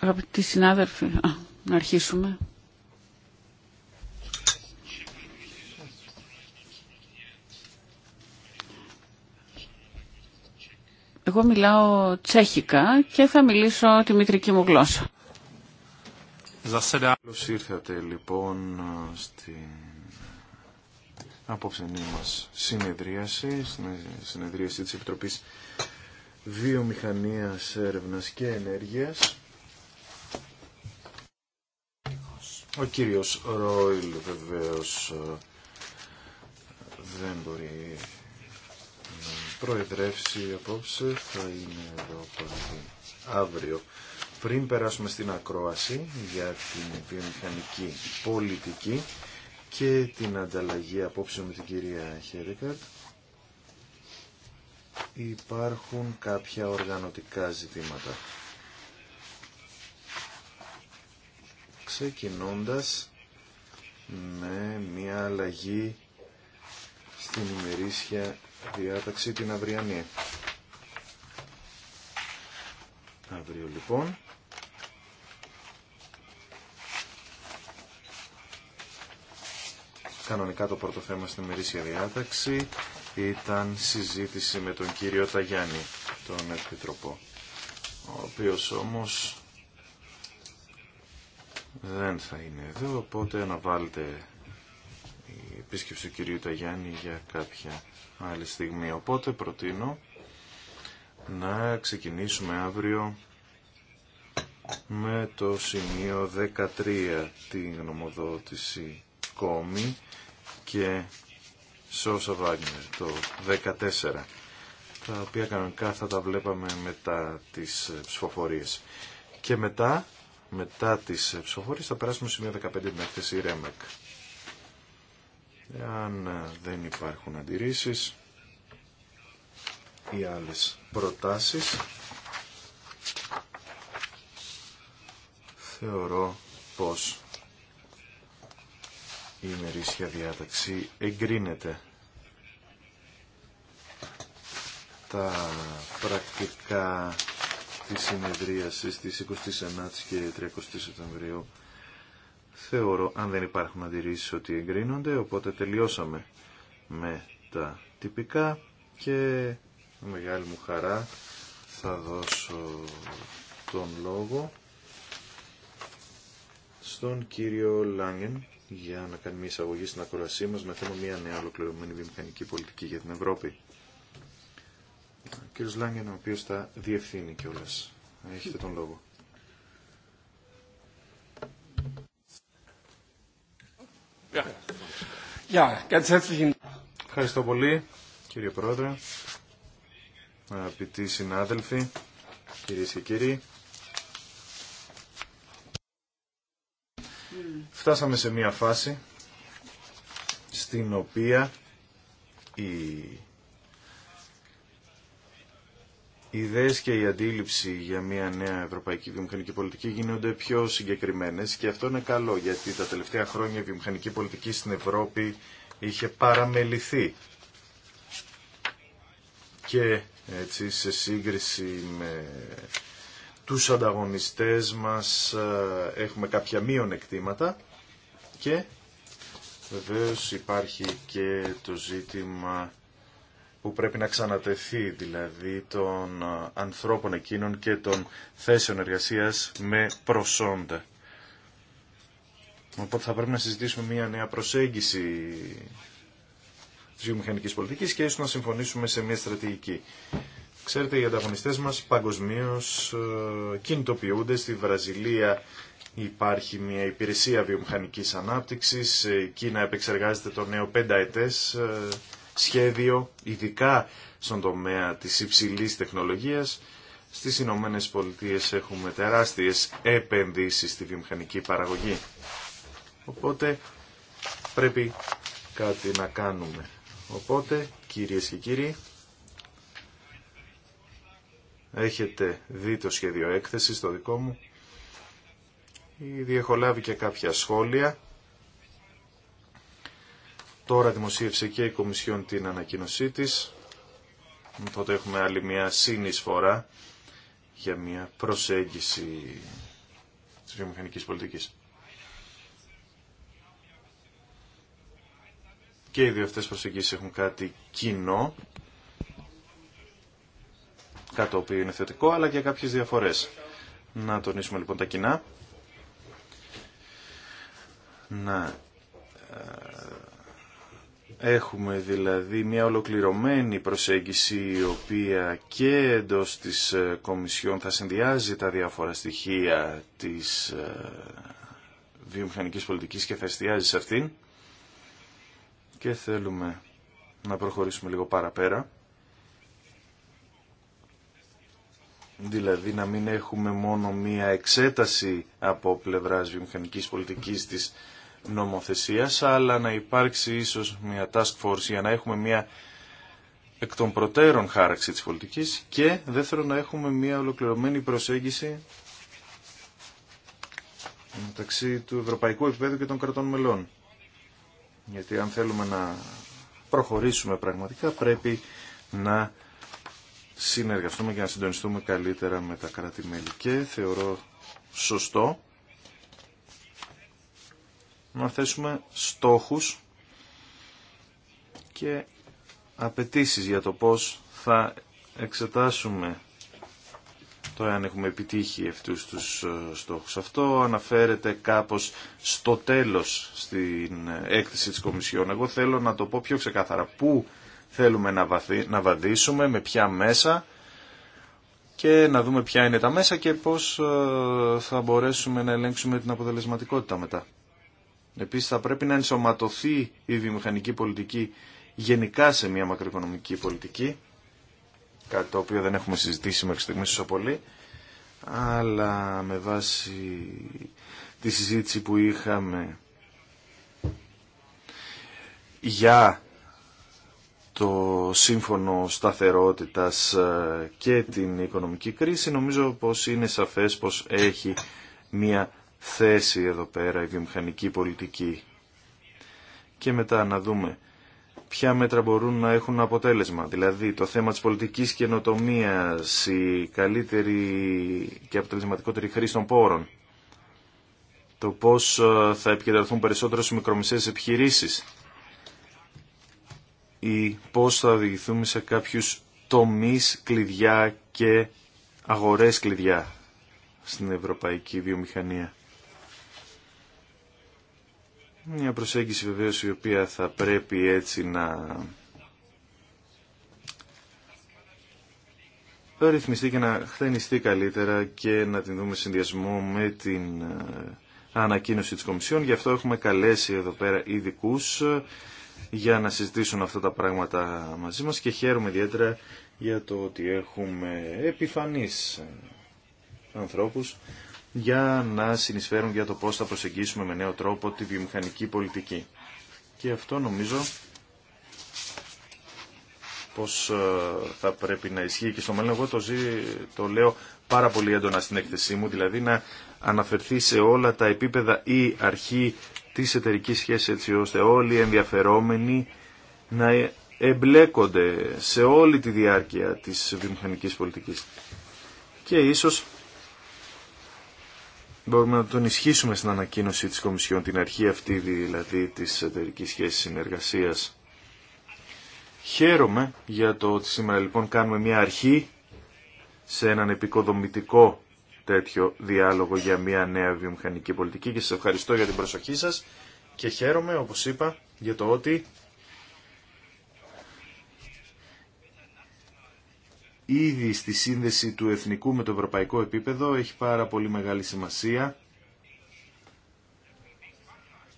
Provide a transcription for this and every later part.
Αγαπητοί συνάδελφοι, να αρχίσουμε. Εγώ μιλάω τσέχικα και θα μιλήσω τη μητρική μου γλώσσα. Καλώς ήρθατε λοιπόν στην απόψενή μας συνεδρίαση, συνεδρίαση της Επιτροπής Βιομηχανία έρευνας και ενέργειας. Ο κύριος Ρόιλ βεβαίως ε, δεν μπορεί να προεδρεύσει απόψε, θα είναι εδώ αύριο. Πριν περάσουμε στην ακρόαση για την βιομηχανική πολιτική και την ανταλλαγή απόψε με την κυρία Χέρικαρτ, υπάρχουν κάποια οργανωτικά ζητήματα. Ξεκινώντας με μια αλλαγή στην ημερήσια διάταξη την αυριανή. Αύριο λοιπόν. Κανονικά το πρώτο θέμα στην ημερήσια διάταξη ήταν συζήτηση με τον κύριο Ταγιάννη, τον Επιτροπό, ο οποίος όμως δεν θα είναι εδώ, οπότε αναβάλλεται η επίσκεψη του κυρίου Ταγιάννη για κάποια άλλη στιγμή. Οπότε προτείνω να ξεκινήσουμε αύριο με το σημείο 13 την γνωμοδότηση κόμη και Σόσα Βάγνερ το 14 τα οποία κανονικά θα τα βλέπαμε μετά τις ε, ψηφοφορίες. Και μετά, μετά τις ε, ψηφοφορίες θα περάσουμε μια 15 την έκθεση ΡΕΜΕΚ. Αν ε, δεν υπάρχουν αντιρρήσεις ή άλλες προτάσεις, θεωρώ πως η ημερήσια διάταξη εγκρίνεται. Τα πρακτικά της συνεδρίασης της 29ης και 30ης Σεπτεμβρίου θεωρώ, αν δεν υπάρχουν αντιρρήσεις, ότι εγκρίνονται, οπότε τελειώσαμε με τα τυπικά και με μεγάλη μου χαρά θα δώσω τον λόγο στον κύριο Λάγκεν για να κάνει μια εισαγωγή στην ακροασή μας με θέμα μια νέα ολοκληρωμένη βιομηχανική πολιτική για την Ευρώπη. κύριος Λάγκεν, ο οποίος τα διευθύνει κιόλας. Έχετε τον λόγο. Ευχαριστώ πολύ, κύριε Πρόεδρε, αγαπητοί συνάδελφοι, κυρίες και κύριοι. Φτάσαμε σε μια φάση στην οποία οι ιδέες και η αντίληψη για μια νέα ευρωπαϊκή βιομηχανική πολιτική γίνονται πιο συγκεκριμένες και αυτό είναι καλό γιατί τα τελευταία χρόνια η βιομηχανική πολιτική στην Ευρώπη είχε παραμεληθεί και έτσι σε σύγκριση με τους ανταγωνιστές μας ε, έχουμε κάποια εκτήματα και βεβαίως υπάρχει και το ζήτημα που πρέπει να ξανατεθεί, δηλαδή των ε, ανθρώπων εκείνων και των θέσεων εργασίας με προσόντα. Οπότε θα πρέπει να συζητήσουμε μια νέα προσέγγιση της βιομηχανικής πολιτικής και έστω να συμφωνήσουμε σε μια στρατηγική. Ξέρετε, οι ανταγωνιστέ μας παγκοσμίω ε, κινητοποιούνται. Στη Βραζιλία υπάρχει μια υπηρεσία βιομηχανικής ανάπτυξης. Ε, η Κίνα επεξεργάζεται το νέο πενταετές ε, σχέδιο, ειδικά στον τομέα της υψηλής τεχνολογίας. Στις Ηνωμένε Πολιτείε έχουμε τεράστιε επενδύσεις στη βιομηχανική παραγωγή. Οπότε πρέπει κάτι να κάνουμε. Οπότε, κυρίε και κύριοι, Έχετε δει το σχέδιο έκθεση το δικό μου. Ήδη έχω λάβει και κάποια σχόλια. Τώρα δημοσίευσε και η Κομισιόν την ανακοίνωσή της. Τότε έχουμε άλλη μια συνεισφορά για μια προσέγγιση της βιομηχανικής πολιτικής. Και οι δύο αυτές προσεγγίσεις έχουν κάτι κοινό κάτι το οποίο είναι θετικό, αλλά και κάποιες διαφορές. Να τονίσουμε λοιπόν τα κοινά. Να ε, Έχουμε δηλαδή μια ολοκληρωμένη προσέγγιση η οποία και εντός της ε, Κομισιόν θα συνδυάζει τα διάφορα στοιχεία της ε, βιομηχανικής πολιτικής και θα εστιάζει σε αυτήν και θέλουμε να προχωρήσουμε λίγο παραπέρα Δηλαδή να μην έχουμε μόνο μία εξέταση από πλευράς βιομηχανικής πολιτικής της νομοθεσίας, αλλά να υπάρξει ίσως μία task force για να έχουμε μία εκ των προτέρων χάραξη της πολιτικής και δεύτερον να έχουμε μία ολοκληρωμένη προσέγγιση μεταξύ του ευρωπαϊκού επίπεδου και των κρατών μελών. Γιατί αν θέλουμε να προχωρήσουμε πραγματικά πρέπει να συνεργαστούμε και να συντονιστούμε καλύτερα με τα κράτη-μέλη. Και θεωρώ σωστό να θέσουμε στόχους και απαιτήσει για το πώς θα εξετάσουμε το αν έχουμε επιτύχει αυτούς τους ε, στόχους. Αυτό αναφέρεται κάπως στο τέλος στην ε, έκθεση της Κομισιόν. Εγώ θέλω να το πω πιο ξεκάθαρα. Πού θέλουμε να, να βαδίσουμε, με ποια μέσα και να δούμε ποια είναι τα μέσα και πώς ε, θα μπορέσουμε να ελέγξουμε την αποτελεσματικότητα μετά. Επίσης θα πρέπει να ενσωματωθεί η βιομηχανική πολιτική γενικά σε μια μακροοικονομική πολιτική, κάτι το οποίο δεν έχουμε συζητήσει μέχρι στιγμής όσο πολύ, αλλά με βάση τη συζήτηση που είχαμε για το σύμφωνο σταθερότητας ε, και την οικονομική κρίση νομίζω πως είναι σαφές πως έχει μία θέση εδώ πέρα η βιομηχανική πολιτική. Και μετά να δούμε ποια μέτρα μπορούν να έχουν αποτέλεσμα. Δηλαδή το θέμα της πολιτικής καινοτομία, η καλύτερη και αποτελεσματικότερη χρήση των πόρων, το πώς ε, θα επικεντρωθούν περισσότερο μικρομεσαίες επιχειρήσεις ή πώς θα οδηγηθούμε σε κάποιους τομείς κλειδιά και αγορές κλειδιά στην ευρωπαϊκή βιομηχανία. Μια προσέγγιση βεβαίως η οποία θα πρέπει έτσι να ρυθμιστεί και να χθενιστεί καλύτερα και να την δούμε συνδυασμό με την ε, ανακοίνωση της Κομισιόν. Γι' αυτό έχουμε καλέσει εδώ πέρα ειδικού για να συζητήσουν αυτά τα πράγματα μαζί μας και χαίρομαι ιδιαίτερα για το ότι έχουμε επιφανείς ανθρώπους για να συνεισφέρουν για το πώς θα προσεγγίσουμε με νέο τρόπο τη βιομηχανική πολιτική. Και αυτό νομίζω πώς ε, θα πρέπει να ισχύει και στο μέλλον. Εγώ το, το λέω πάρα πολύ έντονα στην έκθεσή μου, δηλαδή να αναφερθεί σε όλα τα επίπεδα η αρχή της εταιρικής σχέσης έτσι ώστε όλοι οι ενδιαφερόμενοι να εμπλέκονται σε όλη τη διάρκεια της βιομηχανικής πολιτικής. Και ίσως μπορούμε να τον ισχύσουμε στην ανακοίνωση της Κομισιόν, την αρχή αυτή δηλαδή της εταιρικής σχέσης συνεργασίας. Χαίρομαι για το ότι σήμερα λοιπόν κάνουμε μια αρχή σε έναν επικοδομητικό τέτοιο διάλογο για μια νέα βιομηχανική πολιτική και σας ευχαριστώ για την προσοχή σας και χαίρομαι, όπως είπα, για το ότι ήδη στη σύνδεση του εθνικού με το ευρωπαϊκό επίπεδο έχει πάρα πολύ μεγάλη σημασία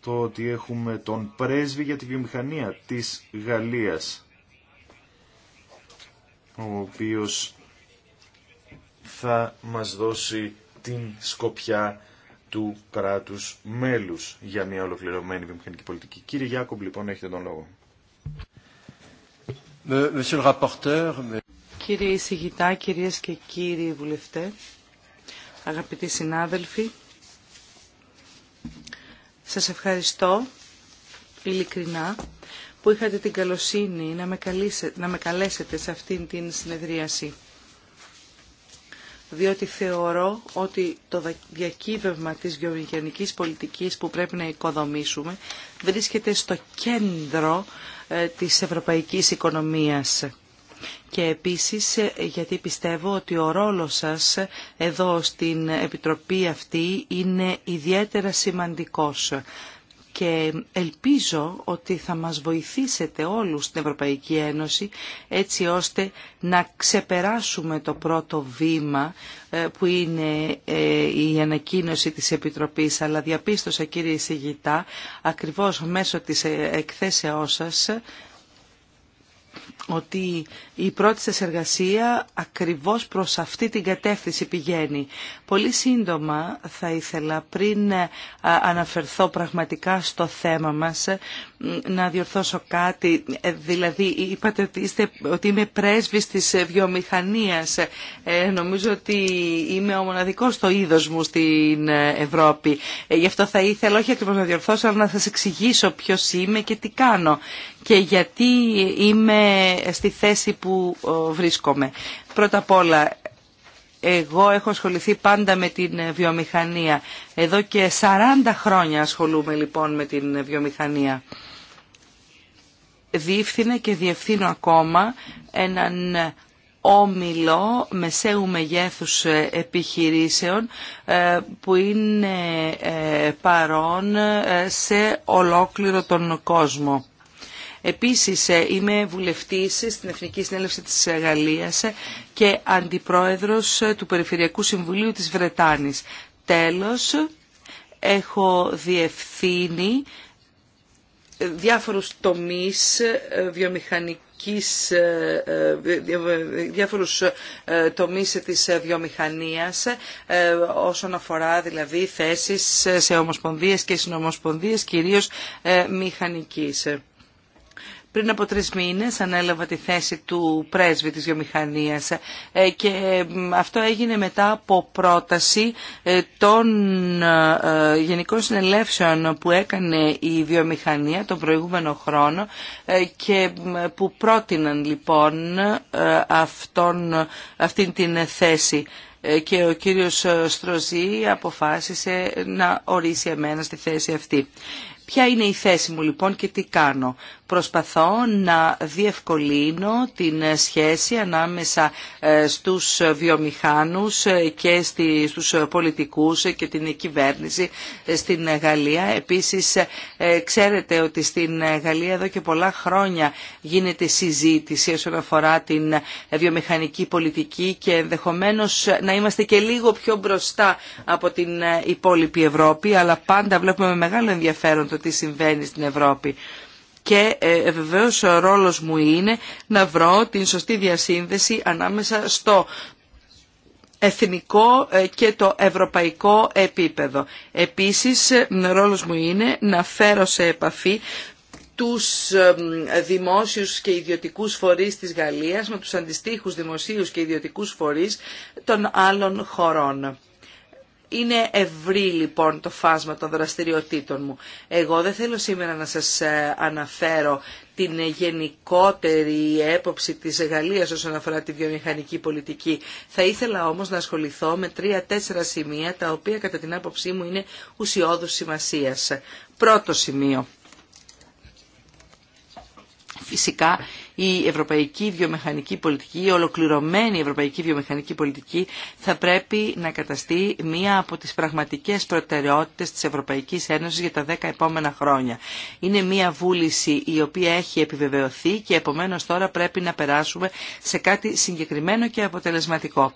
το ότι έχουμε τον πρέσβη για τη βιομηχανία της Γαλλίας ο οποίος θα μας δώσει την σκοπιά του κράτους μέλους για μια ολοκληρωμένη βιομηχανική πολιτική. Κύριε Γιάκομπ, λοιπόν, έχετε τον λόγο. Κύριε Ισηγητά, κυρίες και κύριοι βουλευτέ, αγαπητοί συνάδελφοι, σας ευχαριστώ ειλικρινά που είχατε την καλοσύνη να με, καλέσετε, να με καλέσετε σε αυτήν την συνεδρίαση διότι θεωρώ ότι το διακύβευμα της γεωργιανικής πολιτικής που πρέπει να οικοδομήσουμε βρίσκεται στο κέντρο ε, της ευρωπαϊκής οικονομίας. Και επίσης ε, γιατί πιστεύω ότι ο ρόλος σας εδώ στην Επιτροπή αυτή είναι ιδιαίτερα σημαντικός και ελπίζω ότι θα μας βοηθήσετε όλους στην Ευρωπαϊκή Ένωση έτσι ώστε να ξεπεράσουμε το πρώτο βήμα ε, που είναι ε, η ανακοίνωση της Επιτροπής αλλά διαπίστωσα κύριε Σιγητά ακριβώς μέσω της ε, εκθέσεώς σας ότι η πρώτη σας εργασία ακριβώς προς αυτή την κατεύθυνση πηγαίνει. Πολύ σύντομα θα ήθελα πριν ε, αναφερθώ πραγματικά στο θέμα μας ε, να διορθώσω κάτι. Ε, δηλαδή είπατε ότι, είστε, ότι είμαι πρέσβης της βιομηχανίας. νομίζω ότι είμαι ο μοναδικός στο είδος μου στην Ευρώπη. γι' αυτό θα ήθελα όχι ακριβώς να διορθώσω αλλά να σας εξηγήσω ποιος είμαι και τι κάνω. Και γιατί είμαι στη θέση που ε, βρίσκομαι. Πρώτα απ' όλα, εγώ έχω ασχοληθεί πάντα με την βιομηχανία. Εδώ και 40 χρόνια ασχολούμαι λοιπόν με την βιομηχανία. Διεύθυνε και διευθύνω ακόμα έναν όμιλο μεσαίου μεγέθους ε, επιχειρήσεων ε, που είναι παρόν σε ολόκληρο τον κόσμο. Επίσης ε, είμαι βουλευτής στην Εθνική Συνέλευση της Γαλλίας και αντιπρόεδρος ε, του Περιφερειακού Συμβουλίου της Βρετάνης. Τέλος, έχω διευθύνει ε, διάφορους τομείς βιομηχανικής, διάφορους τομείς της βιομηχανίας όσον αφορά δηλαδή θέσεις σε ομοσπονδίες και συνομοσπονδίες κυρίως μηχανικής. Πριν από τρεις μήνες ανέλαβα τη θέση του πρέσβη της βιομηχανίας ε, και αυτό έγινε μετά από πρόταση ε, των ε, γενικών συνελεύσεων που έκανε η βιομηχανία τον προηγούμενο χρόνο και που πρότειναν λοιπόν αυτόν, αυτήν την θέση και ο κύριος Στροζή αποφάσισε να ορίσει εμένα στη θέση αυτή. Ποια είναι η θέση μου λοιπόν και τι κάνω προσπαθώ να διευκολύνω την σχέση ανάμεσα ε, στους βιομηχάνους ε, και στους πολιτικούς ε, και την κυβέρνηση στην Γαλλία. Επίσης, ξέρετε ότι στην Γαλλία εδώ και πολλά χρόνια γίνεται συζήτηση όσον αφορά την βιομηχανική πολιτική και ενδεχομένως να είμαστε και λίγο πιο μπροστά από την υπόλοιπη Ευρώπη, αλλά πάντα βλέπουμε με μεγάλο ενδιαφέρον το τι συμβαίνει στην Ευρώπη και ε, ο ρόλος μου είναι να βρω την σωστή διασύνδεση ανάμεσα στο εθνικό ε, και το ευρωπαϊκό επίπεδο. Επίσης, ε, ρόλος μου είναι να φέρω σε επαφή τους ε, δημόσιους και ιδιωτικούς φορείς της Γαλλίας με τους αντιστοίχους δημοσίους και ιδιωτικούς φορείς των άλλων χωρών. Είναι ευρύ λοιπόν το φάσμα των δραστηριοτήτων μου. Εγώ δεν θέλω σήμερα να σας ε, αναφέρω την γενικότερη έποψη της Γαλλίας όσον αφορά τη βιομηχανική πολιτική. Θα ήθελα όμως να ασχοληθώ με τρία-τέσσερα σημεία τα οποία κατά την άποψή μου είναι ουσιώδους σημασίας. Πρώτο σημείο. Φυσικά η ευρωπαϊκή βιομηχανική πολιτική, η ολοκληρωμένη ευρωπαϊκή βιομηχανική πολιτική θα πρέπει να καταστεί μία από τις πραγματικές προτεραιότητες της Ευρωπαϊκής Ένωσης για τα δέκα επόμενα χρόνια. Είναι μία βούληση η οποία έχει επιβεβαιωθεί και επομένως τώρα πρέπει να περάσουμε σε κάτι συγκεκριμένο και αποτελεσματικό.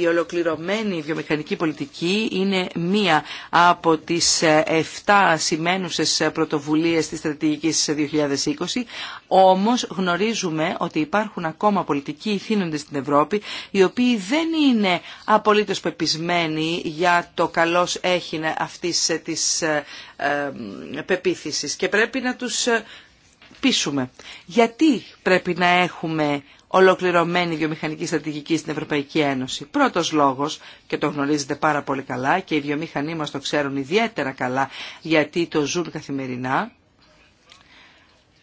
Η ολοκληρωμένη βιομηχανική πολιτική είναι μία από τις 7 ε, σημαίνουσες πρωτοβουλίες της στρατηγικής 2020, όμως γνωρίζουμε ότι υπάρχουν ακόμα πολιτικοί ηθήνοντες στην Ευρώπη, οι οποίοι δεν είναι απολύτως πεπισμένοι για το καλός έχει αυτής ε, της ε, πεποίθησης και πρέπει να τους πείσουμε. Γιατί πρέπει να έχουμε ολοκληρωμένη βιομηχανική στρατηγική στην Ευρωπαϊκή Ένωση. Πρώτος λόγος, και το γνωρίζετε πάρα πολύ καλά και οι βιομηχανοί μας το ξέρουν ιδιαίτερα καλά γιατί το ζουν καθημερινά,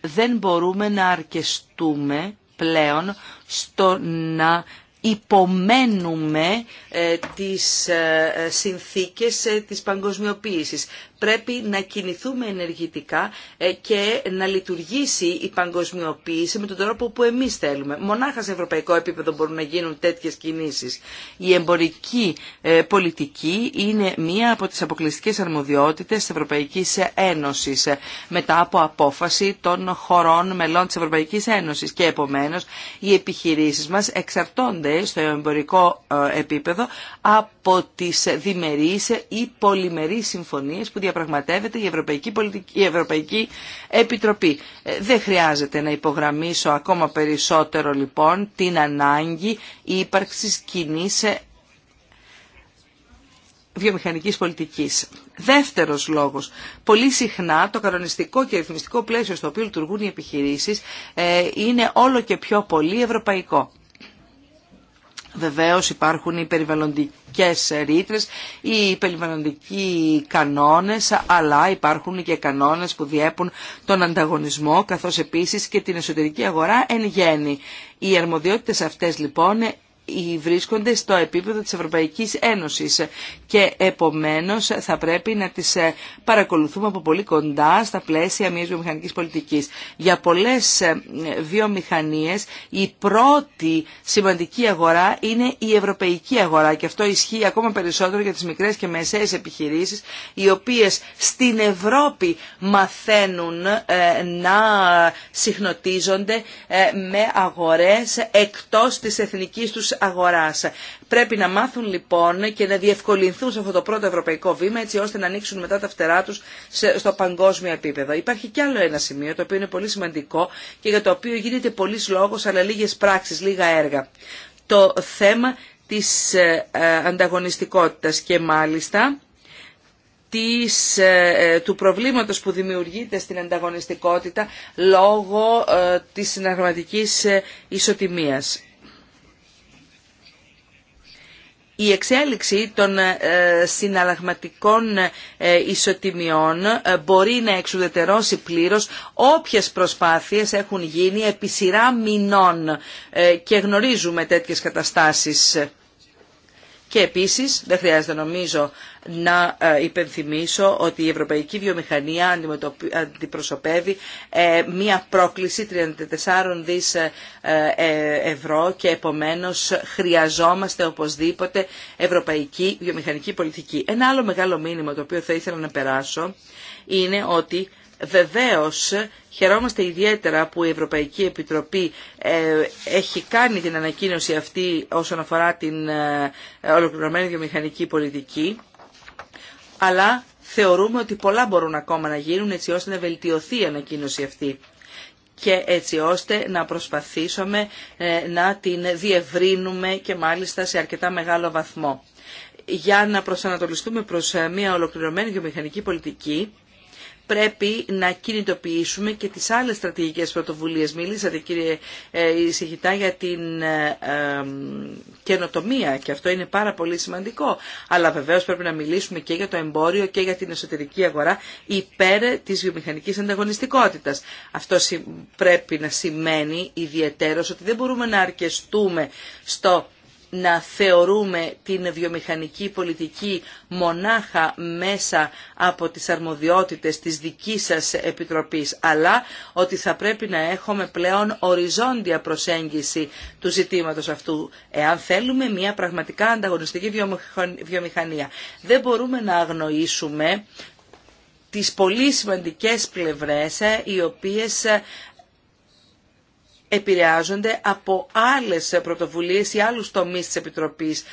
δεν μπορούμε να αρκεστούμε πλέον στο να υπομένουμε ε, τις ε, ε, συνθήκες της παγκοσμιοποίησης πρέπει να κινηθούμε ενεργητικά ε, και να λειτουργήσει η παγκοσμιοποίηση με τον τρόπο που εμείς θέλουμε. Μονάχα σε ευρωπαϊκό επίπεδο μπορούν να γίνουν τέτοιες κινήσεις. Η εμπορική ε, πολιτική είναι μία από τις αποκλειστικές αρμοδιότητες της Ευρωπαϊκής Ένωσης ε, μετά από απόφαση των χωρών μελών της Ευρωπαϊκής Ένωσης και επομένως οι επιχειρήσεις μας εξαρτώνται στο εμπορικό επίπεδο από τις διμερείς ή πολυμερείς συμφωνίες που πραγματεύεται η Ευρωπαϊκή, Πολιτική, η Ευρωπαϊκή Επιτροπή. Ε, δεν χρειάζεται να υπογραμμίσω ακόμα περισσότερο λοιπόν την ανάγκη ύπαρξης κοινή ε, βιομηχανικής πολιτικής. Δεύτερος λόγος. Πολύ συχνά το κανονιστικό και ρυθμιστικό πλαίσιο στο οποίο λειτουργούν οι επιχειρήσεις ε, είναι όλο και πιο πολύ ευρωπαϊκό. Βεβαίως υπάρχουν οι περιβαλλοντικές ρήτρες, οι περιβαλλοντικοί κανόνες, αλλά υπάρχουν και κανόνες που διέπουν τον ανταγωνισμό, καθώς επίσης και την εσωτερική αγορά εν γέννη. Οι αρμοδιότητες αυτές λοιπόν βρίσκονται στο επίπεδο της Ευρωπαϊκής Ένωσης και επομένως θα πρέπει να τις ε, παρακολουθούμε από πολύ κοντά στα πλαίσια μιας βιομηχανικής πολιτικής. Για πολλές ε, βιομηχανίες η πρώτη σημαντική αγορά είναι η ευρωπαϊκή αγορά και αυτό ισχύει ακόμα περισσότερο για τις μικρές και μεσαίες επιχειρήσεις οι οποίες στην Ευρώπη μαθαίνουν ε, να συχνοτίζονται με αγορές εκτός της εθνικής τους Αγορά. Πρέπει να μάθουν λοιπόν και να διευκολυνθούν σε αυτό το πρώτο ευρωπαϊκό βήμα έτσι ώστε να ανοίξουν μετά τα φτερά τους στο παγκόσμιο επίπεδο. Υπάρχει κι άλλο ένα σημείο το οποίο είναι πολύ σημαντικό και για το οποίο γίνεται πολλή λόγος αλλά λίγε πράξεις, λίγα έργα. Το θέμα της ε, ε, ανταγωνιστικότητας και μάλιστα της, ε, του προβλήματος που δημιουργείται στην ανταγωνιστικότητα λόγω της συναγματικής ισοτιμίας η εξέλιξη των ε, συναλλαγματικών ε, ισοτιμιών ε, μπορεί να εξουδετερώσει πλήρως όποιες προσπάθειες έχουν γίνει επί σειρά μηνών και γνωρίζουμε τέτοιες καταστάσεις. Και επίσης, δεν χρειάζεται νομίζω να ε, υπενθυμίσω ότι η ευρωπαϊκή βιομηχανία αντιπροσωπεύει ε, μία πρόκληση 34 δις ε, ευρώ και επομένως χρειαζόμαστε οπωσδήποτε ευρωπαϊκή βιομηχανική πολιτική. Ένα άλλο μεγάλο μήνυμα το οποίο θα ήθελα να περάσω είναι ότι Βεβαίως χαιρόμαστε ιδιαίτερα που η Ευρωπαϊκή Επιτροπή έχει κάνει την ανακοίνωση αυτή όσον αφορά την ολοκληρωμένη βιομηχανική πολιτική αλλά θεωρούμε ότι πολλά μπορούν ακόμα να γίνουν έτσι ώστε να βελτιωθεί η ανακοίνωση αυτή και έτσι ώστε να προσπαθήσουμε ε, να την διευρύνουμε και μάλιστα σε αρκετά μεγάλο βαθμό. Για να προσανατολιστούμε προς ε, μια ολοκληρωμένη βιομηχανική πολιτική, πρέπει να κινητοποιήσουμε και τις άλλες στρατηγικές πρωτοβουλίες. Μιλήσατε κύριε ε, Ισηγητά για την ε, καινοτομία και αυτό είναι πάρα πολύ σημαντικό. Αλλά βεβαίως πρέπει να μιλήσουμε και για το εμπόριο και για την εσωτερική αγορά υπέρ της βιομηχανικής ανταγωνιστικότητας. Αυτό πρέπει να σημαίνει ιδιαίτερος ότι δεν μπορούμε να αρκεστούμε στο να θεωρούμε την βιομηχανική πολιτική μονάχα μέσα από τις αρμοδιότητες της δικής σας Επιτροπής, αλλά ότι θα πρέπει να έχουμε πλέον οριζόντια προσέγγιση του ζητήματος αυτού, εάν θέλουμε μια πραγματικά ανταγωνιστική βιομηχανία. Δεν μπορούμε να αγνοήσουμε τις πολύ σημαντικές πλευρές ε, οι οποίες ε, επηρεάζονται από άλλες πρωτοβουλίες ή άλλους τομείς της Επιτροπής.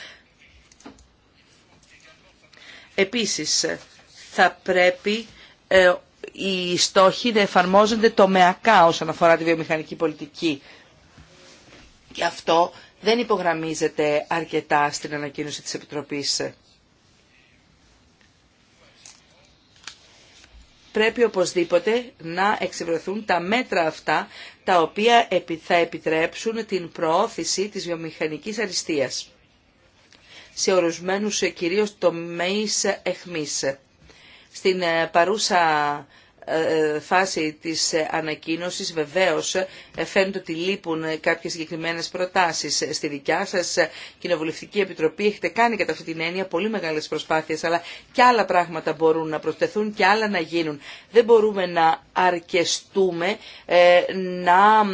Επίσης, θα πρέπει ε, οι στόχοι να εφαρμόζονται τομεακά όσον αφορά τη βιομηχανική πολιτική. Και αυτό δεν υπογραμμίζεται αρκετά στην ανακοίνωση της Επιτροπής. πρέπει οπωσδήποτε να εξευρεθούν τα μέτρα αυτά τα οποία θα επιτρέψουν την προώθηση της βιομηχανικής αριστείας σε ορισμένους ε, κυρίως τομείς ε, εχμής. Στην ε, παρούσα ε, ε, φάση της ανακοίνωσης βεβαίως ε, φαίνεται ότι λείπουν κάποιες συγκεκριμένες προτάσεις στη δικιά σας Κοινοβουλευτική Επιτροπή έχετε κάνει κατά αυτή την έννοια πολύ μεγάλες προσπάθειες αλλά και άλλα πράγματα μπορούν να προσθεθούν και άλλα να γίνουν δεν μπορούμε να αρκεστούμε να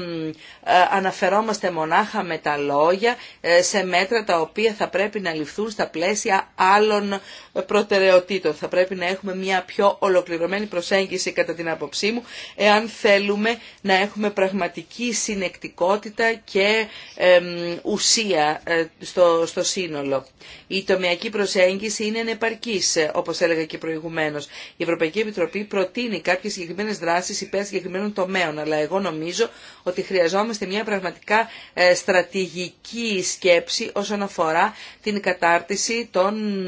αναφερόμαστε μονάχα με τα λόγια σε μέτρα τα οποία θα πρέπει να ληφθούν στα πλαίσια άλλων προτεραιοτήτων θα πρέπει να έχουμε μια πιο ολοκληρωμένη προσέγγιση κατά την άποψή μου εάν θέλουμε να έχουμε πραγματική συνεκτικότητα και ουσία ε, στο, στο σύνολο. Η τομιακή προσέγγιση είναι ανεπαρκής, όπως έλεγα και προηγουμένως. Η Ευρωπαϊκή Επιτροπή προτείνει κάποιες συγκεκριμένες δράσεις υπέρ συγκεκριμένων τομέων, αλλά εγώ νομίζω ότι χρειαζόμαστε μια πραγματικά ε, στρατηγική σκέψη όσον αφορά την κατάρτιση των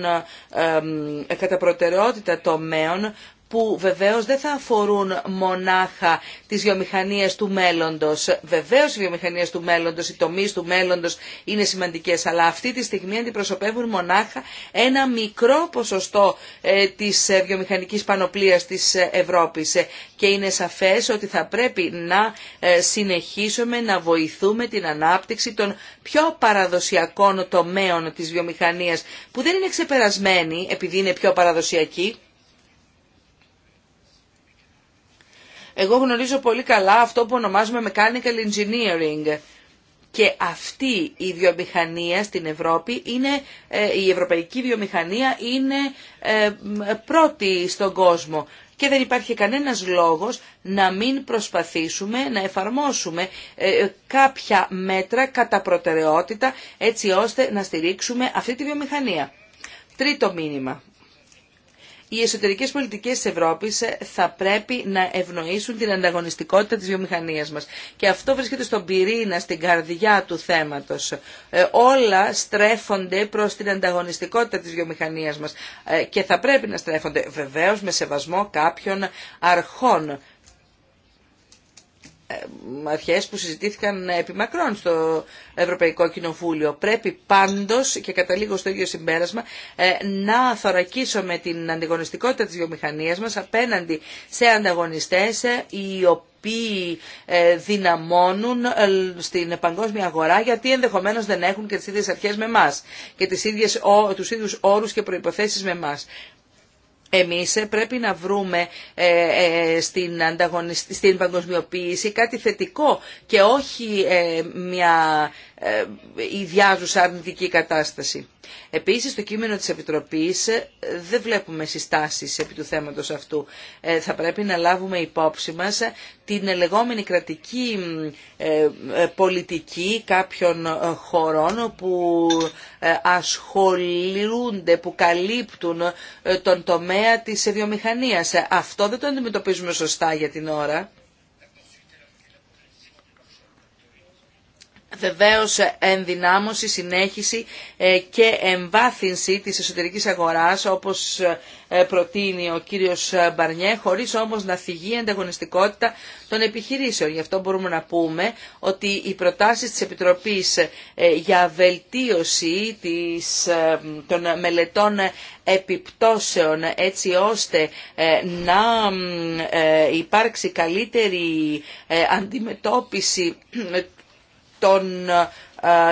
ε, κατά προτεραιότητα τομέων που βεβαίως δεν θα αφορούν μονάχα τις βιομηχανίες του μέλλοντος. Βεβαίως οι βιομηχανίες του μέλλοντος, οι τομείς του μέλλοντος είναι σημαντικές, αλλά αυτή τη στιγμή αντιπροσωπεύουν μονάχα ένα μικρό ποσοστό ε, της ε, βιομηχανικής πανοπλίας της ε, Ευρώπης και είναι σαφές ότι θα πρέπει να συνεχίσουμε να βοηθούμε την ανάπτυξη των πιο παραδοσιακών τομέων της βιομηχανίας που δεν είναι ξεπερασμένη επειδή είναι πιο παραδοσιακή Εγώ γνωρίζω πολύ καλά αυτό που ονομάζουμε mechanical engineering. Και αυτή η βιομηχανία στην Ευρώπη είναι, ε, η ευρωπαϊκή βιομηχανία είναι ε, πρώτη στον κόσμο. Και δεν υπάρχει κανένας λόγος να μην προσπαθήσουμε να εφαρμόσουμε ε, κάποια μέτρα κατά προτεραιότητα έτσι ώστε να στηρίξουμε αυτή τη βιομηχανία. Τρίτο μήνυμα οι εσωτερικέ πολιτικές της Ευρώπης ε, θα πρέπει να ευνοήσουν την ανταγωνιστικότητα τη βιομηχανία μα. Και αυτό βρίσκεται στον πυρήνα, στην καρδιά του θέματος. Ε, όλα στρέφονται προς την ανταγωνιστικότητα της βιομηχανίας μας ε, και θα πρέπει να στρέφονται βεβαίως με σεβασμό κάποιων αρχών ε, αρχές που συζητήθηκαν επί μακρόν στο Ευρωπαϊκό Κοινοβούλιο. Πρέπει πάντως, και καταλήγω στο ίδιο συμπέρασμα, ε, να θωρακίσουμε την αντιγωνιστικότητα της βιομηχανίας μας απέναντι σε ανταγωνιστές ε, οι οποίοι δυναμώνουν στην παγκόσμια αγορά γιατί ενδεχομένως δεν έχουν και τις ίδιες αρχές με εμά και τις ίδιες, τους ίδιους όρους και προϋποθέσεις με εμά. Εμείς ε, πρέπει να βρούμε ε, ε, στην, στην παγκοσμιοποίηση κάτι θετικό και όχι μια ε, ιδιάζουσα αρνητική κατάσταση. Επίσης, στο κείμενο της Επιτροπής ε, δεν βλέπουμε συστάσεις επί του θέματος αυτού. Ε, θα πρέπει να λάβουμε υπόψη μας την λεγόμενη κρατική πολιτική κάποιων χωρών που ασχολούνται, που καλύπτουν τον τομέα της βιομηχανίας. Αυτό δεν το αντιμετωπίζουμε σωστά για την ώρα Βεβαίως ενδυνάμωση, συνέχιση ε, και εμβάθυνση της εσωτερικής αγοράς όπως ε, προτείνει ο κύριος Μπαρνιέ χωρίς όμως να θυγεί η ανταγωνιστικότητα των επιχειρήσεων. Γι' αυτό μπορούμε να πούμε ότι οι προτάσεις της Επιτροπής ε, για βελτίωση της, των μελετών επιπτώσεων έτσι ώστε να υπάρξει καλύτερη αντιμετώπιση των ε,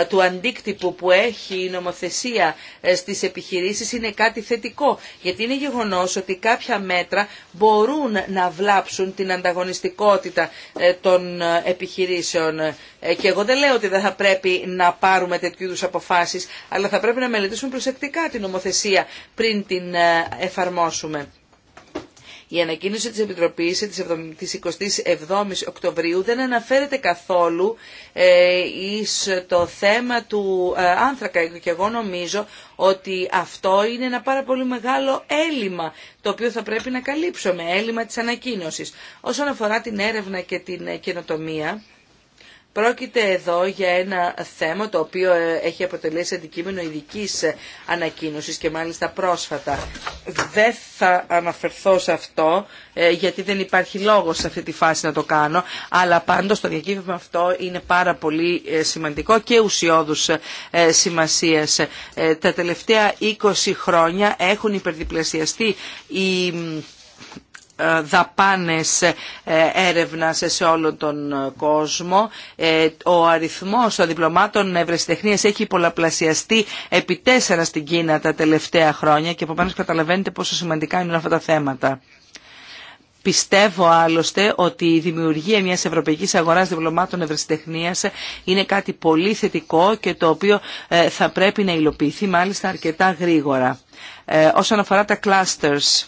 του αντίκτυπου που έχει η νομοθεσία ε, στις επιχειρήσεις είναι κάτι θετικό. Γιατί είναι γεγονός ότι κάποια μέτρα μπορούν να βλάψουν την ανταγωνιστικότητα ε, των επιχειρήσεων. Και εγώ δεν λέω ότι δεν θα πρέπει να πάρουμε τέτοιου είδους αποφάσεις, αλλά θα πρέπει να μελετήσουμε προσεκτικά την νομοθεσία πριν την εφαρμόσουμε. Η ανακοίνωση της Επιτροπής της 27ης Οκτωβρίου δεν αναφέρεται καθόλου ε, εις το θέμα του ε, άνθρακα και εγώ νομίζω ότι αυτό είναι ένα πάρα πολύ μεγάλο έλλειμμα το οποίο θα πρέπει να καλύψουμε, έλλειμμα της ανακοίνωσης. Όσον αφορά την έρευνα και την ε, καινοτομία, Πρόκειται εδώ για ένα θέμα το οποίο ε, έχει αποτελέσει αντικείμενο ειδική ε, ανακοίνωση και μάλιστα πρόσφατα. Δεν θα αναφερθώ σε αυτό ε, γιατί δεν υπάρχει λόγο σε αυτή τη φάση να το κάνω, αλλά πάντως το διακύβευμα αυτό είναι πάρα πολύ σημαντικό και ουσιώδους σημασία. Τα τελευταία 20 χρόνια έχουν υπερδιπλασιαστεί οι ε, δαπάνες ε, έρευνας σε όλο τον ε, κόσμο. Ο αριθμός των διπλωμάτων ευρεσιτεχνίας έχει πολλαπλασιαστεί επί τέσσερα στην Κίνα τα τελευταία χρόνια και επομένως καταλαβαίνετε πόσο σημαντικά είναι αυτά τα θέματα. Πιστεύω άλλωστε ότι η δημιουργία μιας ευρωπαϊκής αγοράς διπλωμάτων ευρεσιτεχνίας είναι κάτι πολύ θετικό και το οποίο θα πρέπει να υλοποιηθεί μάλιστα αρκετά γρήγορα. όσον αφορά τα clusters,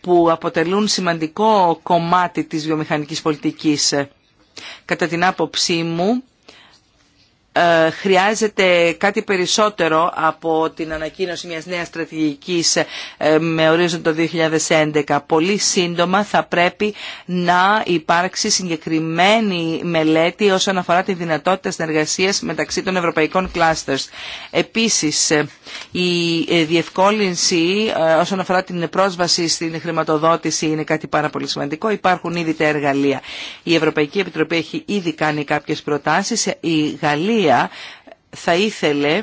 που αποτελούν σημαντικό κομμάτι της βιομηχανικής πολιτικής. Κατά την άποψή μου, ε, χρειάζεται κάτι περισσότερο από την ανακοίνωση μιας νέας στρατηγικής ε, με ορίζοντα το 2011. Πολύ σύντομα θα πρέπει να υπάρξει συγκεκριμένη μελέτη όσον αφορά τη δυνατότητα συνεργασίας μεταξύ των ευρωπαϊκών κλάστερς. Επίσης, ε, η διευκόλυνση όσον αφορά την πρόσβαση στην χρηματοδότηση είναι κάτι πάρα πολύ σημαντικό. Υπάρχουν ήδη τα εργαλεία. Η Ευρωπαϊκή Επιτροπή έχει ήδη κάνει κάποιες προτάσεις. Η Γαλλία θα ήθελε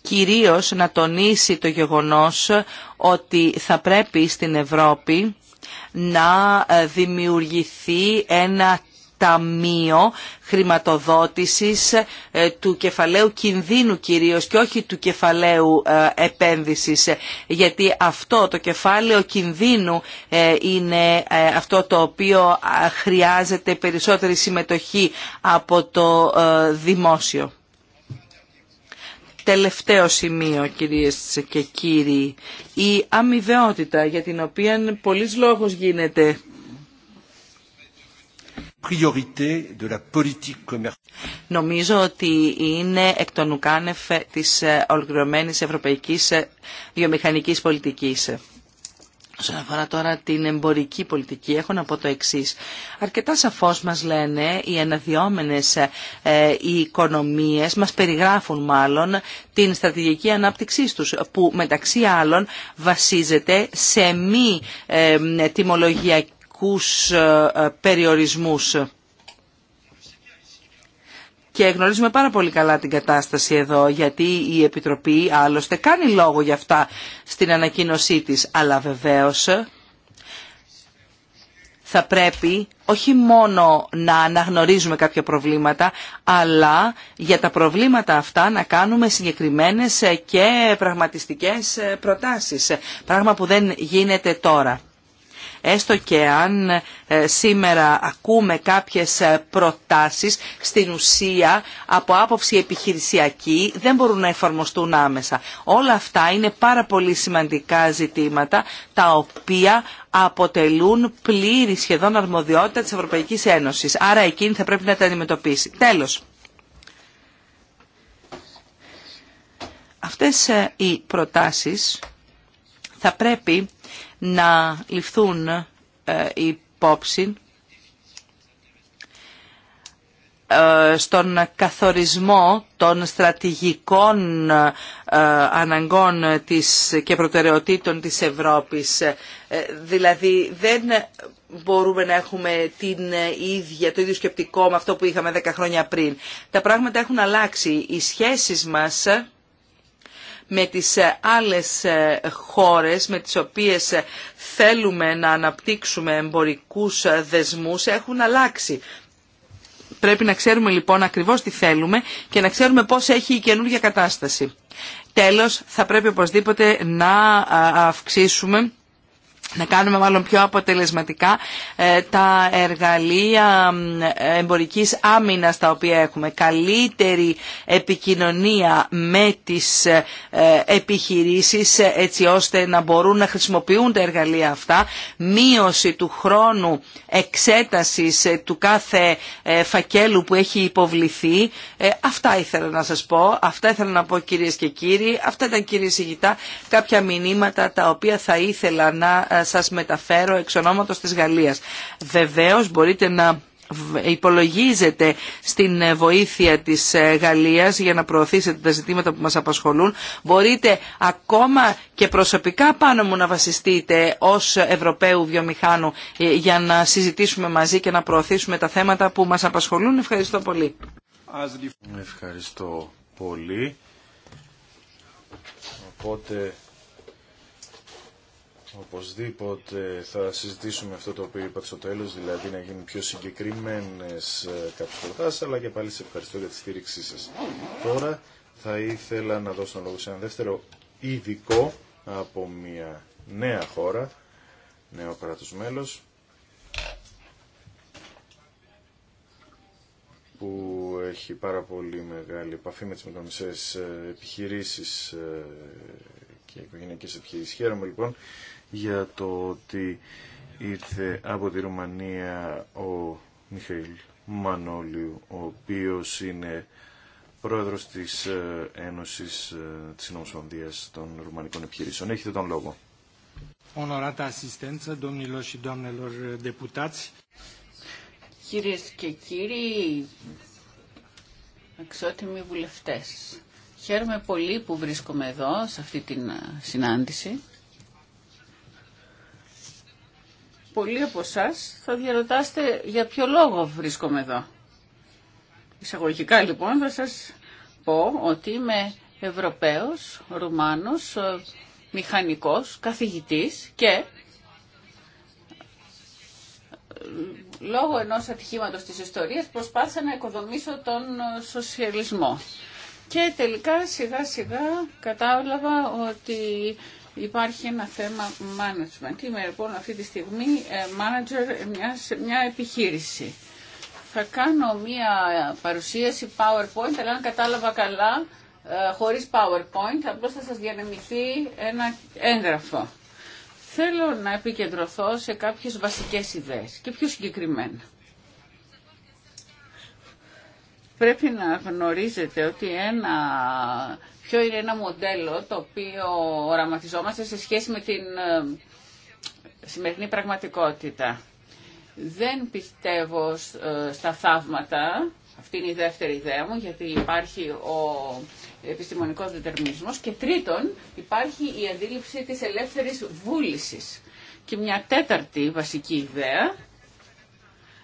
κυρίως να τονίσει το γεγονός ότι θα πρέπει στην Ευρώπη να δημιουργηθεί ένα ταμείο χρηματοδότησης ε, του κεφαλαίου κινδύνου κυρίως και όχι του κεφαλαίου ε, επένδυσης γιατί αυτό το κεφάλαιο κινδύνου ε, είναι αυτό το οποίο χρειάζεται περισσότερη συμμετοχή από το δημόσιο. Τελευταίο σημείο κυρίες και κύριοι, η αμοιβαιότητα για την οποία πολλής λόγος γίνεται Νομίζω ότι είναι εκ των ουκάνευ της ε, ολοκληρωμένης ευρωπαϊκής ε, βιομηχανικής πολιτικής. Όσον αφορά τώρα την εμπορική πολιτική, έχω να πω το εξή. Αρκετά σαφώ μα λένε οι αναδυόμενε ε, οι οικονομίε, μα περιγράφουν μάλλον την στρατηγική ανάπτυξή του, που μεταξύ άλλων βασίζεται σε μη τιμολογιακή κους ε, ε, περιορισμούς. Και γνωρίζουμε πάρα πολύ καλά την κατάσταση εδώ, γιατί η Επιτροπή άλλωστε κάνει λόγο για αυτά στην ανακοίνωσή της. Αλλά βεβαίως ε, θα πρέπει όχι μόνο να αναγνωρίζουμε κάποια προβλήματα, αλλά για τα προβλήματα αυτά να κάνουμε συγκεκριμένες και πραγματιστικές προτάσεις. Πράγμα που δεν γίνεται τώρα έστω και αν ε, σήμερα ακούμε κάποιες ε, προτάσεις στην ουσία από άποψη επιχειρησιακή δεν μπορούν να εφαρμοστούν άμεσα. Όλα αυτά είναι πάρα πολύ σημαντικά ζητήματα τα οποία αποτελούν πλήρη σχεδόν αρμοδιότητα της Ευρωπαϊκής Ένωσης. Άρα εκείνη θα πρέπει να τα αντιμετωπίσει. Τέλος. Αυτές ε, οι προτάσεις θα πρέπει να ληφθούν ε, υπόψη ε, στον καθορισμό των στρατηγικών ε, αναγκών της και προτεραιοτήτων της Ευρώπης. Δηλαδή δεν μπορούμε να έχουμε την ίδια, το ίδιο σκεπτικό με αυτό που είχαμε 10 χρόνια πριν. Τα πράγματα έχουν αλλάξει. Οι σχέσεις μας με τις ε, άλλες ε, χώρες με τις οποίες ε, θέλουμε να αναπτύξουμε εμπορικούς δεσμούς έχουν αλλάξει. Πρέπει να ξέρουμε λοιπόν ακριβώς τι θέλουμε και να ξέρουμε πώς έχει η καινούργια κατάσταση. Τέλος, θα πρέπει οπωσδήποτε να αυξήσουμε να κάνουμε μάλλον πιο αποτελεσματικά ε, τα εργαλεία εμπορικής άμυνας τα οποία έχουμε. Καλύτερη επικοινωνία με τις ε, επιχειρήσεις ε, έτσι ώστε να μπορούν να χρησιμοποιούν τα εργαλεία αυτά. Μείωση του χρόνου εξέτασης του κάθε φακέλου που έχει υποβληθεί. Αυτά ήθελα να σας πω. Αυτά ήθελα να πω κυρίες και κύριοι. Αυτά ήταν κύριε Σιγητά κάποια μηνύματα τα οποία θα ήθελα να σας μεταφέρω εξ ονόματος της Γαλλίας. Βεβαίως μπορείτε να υπολογίζετε στην ε, βοήθεια της ε, Γαλλίας για να προωθήσετε τα ζητήματα που μας απασχολούν. Μπορείτε ακόμα και προσωπικά πάνω μου να βασιστείτε ως Ευρωπαίου βιομηχάνου ε, για να συζητήσουμε μαζί και να προωθήσουμε τα θέματα που μας απασχολούν. Ευχαριστώ πολύ. Ευχαριστώ πολύ. Οπότε Οπωσδήποτε θα συζητήσουμε αυτό το οποίο είπατε στο τέλος, δηλαδή να γίνουν πιο συγκεκριμένες ε, κάποιες προτάσεις, αλλά και πάλι σε ευχαριστώ για τη στήριξή σας. Τώρα θα ήθελα να δώσω τον λόγο σε ένα δεύτερο ειδικό από μια νέα χώρα, νέο κράτος μέλος, που έχει πάρα πολύ μεγάλη επαφή με τις μικρομεσαίες ε, επιχειρήσεις ε, και οικογενειακές επιχειρήσεις. Χαίρομαι λοιπόν για το ότι ήρθε από τη Ρουμανία ο Μιχαήλ Μανόλιου ο οποίος είναι πρόεδρος της ε, Ένωσης ε, της Νομοσπονδίας των Ρουμανικών Επιχειρήσεων. Έχετε τον λόγο. Ονοράτα Κυρίες και κύριοι, αξιότιμοι βουλευτές, χαίρομαι πολύ που βρίσκομαι εδώ σε αυτή την ε, συνάντηση πολλοί από εσά θα διαρωτάστε για ποιο λόγο βρίσκομαι εδώ. Εισαγωγικά λοιπόν θα σας πω ότι είμαι Ευρωπαίος, Ρουμάνος, ε, μηχανικός, καθηγητής και ε, λόγω ενός ατυχήματος της ιστορίας προσπάθησα να οικοδομήσω τον ε, σοσιαλισμό. Και τελικά σιγά σιγά κατάλαβα ότι υπάρχει ένα θέμα management. Είμαι λοιπόν αυτή τη στιγμή ε, manager σε μια επιχείρηση. Θα κάνω μια παρουσίαση PowerPoint, αλλά αν κατάλαβα καλά, ε, χωρίς PowerPoint, απλώς θα σας διανεμηθεί ένα έγγραφο. Θέλω να επικεντρωθώ σε κάποιες βασικές ιδέες και πιο συγκεκριμένα. Πρέπει να γνωρίζετε ότι ένα ποιο είναι ένα μοντέλο το οποίο οραματιζόμαστε σε σχέση με την ε, σημερινή πραγματικότητα. Δεν πιστεύω ε, στα θαύματα, αυτή είναι η δεύτερη ιδέα μου, γιατί υπάρχει ο επιστημονικός δετερμισμός και τρίτον υπάρχει η αντίληψη της ελεύθερης βούλησης. Και μια τέταρτη βασική ιδέα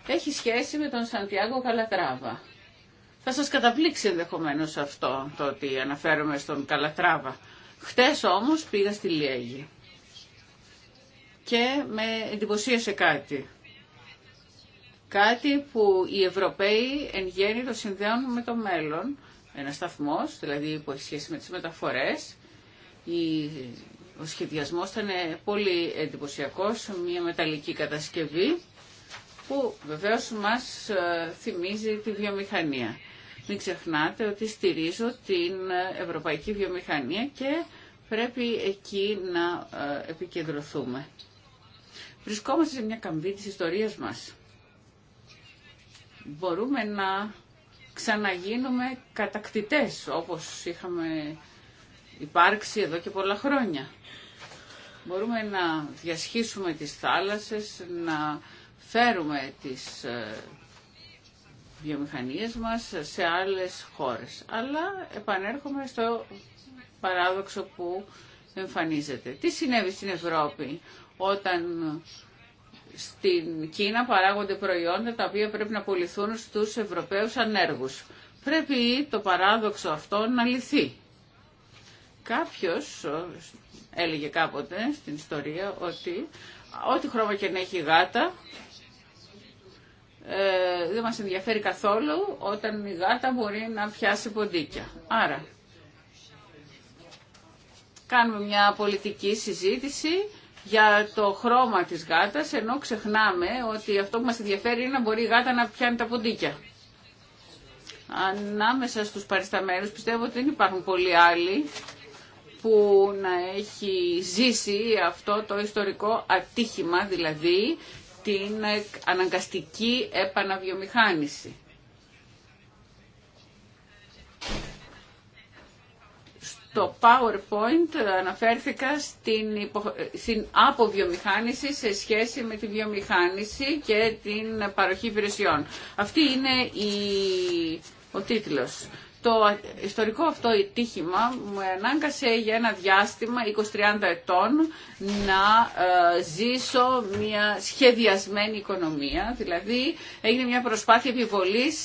έχει σχέση με τον Σαντιάγκο Καλατράβα θα σας καταπλήξει ενδεχομένως αυτό το ότι αναφέρομαι στον Καλατράβα. Χτες όμως πήγα στη Λιέγη και με εντυπωσίασε κάτι. Κάτι που οι Ευρωπαίοι εν γέννη το συνδέουν με το μέλλον. Ένα σταθμός, δηλαδή που έχει σχέση με τις μεταφορές. Ο σχεδιασμός ήταν πολύ εντυπωσιακός, μια μεταλλική κατασκευή που βεβαίως μας ε, θυμίζει τη βιομηχανία. Μην ξεχνάτε ότι στηρίζω την ευρωπαϊκή βιομηχανία και πρέπει εκεί να ε, επικεντρωθούμε. Βρισκόμαστε σε μια καμπή της ιστορίας μας. Μπορούμε να ξαναγίνουμε κατακτητές όπως είχαμε υπάρξει εδώ και πολλά χρόνια. Μπορούμε να διασχίσουμε τις θάλασσες, να φέρουμε τις ε, βιομηχανίες μας σε άλλες χώρες. Αλλά επανέρχομαι στο παράδοξο που εμφανίζεται. Τι συνέβη στην Ευρώπη όταν στην Κίνα παράγονται προϊόντα τα οποία πρέπει να πουληθούν στους Ευρωπαίους ανέργους. Πρέπει το παράδοξο αυτό να λυθεί. Κάποιος έλεγε κάποτε στην ιστορία ότι ό,τι χρώμα και να έχει γάτα ε, δεν μας ενδιαφέρει καθόλου όταν η γάτα μπορεί να πιάσει ποντίκια. Άρα, κάνουμε μια πολιτική συζήτηση για το χρώμα της γάτας, ενώ ξεχνάμε ότι αυτό που μας ενδιαφέρει είναι να μπορεί η γάτα να πιάνει τα ποντίκια. Ανάμεσα στους παρισταμένους πιστεύω ότι δεν υπάρχουν πολλοί άλλοι που να έχει ζήσει αυτό το ιστορικό ατύχημα, δηλαδή την αναγκαστική επαναβιομηχάνηση. Στο PowerPoint αναφέρθηκα στην, υπο... στην αποβιομηχάνηση σε σχέση με τη βιομηχάνηση και την παροχή υπηρεσιών. Αυτή είναι η... ο τίτλος το ιστορικό αυτό τύχημα μου ανάγκασε για ένα διάστημα 20-30 ετών να ε, ζήσω μια σχεδιασμένη οικονομία. Δηλαδή έγινε μια προσπάθεια επιβολής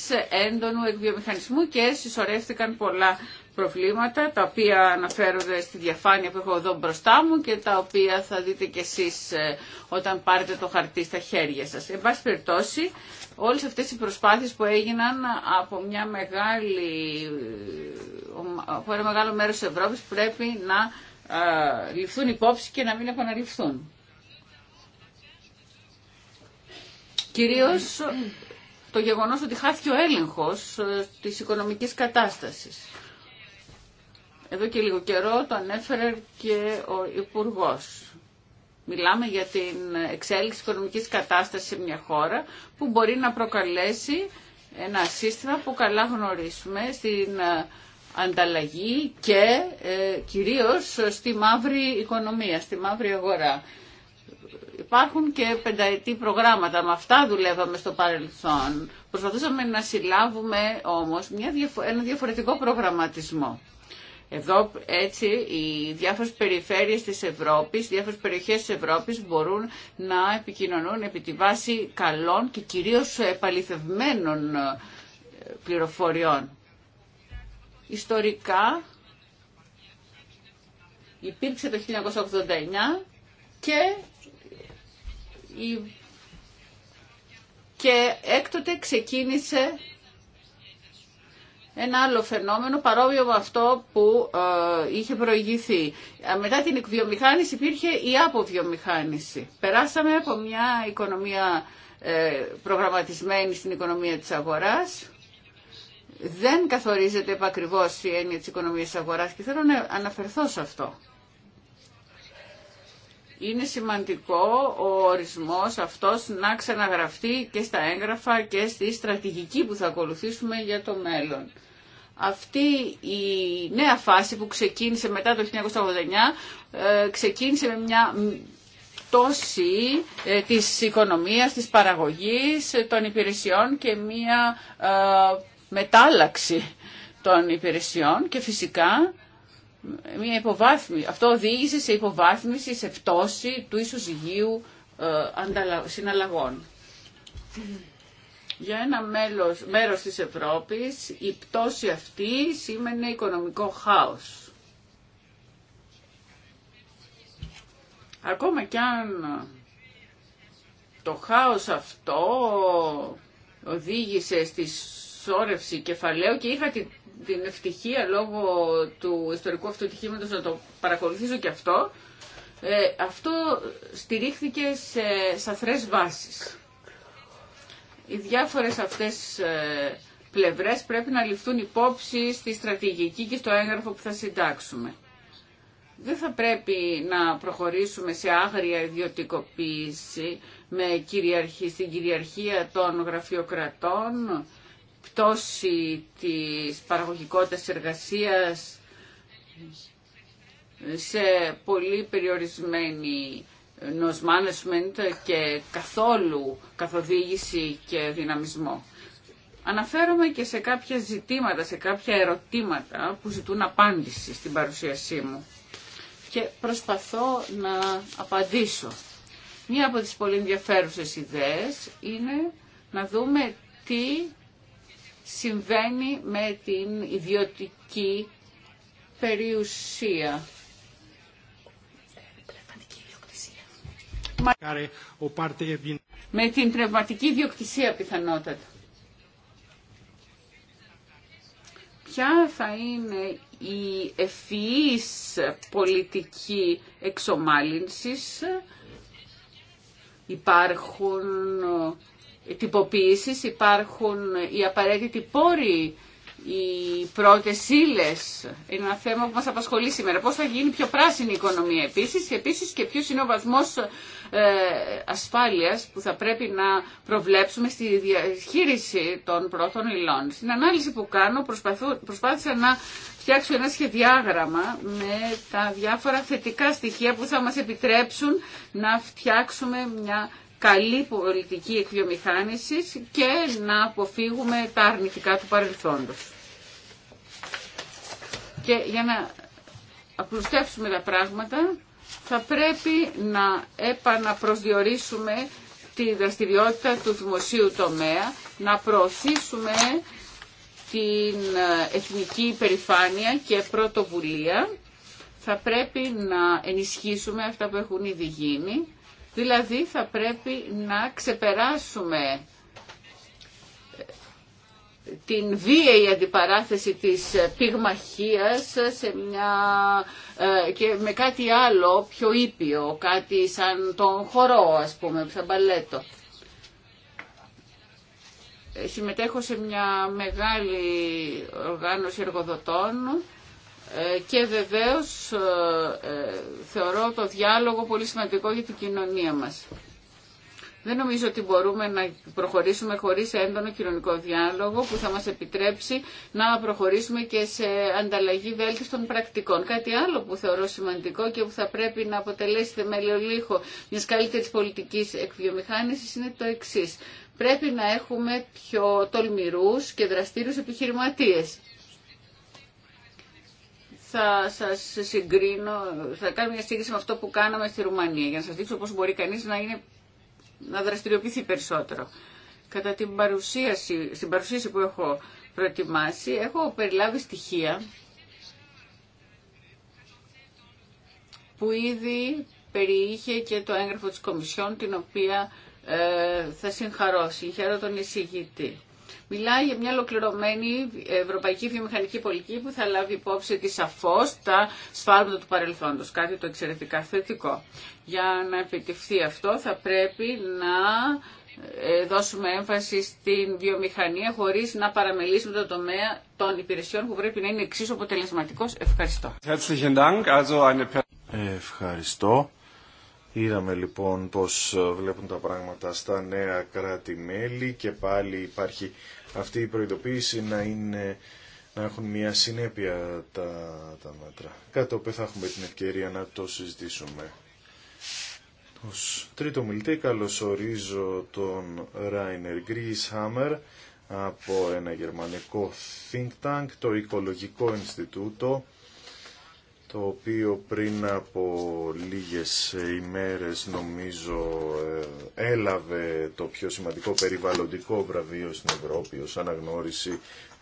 έντονου εκβιομηχανισμού και συσσωρεύτηκαν πολλά προβλήματα τα οποία αναφέρονται στη διαφάνεια που έχω εδώ μπροστά μου και τα οποία θα δείτε κι εσείς ε, όταν πάρετε το χαρτί στα χέρια σας. Εν περιπτώσει, όλες αυτές οι προσπάθειες που έγιναν από, μια μεγάλη, από ένα μεγάλο μέρος της Ευρώπης πρέπει να ε, ληφθούν υπόψη και να μην επαναληφθούν. Κυρίως το γεγονός ότι χάθηκε ο έλεγχος ε, της οικονομικής κατάστασης. Εδώ και λίγο καιρό το ανέφερε και ο Υπουργός. Μιλάμε για την εξέλιξη οικονομικής κατάστασης σε μια χώρα που μπορεί να προκαλέσει ένα σύστημα που καλά γνωρίζουμε στην ε, ανταλλαγή και ε, κυρίως στη μαύρη οικονομία, στη μαύρη αγορά. Υπάρχουν και πενταετή προγράμματα, με αυτά δουλεύαμε στο παρελθόν. Προσπαθούσαμε να συλλάβουμε όμως μια, ένα διαφορετικό προγραμματισμό. Εδώ έτσι οι διάφορες περιφέρειες της Ευρώπης, οι διάφορες περιοχές της Ευρώπης μπορούν να επικοινωνούν επί τη βάση καλών και κυρίως επαληθευμένων ε, πληροφοριών. Ιστορικά υπήρξε το 1989 και και έκτοτε ξεκίνησε ένα άλλο φαινόμενο παρόμοιο με αυτό που ε, είχε προηγηθεί. Ε, μετά την εκβιομηχάνηση υπήρχε η αποβιομηχάνηση. Περάσαμε από μια οικονομία ε, προγραμματισμένη στην οικονομία της αγοράς. Δεν καθορίζεται επακριβώς η έννοια της οικονομίας της αγοράς και θέλω να αναφερθώ σε αυτό είναι σημαντικό ο ορισμός αυτός να ξαναγραφτεί και στα έγγραφα και στη στρατηγική που θα ακολουθήσουμε για το μέλλον. Αυτή η νέα φάση που ξεκίνησε μετά το 1989 ε, ξεκίνησε με μια τόση ε, της οικονομίας, της παραγωγής, ε, των υπηρεσιών και μια μετάλλαξη των υπηρεσιών και φυσικά μια υποβάθμιση. Αυτό οδήγησε σε υποβάθμιση, σε πτώση του ισοζυγίου ε, συναλλαγών. Για ένα μέλος, μέρος της Ευρώπης η πτώση αυτή σήμαινε οικονομικό χάος. Ακόμα κι αν το χάος αυτό οδήγησε στη σώρευση κεφαλαίου και είχα την την ευτυχία λόγω του ιστορικού αυτού να το παρακολουθήσω και αυτό, ε, αυτό στηρίχθηκε σε σαφρές βάσεις. Οι διάφορες αυτές ε, πλευρές πρέπει να ληφθούν υπόψη στη στρατηγική και στο έγγραφο που θα συντάξουμε. Δεν θα πρέπει να προχωρήσουμε σε άγρια ιδιωτικοποίηση με κυριαρχή, στην κυριαρχία των γραφειοκρατών, πτώση της παραγωγικότητας εργασίας σε πολύ περιορισμένη νος management και καθόλου καθοδήγηση και δυναμισμό. Αναφέρομαι και σε κάποια ζητήματα, σε κάποια ερωτήματα που ζητούν απάντηση στην παρουσίασή μου και προσπαθώ να απαντήσω. Μία από τις πολύ ενδιαφέρουσες ιδέες είναι να δούμε τι συμβαίνει με την ιδιωτική περιουσία. E με την πνευματική ιδιοκτησία πιθανότατα. Ποια θα είναι η ευφυής πολιτική εξομάλυνσης. Υπάρχουν τυποποίησης υπάρχουν οι απαραίτητοι πόροι, οι πρώτες ύλε. Είναι ένα θέμα που μας απασχολεί σήμερα. Πώς θα γίνει πιο πράσινη η οικονομία επίσης, επίσης και ποιος είναι ο βαθμός ε, ασφάλειας που θα πρέπει να προβλέψουμε στη διαχείριση των πρώτων υλών. Στην ανάλυση που κάνω προσπάθησα να φτιάξω ένα σχεδιάγραμμα με τα διάφορα θετικά στοιχεία που θα μας επιτρέψουν να φτιάξουμε μια καλή πολιτική εκβιομηχάνησης και να αποφύγουμε τα αρνητικά του παρελθόντος. Και για να απλουστεύσουμε τα πράγματα θα πρέπει να επαναπροσδιορίσουμε τη δραστηριότητα του δημοσίου τομέα, να προωθήσουμε την ε, εθνική υπερηφάνεια και πρωτοβουλία. Θα πρέπει να ενισχύσουμε αυτά που έχουν ήδη γίνει Δηλαδή θα πρέπει να ξεπεράσουμε την βίαιη αντιπαράθεση της πυγμαχίας σε μια, ε, και με κάτι άλλο πιο ήπιο, κάτι σαν τον χορό ας πούμε, σαν μπαλέτο. Συμμετέχω σε μια μεγάλη οργάνωση εργοδοτών ε, και βεβαίως ε, ε, θεωρώ το διάλογο πολύ σημαντικό για την κοινωνία μας. Δεν νομίζω ότι μπορούμε να προχωρήσουμε χωρίς έντονο κοινωνικό διάλογο που θα μας επιτρέψει να προχωρήσουμε και σε ανταλλαγή βέλτιστων πρακτικών. Κάτι άλλο που θεωρώ σημαντικό και που θα πρέπει να αποτελέσει θεμελιολίχο μιας καλύτερης πολιτικής εκβιομηχάνησης είναι το εξής. Πρέπει να έχουμε πιο τολμηρούς και δραστήριους επιχειρηματίες θα σας συγκρίνω, θα κάνω μια σύγκριση με αυτό που κάναμε στη Ρουμανία για να σας δείξω πώς μπορεί κανείς να, είναι, να δραστηριοποιηθεί περισσότερο. Κατά την παρουσίαση, στην παρουσίαση που έχω προετοιμάσει, έχω περιλάβει στοιχεία που ήδη περιείχε και το έγγραφο της Κομισιόν, την οποία ε, θα συγχαρώ, συγχαρώ τον εισηγητή. Μιλάει για μια ολοκληρωμένη ευρωπαϊκή βιομηχανική πολιτική που θα λάβει υπόψη τη σαφώ τα σφάλματα του παρελθόντο. Κάτι το εξαιρετικά θετικό. Για να επιτευχθεί αυτό θα πρέπει να ε, δώσουμε έμφαση στην βιομηχανία χωρίς να παραμελήσουμε το τομέα των υπηρεσιών που πρέπει να είναι εξίσου αποτελεσματικός. Ευχαριστώ. Ευχαριστώ. Είδαμε λοιπόν πως βλέπουν τα πράγματα στα νέα κράτη-μέλη και πάλι υπάρχει αυτή η προειδοποίηση να, είναι, να έχουν μια συνέπεια τα, τα μέτρα. το οποίο θα έχουμε την ευκαιρία να το συζητήσουμε. Ως τρίτο μιλτή καλωσορίζω τον Ράινερ Χάμερ από ένα γερμανικό think tank, το Οικολογικό Ινστιτούτο, το οποίο πριν από λίγες ημέρες νομίζω ε, έλαβε το πιο σημαντικό περιβαλλοντικό βραβείο στην Ευρώπη ως αναγνώριση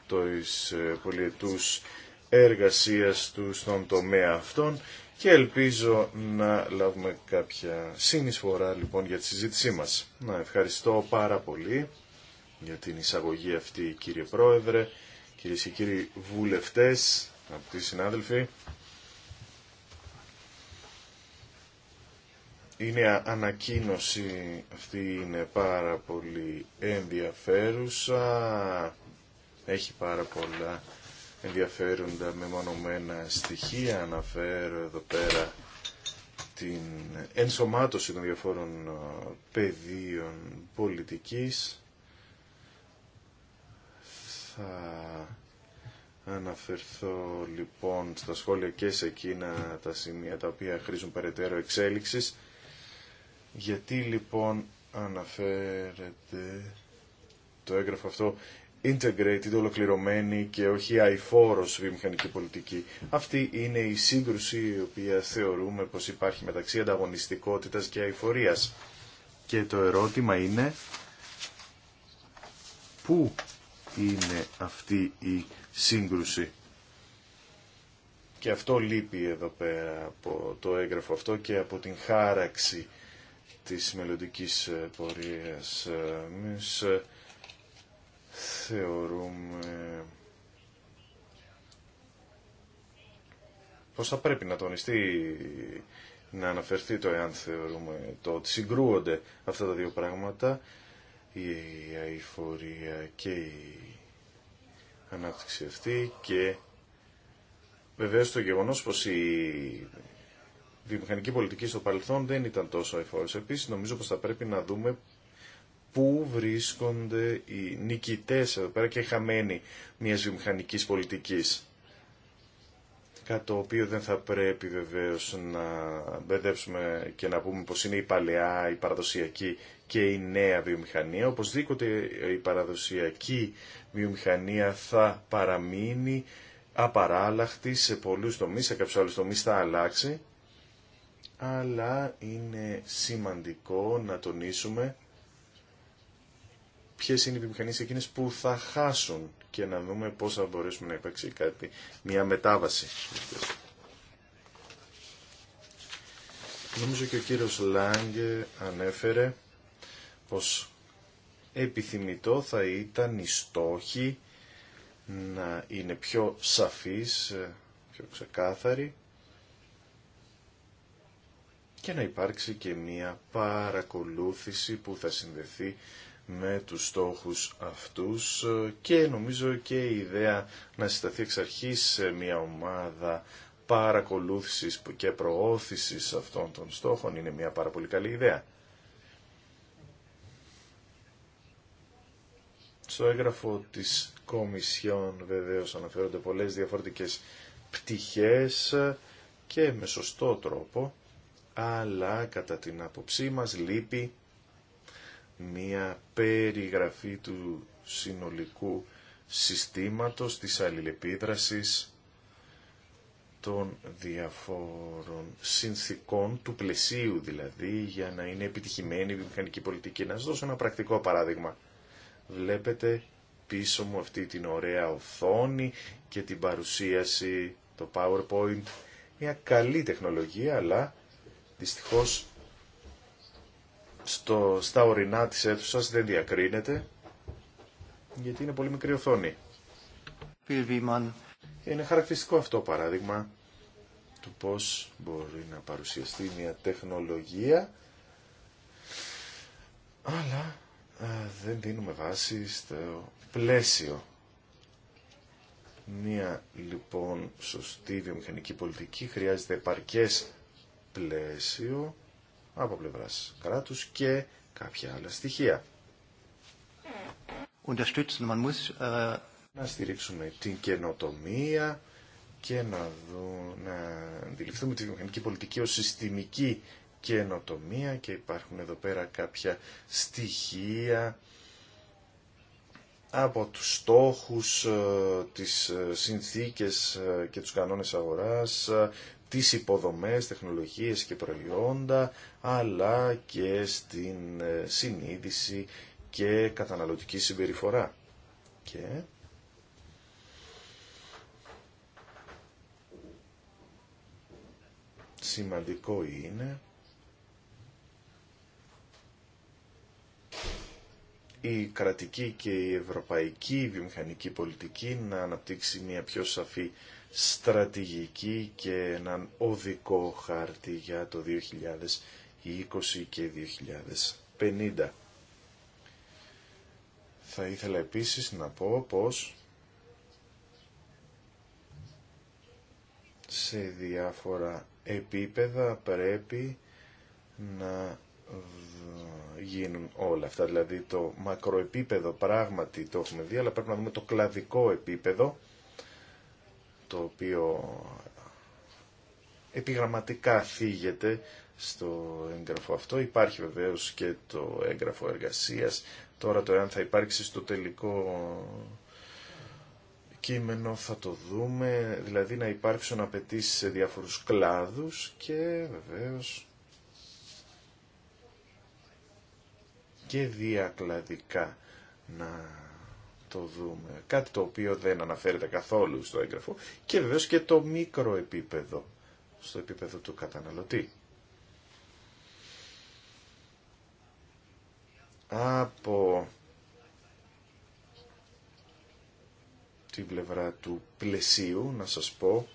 της ε, πολιετούς εργασίας του στον τομέα αυτών και ελπίζω να λάβουμε κάποια συνεισφορά λοιπόν για τη συζήτησή μας. Να ευχαριστώ πάρα πολύ για την εισαγωγή αυτή κύριε Πρόεδρε, κυρίες και κύριοι βουλευτές, αγαπητοί συνάδελφοι. είναι ανακοίνωση αυτή είναι πάρα πολύ ενδιαφέρουσα. Έχει πάρα πολλά ενδιαφέροντα μεμονωμένα στοιχεία. Αναφέρω εδώ πέρα την ενσωμάτωση των διαφόρων πεδίων πολιτικής. Θα αναφερθώ λοιπόν στα σχόλια και σε εκείνα τα σημεία τα οποία χρήζουν περαιτέρω εξέλιξης γιατί λοιπόν αναφέρεται το έγγραφο αυτό integrated, ολοκληρωμένη και όχι αηφόρος βιομηχανική πολιτική. Αυτή είναι η σύγκρουση η οποία θεωρούμε πως υπάρχει μεταξύ ανταγωνιστικότητας και αηφορίας. Και το ερώτημα είναι πού είναι αυτή η σύγκρουση. Και αυτό λείπει εδώ πέρα από το έγγραφο αυτό και από την χάραξη της μελλοντικής ε, πορείας. Ε, εμείς ε, θεωρούμε πως θα πρέπει να τονιστεί να αναφερθεί το εάν θεωρούμε το ότι συγκρούονται αυτά τα δύο πράγματα η αηφορία και η ανάπτυξη αυτή και βεβαίως το γεγονός πως η βιομηχανική πολιτική στο παρελθόν δεν ήταν τόσο εφόρος. Επίσης νομίζω πως θα πρέπει να δούμε πού βρίσκονται οι νικητές εδώ πέρα και χαμένοι μιας βιομηχανικής πολιτικής. Κάτι το οποίο δεν θα πρέπει βεβαίω να μπερδέψουμε και να πούμε πως είναι η παλαιά, η παραδοσιακή και η νέα βιομηχανία. Οπωσδήποτε η παραδοσιακή βιομηχανία θα παραμείνει απαράλλαχτη σε πολλούς τομείς, σε κάποιους άλλους τομείς θα αλλάξει αλλά είναι σημαντικό να τονίσουμε ποιες είναι οι επιμηχανίες εκείνες που θα χάσουν και να δούμε πώς θα μπορέσουμε να υπάρξει κάτι, μια μετάβαση. Νομίζω και ο κύριος Λάγκε ανέφερε πως επιθυμητό θα ήταν η στόχη να είναι πιο σαφής, πιο ξεκάθαρη και να υπάρξει και μία παρακολούθηση που θα συνδεθεί με τους στόχους αυτούς και νομίζω και η ιδέα να συσταθεί εξ αρχής μια ομάδα παρακολούθησης και προώθησης αυτών των στόχων είναι μια πάρα πολύ καλή ιδέα. Στο έγγραφο της Κομισιόν βεβαίως αναφέρονται πολλές διαφορετικές πτυχές και με σωστό τρόπο αλλά κατά την άποψή μας λείπει μία περιγραφή του συνολικού συστήματος της αλληλεπίδρασης των διαφόρων συνθήκων του πλαισίου δηλαδή για να είναι επιτυχημένη η βιομηχανική πολιτική. Να σας δώσω ένα πρακτικό παράδειγμα. Βλέπετε πίσω μου αυτή την ωραία οθόνη και την παρουσίαση, το PowerPoint. Μια καλή τεχνολογία αλλά Δυστυχώς στο, στα ορεινά της αίθουσας δεν διακρίνεται γιατί είναι πολύ μικρή οθόνη. Είναι χαρακτηριστικό αυτό παράδειγμα του πώς μπορεί να παρουσιαστεί μια τεχνολογία αλλά ε, δεν δίνουμε βάση στο πλαίσιο. Μία λοιπόν σωστή βιομηχανική πολιτική χρειάζεται επαρκές πλαίσιο από πλευράς κράτους και κάποια άλλα στοιχεία. Äh, να στηρίξουμε την καινοτομία και να, δω, να αντιληφθούμε τη βιομηχανική πολιτική ω συστημική καινοτομία και υπάρχουν εδώ πέρα κάποια στοιχεία από τους στόχους, ε, τις ε, συνθήκες ε, και τους κανόνες αγοράς, τις υποδομές, τεχνολογίες και προϊόντα, αλλά και στην ε, συνείδηση και καταναλωτική συμπεριφορά. Και... Σημαντικό είναι η κρατική και η ευρωπαϊκή βιομηχανική πολιτική να αναπτύξει μια πιο σαφή στρατηγική και έναν οδικό χάρτη για το 2020 και 2050. Θα ήθελα επίσης να πω πως σε διάφορα επίπεδα πρέπει να γίνουν όλα αυτά. Δηλαδή το μακροεπίπεδο πράγματι το έχουμε δει, αλλά πρέπει να δούμε το κλαδικό επίπεδο το οποίο επιγραμματικά θίγεται στο έγγραφο αυτό. Υπάρχει βεβαίως και το έγγραφο εργασίας. Τώρα το εάν θα υπάρξει στο τελικό κείμενο θα το δούμε, δηλαδή να υπάρξουν απαιτήσει σε διάφορους κλάδους και βεβαίως και διακλαδικά να το δούμε. Κάτι το οποίο δεν αναφέρεται καθόλου στο έγγραφο και βεβαίως και το μικρό επίπεδο, στο επίπεδο του καταναλωτή. Από την πλευρά του πλαισίου, να σας πω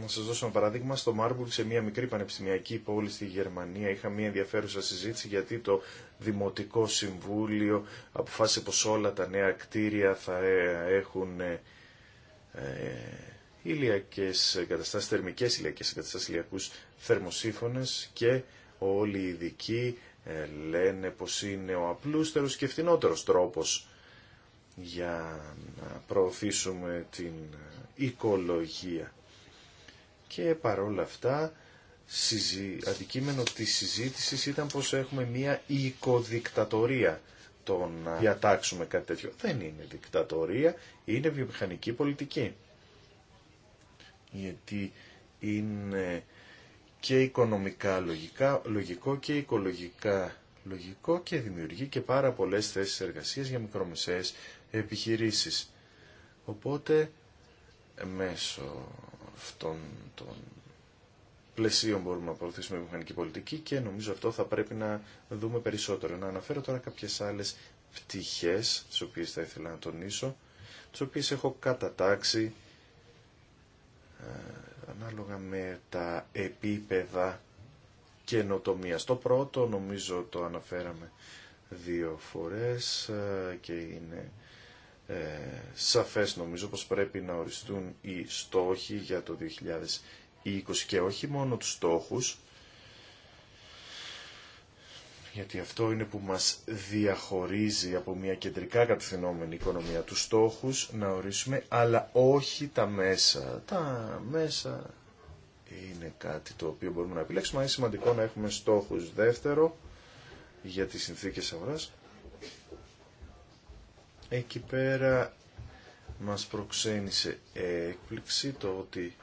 να σα δώσω ένα παράδειγμα. Στο Μάρμπουργκ, σε μια μικρή πανεπιστημιακή πόλη στη Γερμανία, είχα μια ενδιαφέρουσα συζήτηση γιατί το Δημοτικό Συμβούλιο αποφάσισε πως όλα τα νέα κτίρια θα ε, έχουν ε, ε ηλιακέ εγκαταστάσει, θερμικές ηλιακές εγκαταστάσεις, ηλιακού θερμοσύφωνε και όλοι οι ειδικοί ε, λένε πως είναι ο απλούστερο και φθηνότερος τρόπο για να προωθήσουμε την οικολογία και παρόλα αυτά αντικείμενο της συζήτησης ήταν πως έχουμε μία οικοδικτατορία το να διατάξουμε κάτι τέτοιο. Δεν είναι δικτατορία, είναι βιομηχανική πολιτική. Γιατί είναι και οικονομικά λογικά, λογικό και οικολογικά λογικό και δημιουργεί και πάρα πολλές θέσεις εργασίας για μικρομεσαίες επιχειρήσεις. Οπότε μέσω αυτών των πλαισίων μπορούμε να προωθήσουμε μηχανική πολιτική και νομίζω αυτό θα πρέπει να δούμε περισσότερο. Να αναφέρω τώρα κάποιες άλλες πτυχές, τις οποίες θα ήθελα να τονίσω, τις οποίες έχω κατατάξει ε, ανάλογα με τα επίπεδα καινοτομία. Το πρώτο νομίζω το αναφέραμε δύο φορές ε, και είναι ε, σαφές νομίζω πως πρέπει να οριστούν οι στόχοι για το 2020 και όχι μόνο τους στόχους, γιατί αυτό είναι που μας διαχωρίζει από μια κεντρικά κατευθυνόμενη οικονομία τους στόχους να ορίσουμε, αλλά όχι τα μέσα. Τα μέσα είναι κάτι το οποίο μπορούμε να επιλέξουμε, είναι σημαντικό να έχουμε στόχους δεύτερο για τις συνθήκες αγοράς Εκεί πέρα μας προξένησε έκπληξη το ότι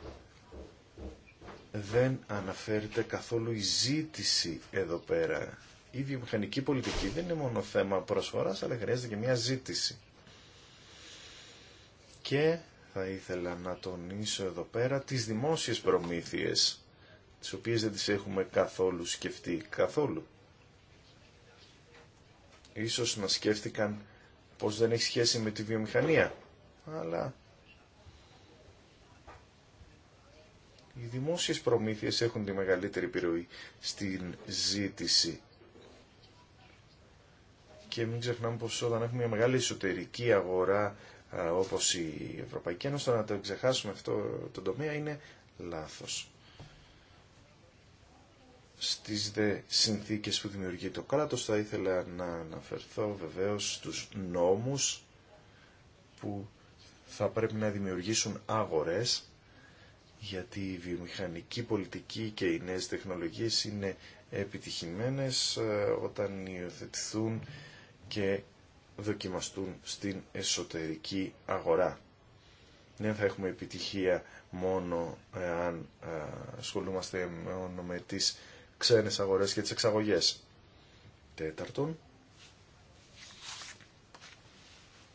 δεν αναφέρεται καθόλου η ζήτηση εδώ πέρα. Η βιομηχανική πολιτική δεν είναι μόνο θέμα προσφοράς, αλλά χρειάζεται και μια ζήτηση. Και θα ήθελα να τονίσω εδώ πέρα τις δημόσιες προμήθειες, τις οποίες δεν τις έχουμε καθόλου σκεφτεί, καθόλου. Ίσως να σκέφτηκαν πως δεν έχει σχέση με τη βιομηχανία. Αλλά οι δημόσιες προμήθειες έχουν τη μεγαλύτερη επιρροή στην ζήτηση. Και μην ξεχνάμε πως όταν έχουμε μια μεγάλη εσωτερική αγορά όπως η Ευρωπαϊκή Ένωση, να το ξεχάσουμε αυτό το τομέα είναι λάθος στις δε συνθήκες που δημιουργεί το κράτος θα ήθελα να αναφερθώ βεβαίως στους νόμους που θα πρέπει να δημιουργήσουν άγορες γιατί η βιομηχανική πολιτική και οι νέες τεχνολογίες είναι επιτυχημένες ε, όταν υιοθετηθούν και δοκιμαστούν στην εσωτερική αγορά. Δεν θα έχουμε επιτυχία μόνο αν ε, ασχολούμαστε μόνο με τις ξένες αγορές και τις εξαγωγές. Τέταρτον,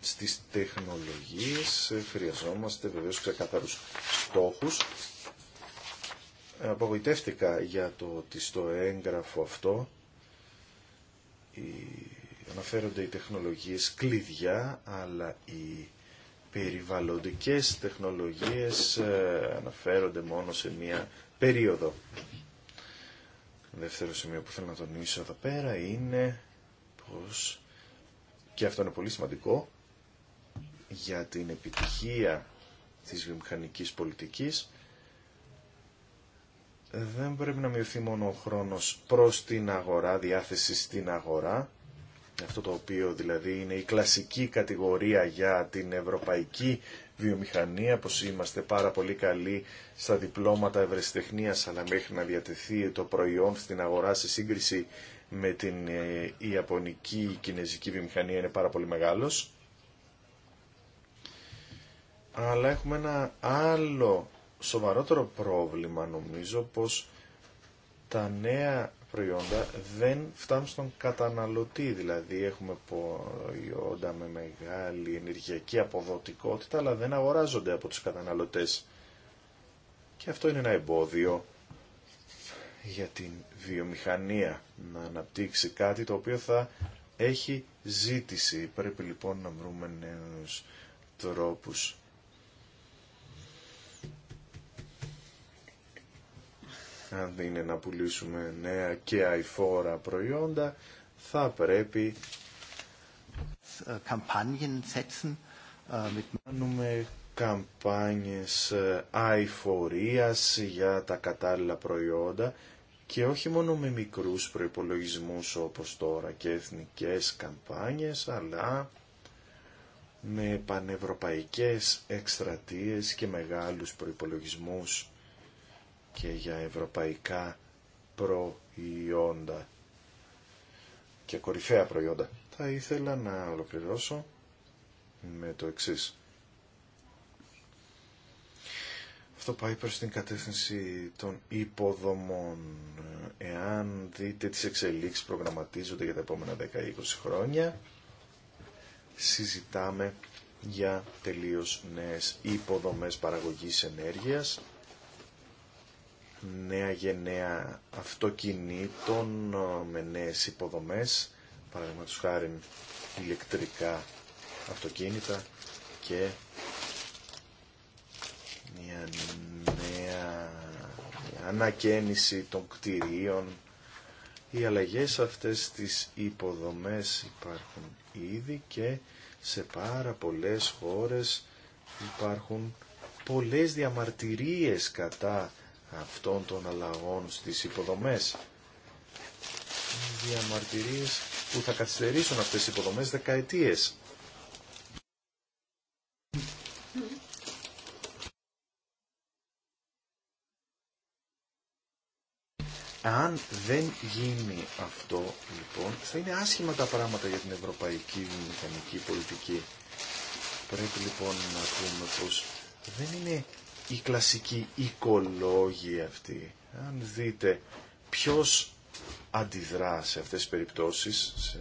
στις τεχνολογίες χρειαζόμαστε βεβαίως ξεκάθαρους στόχους. Απογοητεύτηκα για το ότι στο έγγραφο αυτό αναφέρονται οι τεχνολογίες κλειδιά, αλλά οι περιβαλλοντικές τεχνολογίες ε, αναφέρονται μόνο σε μία περίοδο. Δεύτερο σημείο που θέλω να τονίσω εδώ πέρα είναι πως, και αυτό είναι πολύ σημαντικό, για την επιτυχία της βιομηχανικής πολιτικής, δεν πρέπει να μειωθεί μόνο ο χρόνος προς την αγορά, διάθεση στην αγορά, αυτό το οποίο δηλαδή είναι η κλασική κατηγορία για την ευρωπαϊκή βιομηχανία, πως είμαστε πάρα πολύ καλοί στα διπλώματα ευρεσιτεχνίας, αλλά μέχρι να διατεθεί το προϊόν στην αγορά σε σύγκριση με την ε, Ιαπωνική Κινέζικη βιομηχανία είναι πάρα πολύ μεγάλος. Αλλά έχουμε ένα άλλο σοβαρότερο πρόβλημα νομίζω πως τα νέα δεν φτάνουν στον καταναλωτή. Δηλαδή έχουμε προϊόντα με μεγάλη ενεργειακή αποδοτικότητα αλλά δεν αγοράζονται από τους καταναλωτές. Και αυτό είναι ένα εμπόδιο για την βιομηχανία να αναπτύξει κάτι το οποίο θα έχει ζήτηση. Πρέπει λοιπόν να βρούμε νέους τρόπους αν είναι να πουλήσουμε νέα και αηφόρα προϊόντα, θα πρέπει να ε, κάνουμε καμπάνιες ε, αηφορίας για τα κατάλληλα προϊόντα και όχι μόνο με μικρούς προϋπολογισμούς όπως τώρα και εθνικές καμπάνιες, αλλά με πανευρωπαϊκές εκστρατείες και μεγάλους προϋπολογισμούς και για ευρωπαϊκά προϊόντα και κορυφαία προϊόντα. Θα ήθελα να ολοκληρώσω με το εξής. Αυτό πάει προς την κατεύθυνση των υποδομών. Εάν δείτε τις εξελίξεις προγραμματίζονται για τα επόμενα 10-20 χρόνια, συζητάμε για τελείως νέες υποδομές παραγωγής ενέργειας νέα γενναία αυτοκινήτων ε, με νέες υποδομές, παραδείγματος χάρη ηλεκτρικά αυτοκίνητα και μια νέα ανακαίνιση των κτηρίων. Οι αλλαγές αυτές τις υποδομές υπάρχουν ήδη και σε πάρα πολλές χώρες υπάρχουν πολλές διαμαρτυρίες κατά αυτών των αλλαγών στις υποδομές. Διαμαρτυρίες που θα καθυστερήσουν αυτές τις υποδομές δεκαετίες. Αν δεν γίνει αυτό, λοιπόν, θα είναι άσχημα τα πράγματα για την ευρωπαϊκή μηχανική πολιτική. Πρέπει λοιπόν να πούμε πως δεν είναι η κλασική οικολόγη αυτή. Αν δείτε ποιος αντιδρά σε αυτές τις περιπτώσεις, σε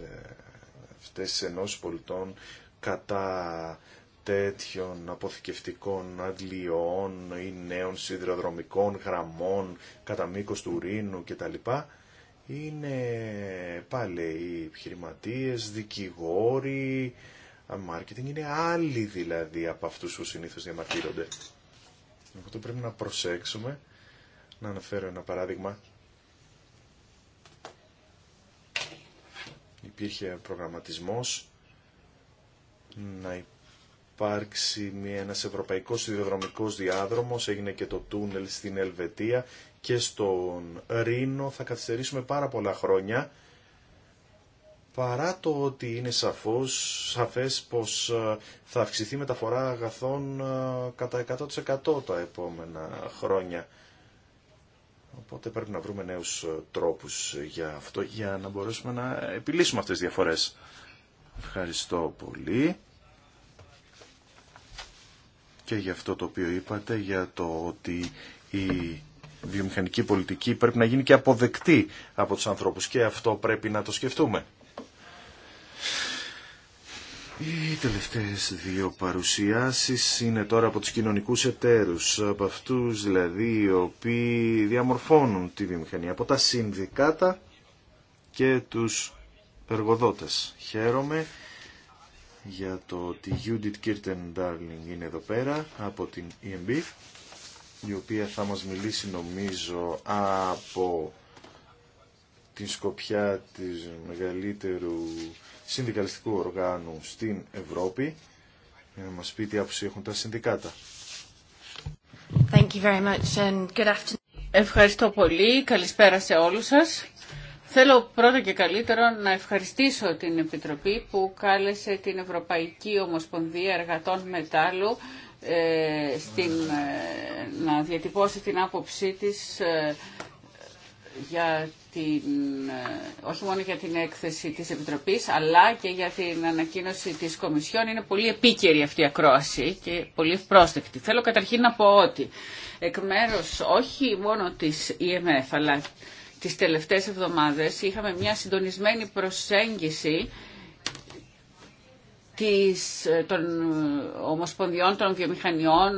αυτές τις ενώσεις πολιτών κατά τέτοιων αποθηκευτικών αντλειών ή νέων σιδηροδρομικών γραμμών κατά μήκος του Ρήνου κτλ. Είναι πάλι οι επιχειρηματίες, δικηγόροι, marketing, είναι άλλοι δηλαδή από αυτούς που συνήθως διαμαρτύρονται. Στην οπότε πρέπει να προσέξουμε, να αναφέρω ένα παράδειγμα. Υπήρχε προγραμματισμός να υπάρξει ένας ευρωπαϊκός σιδηροδρομικός διάδρομος, έγινε και το τούνελ στην Ελβετία και στον Ρήνο θα καθυστερήσουμε πάρα πολλά χρόνια παρά το ότι είναι σαφώς, σαφές πως ε, θα αυξηθεί μεταφορά αγαθών ε, κατά 100% τα επόμενα χρόνια. Οπότε πρέπει να βρούμε νέους ε, τρόπους για αυτό, για να μπορέσουμε να επιλύσουμε αυτές τις διαφορές. Ευχαριστώ πολύ και για αυτό το οποίο είπατε, για το ότι η βιομηχανική πολιτική πρέπει να γίνει και αποδεκτή από τους ανθρώπους και αυτό πρέπει να το σκεφτούμε. Οι τελευταίες δύο παρουσιάσεις είναι τώρα από τους κοινωνικούς εταίρους, από αυτούς δηλαδή οι οποίοι διαμορφώνουν τη βιομηχανία, από τα συνδικάτα και τους εργοδότες. Χαίρομαι για το ότι η Judith Kirten Darling είναι εδώ πέρα από την EMB, η οποία θα μας μιλήσει νομίζω από την σκοπιά της μεγαλύτερου συνδικαλιστικού οργάνου στην Ευρώπη για να μας πει τι άποψη έχουν τα συνδικάτα. Thank you very much Ευχαριστώ πολύ. Καλησπέρα σε όλους σας. Θέλω πρώτα και καλύτερο να ευχαριστήσω την Επιτροπή που κάλεσε την Ευρωπαϊκή Ομοσπονδία Εργατών Μετάλλου ε, στην, ε, να διατυπώσει την άποψή της ε, για την, ε, όχι μόνο για την έκθεση της Επιτροπής, αλλά και για την ανακοίνωση της Κομισιόν. Είναι πολύ επίκαιρη αυτή η ακρόαση και πολύ ευπρόσδεκτη. Θέλω καταρχήν να πω ότι εκ μέρους όχι μόνο της EMF, αλλά τις τελευταίες εβδομάδες είχαμε μια συντονισμένη προσέγγιση της, των ομοσπονδιών, των βιομηχανιών,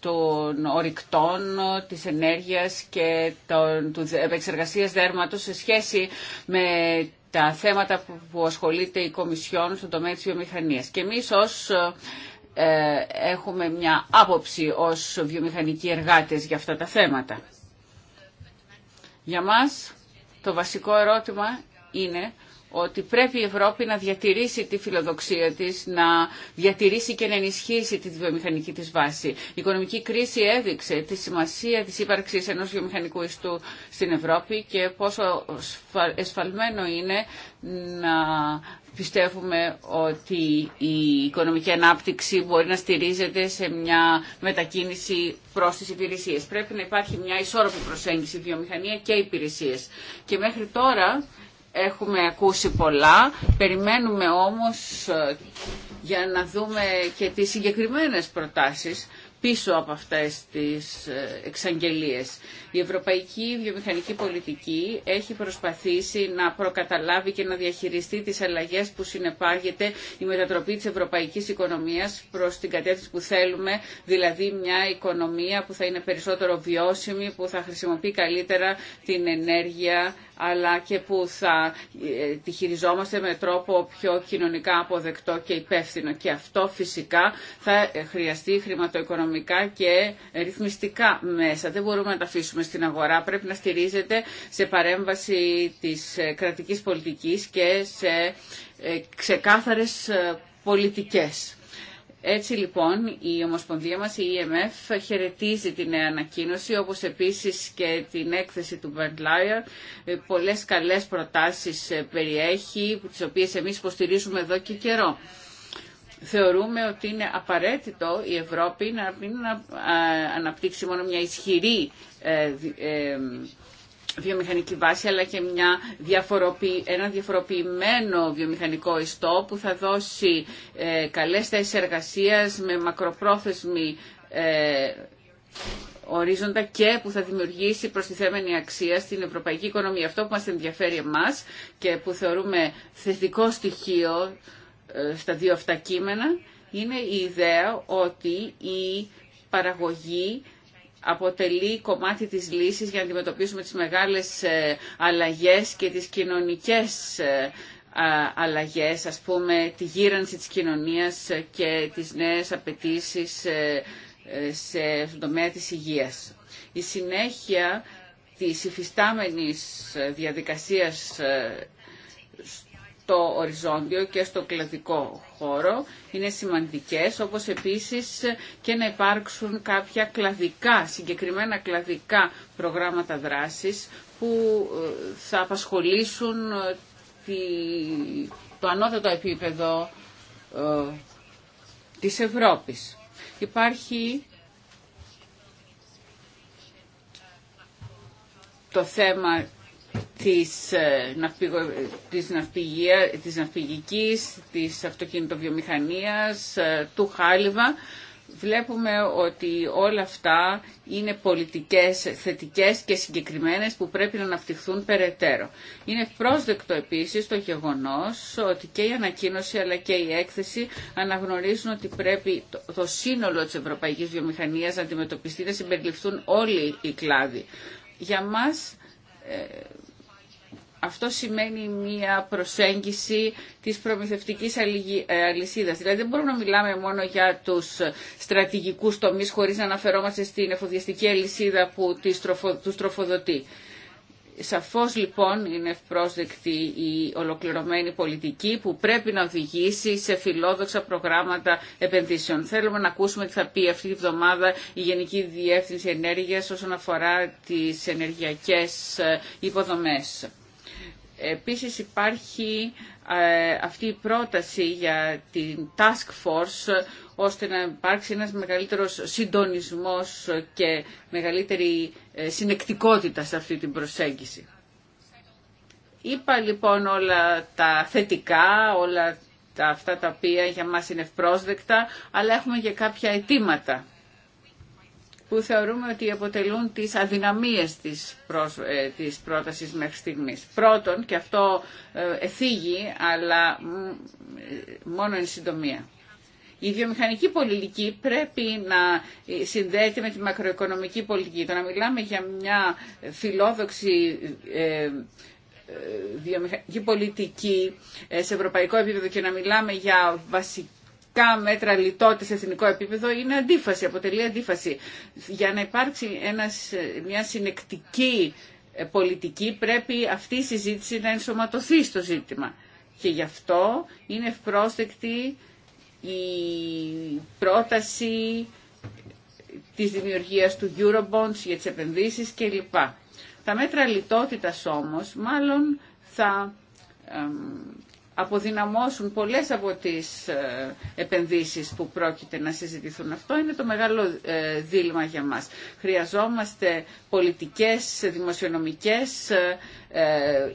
των ορυκτών, της ενέργειας και των, του επεξεργασίας δέρματος σε σχέση με τα θέματα που ασχολείται η Κομισιόν στον τομέα της βιομηχανίας. Και εμείς ως ε, έχουμε μια άποψη ως βιομηχανικοί εργάτες για αυτά τα θέματα. Για μας το βασικό ερώτημα είναι ότι πρέπει η Ευρώπη να διατηρήσει τη φιλοδοξία της, να διατηρήσει και να ενισχύσει τη βιομηχανική της βάση. Η οικονομική κρίση έδειξε τη σημασία της ύπαρξης ενός βιομηχανικού ιστού στην Ευρώπη και πόσο εσφαλμένο είναι να πιστεύουμε ότι η οικονομική ανάπτυξη μπορεί να στηρίζεται σε μια μετακίνηση προς τις υπηρεσίες. Πρέπει να υπάρχει μια ισόρροπη προσέγγιση βιομηχανία και υπηρεσίες. Και μέχρι τώρα έχουμε ακούσει πολλά, περιμένουμε όμως ε, για να δούμε και τις συγκεκριμένες προτάσεις πίσω από αυτές τις ε, εξαγγελίες. Η ευρωπαϊκή βιομηχανική πολιτική έχει προσπαθήσει να προκαταλάβει και να διαχειριστεί τις αλλαγές που συνεπάγεται η μετατροπή της ευρωπαϊκής οικονομίας προς την κατεύθυνση που θέλουμε, δηλαδή μια οικονομία που θα είναι περισσότερο βιώσιμη, που θα χρησιμοποιεί καλύτερα την ενέργεια, αλλά και που θα ε, τη χειριζόμαστε με τρόπο πιο κοινωνικά αποδεκτό και υπεύθυνο. Και αυτό φυσικά θα ε, χρειαστεί χρηματοοικονομία οικονομικά και ρυθμιστικά μέσα. Δεν μπορούμε να τα αφήσουμε στην αγορά. Πρέπει να στηρίζεται σε παρέμβαση της κρατικής πολιτικής και σε ε, ξεκάθαρες ε, πολιτικές. Έτσι λοιπόν η Ομοσπονδία μας, η EMF, χαιρετίζει την νέα ανακοίνωση, όπως επίσης και την έκθεση του Bernd Lyer. Ε, πολλές καλές προτάσεις περιέχει, τις οποίες εμείς υποστηρίζουμε εδώ και καιρό θεωρούμε ότι είναι απαραίτητο η Ευρώπη να μην αναπτύξει μόνο μια ισχυρή ε, ε, βιομηχανική βάση αλλά και μια ένα διαφοροποιημένο βιομηχανικό ιστό που θα δώσει ε, καλές θέσεις εργασίας με μακροπρόθεσμη ορίζοντα και που θα δημιουργήσει προστιθέμενη αξία στην ευρωπαϊκή οικονομία. Αυτό που μας ενδιαφέρει εμάς και που θεωρούμε θετικό στοιχείο στα δύο αυτά κείμενα είναι η ιδέα ότι η παραγωγή αποτελεί κομμάτι της λύσης για να αντιμετωπίσουμε τις μεγάλες ε, αλλαγές και τις κοινωνικές ε, αλλαγές, ας πούμε, τη γύρανση της κοινωνίας ε, και τις νέες απαιτήσεις σε στον τομέα της υγείας. Η συνέχεια της υφιστάμενης διαδικασίας το οριζόντιο και στο κλαδικό χώρο είναι σημαντικές, όπως επίσης και να υπάρξουν κάποια κλαδικά, συγκεκριμένα κλαδικά προγράμματα δράσης που ε, θα απασχολήσουν ε, το ανώτατο επίπεδο ε, της Ευρώπης. Υπάρχει το θέμα της, ε, ναυπηγο, της, ναυπηγία, της ναυπηγικής, της αυτοκινητοβιομηχανίας, ε, του χάλιβα. Βλέπουμε ότι όλα αυτά είναι πολιτικές θετικές και συγκεκριμένες που πρέπει να αναπτυχθούν περαιτέρω. Είναι πρόσδεκτο επίσης το γεγονός ότι και η ανακοίνωση αλλά και η έκθεση αναγνωρίζουν ότι πρέπει το σύνολο της ευρωπαϊκής βιομηχανίας να αντιμετωπιστεί, να συμπεριληφθούν όλοι οι κλάδοι. Για μας αυτό σημαίνει μία προσέγγιση της προμηθευτικής ε, αλυσίδας. Δηλαδή δεν μπορούμε να μιλάμε μόνο για τους στρατηγικούς τομείς χωρίς να αναφερόμαστε στην εφοδιαστική αλυσίδα που τους τροφοδοτεί. Σαφώς λοιπόν είναι ευπρόσδεκτη η ολοκληρωμένη πολιτική που πρέπει να οδηγήσει σε φιλόδοξα προγράμματα επενδύσεων. Θέλουμε να ακούσουμε τι θα πει αυτή τη βδομάδα η Γενική Διεύθυνση Ενέργειας όσον αφορά τις ενεργειακές ε, υποδομές. Επίσης υπάρχει ε, αυτή η πρόταση για την Task Force ώστε να υπάρξει ένας μεγαλύτερος συντονισμός και μεγαλύτερη ε, συνεκτικότητα σε αυτή την προσέγγιση. Είπα λοιπόν όλα τα θετικά, όλα τα, αυτά τα οποία για μας είναι ευπρόσδεκτα, αλλά έχουμε και κάποια αιτήματα που θεωρούμε ότι αποτελούν τις αδυναμίες της, ε, της πρότασης μέχρι στιγμής. Πρώτον, και αυτό εθίγει, αλλά ε, μόνο εν συντομία. Η βιομηχανική πολιτική πρέπει να συνδέεται με τη μακροοικονομική πολιτική. Το να μιλάμε για μια φιλόδοξη ε, ε, βιομηχανική πολιτική ε, σε ευρωπαϊκό επίπεδο και να μιλάμε για βασικά μέτρα λιτότητας σε εθνικό επίπεδο είναι αντίφαση, αποτελεί αντίφαση. Για να υπάρξει ένας, μια συνεκτική πολιτική πρέπει αυτή η συζήτηση να ενσωματωθεί στο ζήτημα. Και γι' αυτό είναι ευπρόσδεκτη η πρόταση της δημιουργίας του Eurobonds για τις επενδύσεις κλπ. Τα μέτρα λιτότητας όμως μάλλον θα αποδυναμώσουν πολλές από τις ε, επενδύσεις που πρόκειται να συζητηθούν. Αυτό είναι το μεγάλο ε, δίλημα για μας. Χρειαζόμαστε πολιτικές, δημοσιονομικές, ε,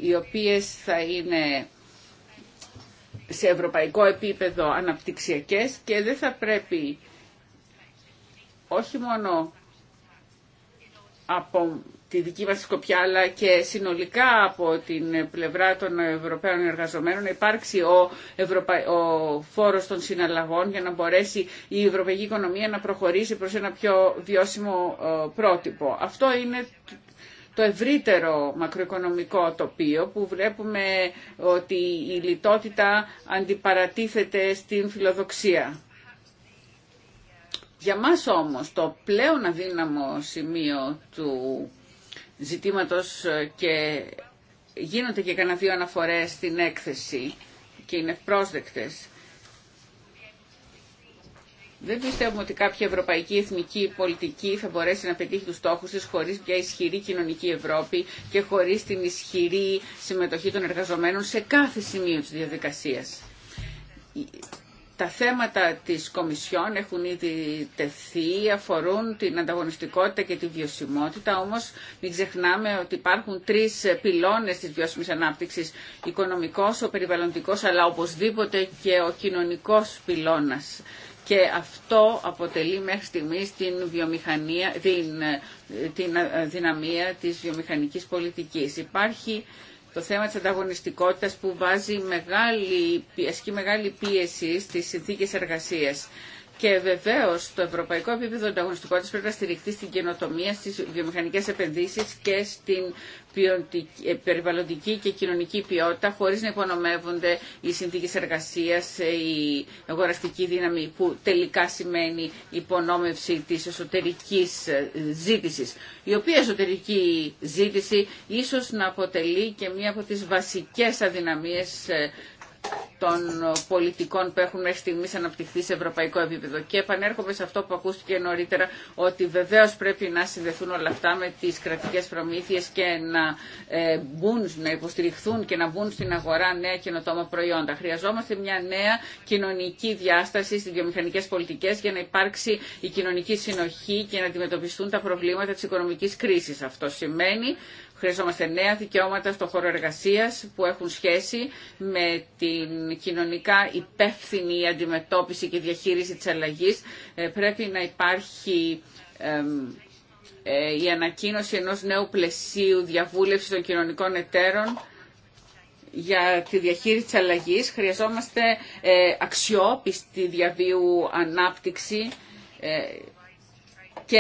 οι οποίες θα είναι σε ευρωπαϊκό επίπεδο αναπτυξιακές και δεν θα πρέπει όχι μόνο από τη δική μας σκοπιά αλλά και συνολικά από την πλευρά των Ευρωπαίων εργαζομένων να υπάρξει ο, Ευρωπα... φόρος των συναλλαγών για να μπορέσει η ευρωπαϊκή οικονομία να προχωρήσει προς ένα πιο βιώσιμο ε, πρότυπο. Αυτό είναι το ευρύτερο μακροοικονομικό τοπίο που βλέπουμε ότι η λιτότητα αντιπαρατίθεται στην φιλοδοξία. Για μας όμως το πλέον αδύναμο σημείο του ζητήματος και γίνονται και κανένα δύο αναφορές στην έκθεση και είναι πρόσδεκτες δεν πιστεύουμε ότι κάποια ευρωπαϊκή εθνική πολιτική θα μπορέσει να πετύχει τους στόχους της χωρίς μια ισχυρή κοινωνική Ευρώπη και χωρίς την ισχυρή συμμετοχή των εργαζομένων σε κάθε σημείο της διαδικασίας. Τα θέματα της Κομισιόν έχουν ήδη τεθεί, αφορούν την ανταγωνιστικότητα και τη βιωσιμότητα, όμως μην ξεχνάμε ότι υπάρχουν τρεις πυλώνες της βιώσιμης ανάπτυξης, οικονομικός, ο περιβαλλοντικός, αλλά οπωσδήποτε και ο κοινωνικός πυλώνας. Και αυτό αποτελεί μέχρι στιγμής την, βιομηχανία, την, την δυναμία της βιομηχανικής πολιτικής. Υπάρχει το θέμα της ανταγωνιστικότητας που βάζει μεγάλη, ασκεί μεγάλη πίεση στις συνθήκες εργασίας. Και βεβαίω το ευρωπαϊκό επίπεδο ανταγωνιστικότητα πρέπει να στηριχθεί στην καινοτομία, στι βιομηχανικέ επενδύσει και στην ε, περιβαλλοντική και κοινωνική ποιότητα χωρίς να υπονομεύονται οι συνθήκες εργασίας, ε, η αγοραστική δύναμη που τελικά σημαίνει υπονόμευση της εσωτερικής ε, ζήτησης. Η οποία εσωτερική ζήτηση ίσως να αποτελεί και μία από τις βασικές αδυναμίες των πολιτικών που έχουν μέχρι στιγμή αναπτυχθεί σε ευρωπαϊκό επίπεδο. Και επανέρχομαι σε αυτό που ακούστηκε νωρίτερα, ότι βεβαίω πρέπει να συνδεθούν όλα αυτά με τι κρατικέ προμήθειε και να ε, μπουν, να υποστηριχθούν και να μπουν στην αγορά νέα καινοτόμα προϊόντα. Χρειαζόμαστε μια νέα κοινωνική διάσταση στι βιομηχανικέ πολιτικέ για να υπάρξει η κοινωνική συνοχή και να αντιμετωπιστούν τα προβλήματα τη οικονομική κρίση. Αυτό σημαίνει Χρειαζόμαστε νέα δικαιώματα στον χώρο εργασία που έχουν σχέση με την κοινωνικά υπεύθυνη αντιμετώπιση και διαχείριση τη αλλαγής. Ε, πρέπει να υπάρχει ε, η ανακοίνωση ενός νέου πλαισίου διαβούλευση των κοινωνικών εταίρων για τη διαχείριση της αλλαγής. Χρειαζόμαστε ε, αξιόπιστη διαβίου ανάπτυξη και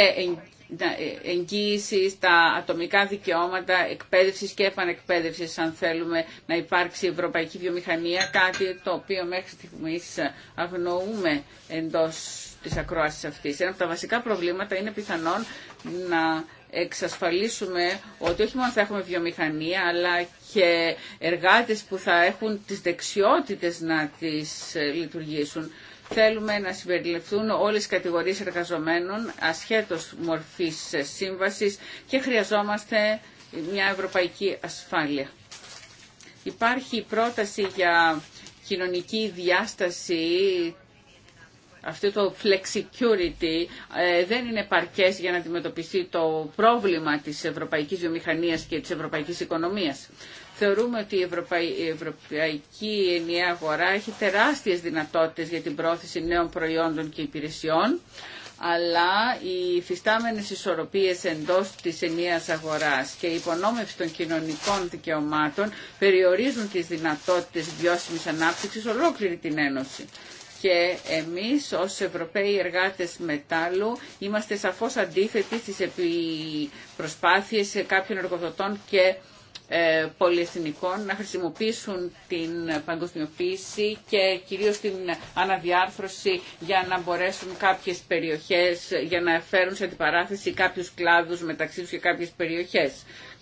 ε, εγγύηση τα ατομικά δικαιώματα εκπαίδευσης και επανεκπαίδευσης αν θέλουμε να υπάρξει ευρωπαϊκή βιομηχανία, κάτι το οποίο μέχρι στιγμής αγνοούμε εντός της ακρόασης αυτής. Ένα από τα βασικά προβλήματα είναι πιθανόν να εξασφαλίσουμε ότι όχι μόνο θα έχουμε βιομηχανία, αλλά και εργάτες που θα έχουν τις δεξιότητες να τις ε, λειτουργήσουν. Θέλουμε να συμπεριληφθούν όλες οι κατηγορίες εργαζομένων ασχέτως μορφής σύμβασης και χρειαζόμαστε μια ευρωπαϊκή ασφάλεια. Υπάρχει πρόταση για κοινωνική διάσταση αυτό το flexicurity ε, δεν είναι παρκές για να αντιμετωπιστεί το πρόβλημα της ευρωπαϊκής βιομηχανίας και της ευρωπαϊκής οικονομίας. Θεωρούμε ότι η, η Ευρωπαϊκή Ενιαία Αγορά έχει τεράστιες δυνατότητες για την πρόθεση νέων προϊόντων και υπηρεσιών, αλλά οι φυστάμενες ισορροπίες εντός της ενιαίας αγοράς και η υπονόμευση των κοινωνικών δικαιωμάτων περιορίζουν τις δυνατότητες βιώσιμης ανάπτυξης ολόκληρη την Ένωση και εμείς ως Ευρωπαίοι εργάτες μετάλλου είμαστε σαφώς αντίθετοι στις προσπάθειες κάποιων εργοδοτών και ε, πολυεθνικών να χρησιμοποιήσουν την παγκοσμιοποίηση και κυρίως την αναδιάρθρωση για να μπορέσουν κάποιες περιοχές, για να φέρουν σε αντιπαράθεση κάποιους κλάδους μεταξύ τους και κάποιες περιοχές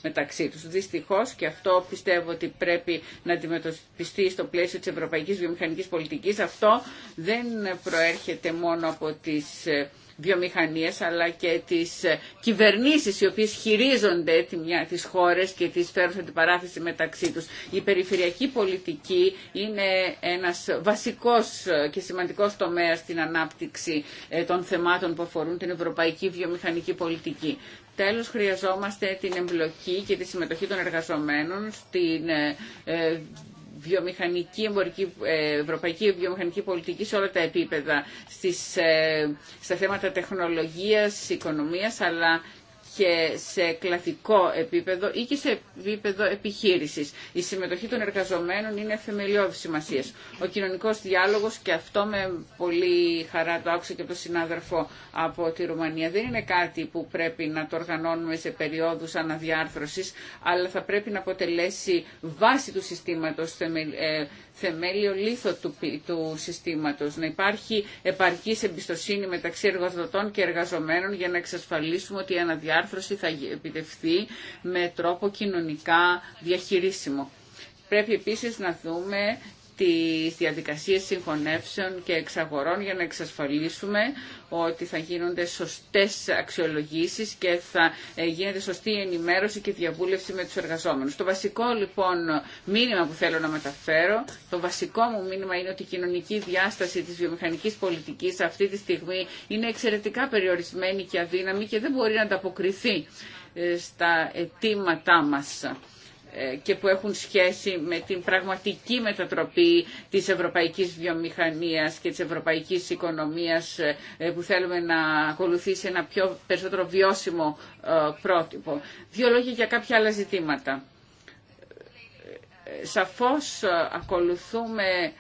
μεταξύ τους. Δυστυχώς και αυτό πιστεύω ότι πρέπει να αντιμετωπιστεί στο πλαίσιο της ευρωπαϊκής βιομηχανικής πολιτικής. Αυτό δεν προέρχεται μόνο από τις ε, βιομηχανίες αλλά και τις ε, κυβερνήσεις οι οποίες χειρίζονται τις χώρες και τις φέρουν την παράθεση μεταξύ τους. Η περιφερειακή πολιτική είναι ένας βασικός ε, και σημαντικός τομέας στην ανάπτυξη ε, των θεμάτων που αφορούν την ευρωπαϊκή βιομηχανική πολιτική. Τέλος, χρειαζόμαστε την εμπλοκή και τη συμμετοχή των εργαζομένων στην βιομηχανική, εμπορική, ε, ευρωπαϊκή βιομηχανική πολιτική σε όλα τα επίπεδα, στις, ε, στα θέματα τεχνολογίας, οικονομίας, αλλά και σε κλαθικό επίπεδο ή και σε επίπεδο επιχείρησης. Η συμμετοχή των εργαζομένων είναι θεμελιώδη σημασία. Ο κοινωνικός διάλογος, και αυτό με πολύ χαρά το άκουσα και από τον συνάδελφο από τη Ρουμανία, δεν είναι κάτι που πρέπει να το οργανώνουμε σε περιόδου αναδιάρθρωση, αλλά θα πρέπει να αποτελέσει βάση του συστήματος ε, θεμέλιο λίθο του, του συστήματος, να υπάρχει επαρκής εμπιστοσύνη μεταξύ εργοδοτών και εργαζομένων για να εξασφαλίσουμε ότι η αναδιάρθρωση θα επιτευχθεί με τρόπο κοινωνικά διαχειρίσιμο. Πρέπει επίσης να δούμε τις διαδικασίες συγχωνεύσεων και εξαγορών για να εξασφαλίσουμε ότι θα γίνονται σωστές αξιολογήσεις και θα ε, γίνεται σωστή ενημέρωση και διαβούλευση με τους εργαζόμενους. Το βασικό λοιπόν μήνυμα που θέλω να μεταφέρω, το βασικό μου μήνυμα είναι ότι η κοινωνική διάσταση της βιομηχανικής πολιτικής αυτή τη στιγμή είναι εξαιρετικά περιορισμένη και αδύναμη και δεν μπορεί να ανταποκριθεί ε, στα αιτήματά μας. Ε, και που έχουν σχέση με την πραγματική μετατροπή της ευρωπαϊκής βιομηχανίας και της ευρωπαϊκής οικονομίας ε, που θέλουμε να ακολουθήσει ένα πιο περισσότερο βιώσιμο ε, πρότυπο. Δύο λόγια για κάποια άλλα ζητήματα. Σαφώς ακολουθούμε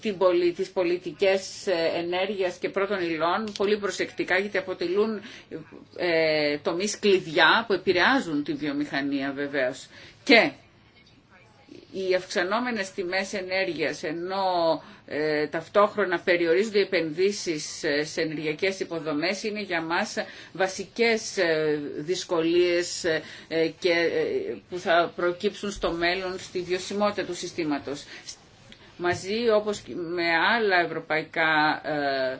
την πολι, τις πολιτικές ε, ενέργειας και πρώτων υλών πολύ προσεκτικά γιατί αποτελούν ε, τομείς κλειδιά που επηρεάζουν τη βιομηχανία βεβαίως. Και οι αυξανόμενες τιμές ενέργειας ενώ ε, ταυτόχρονα περιορίζονται οι επενδύσεις ε, σε ενεργειακές υποδομές είναι για μας βασικές δυσκολίες και, που θα προκύψουν στο μέλλον στη βιωσιμότητα του συστήματος μαζί όπως με άλλα ευρωπαϊκά ε,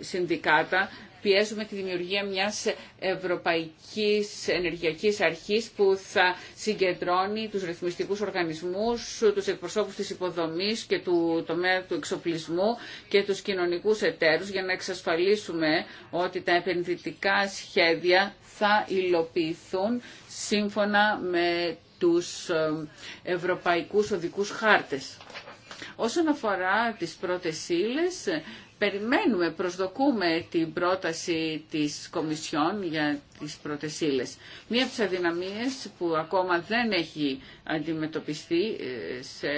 συνδικάτα πιέζουμε τη δημιουργία μιας ευρωπαϊκής ενεργειακής αρχής που θα συγκεντρώνει τους ρυθμιστικούς οργανισμούς, τους εκπροσώπους της υποδομής και του τομέα του εξοπλισμού και τους κοινωνικούς εταίρους για να εξασφαλίσουμε ότι τα επενδυτικά σχέδια θα υλοποιηθούν σύμφωνα με τους ε, ευρωπαϊκούς οδικούς χάρτες. Όσον αφορά τις πρώτες ύλες, περιμένουμε, προσδοκούμε την πρόταση της Κομισιόν για τις πρώτες ύλες. Μία από τις αδυναμίες που ακόμα δεν έχει αντιμετωπιστεί ε, σε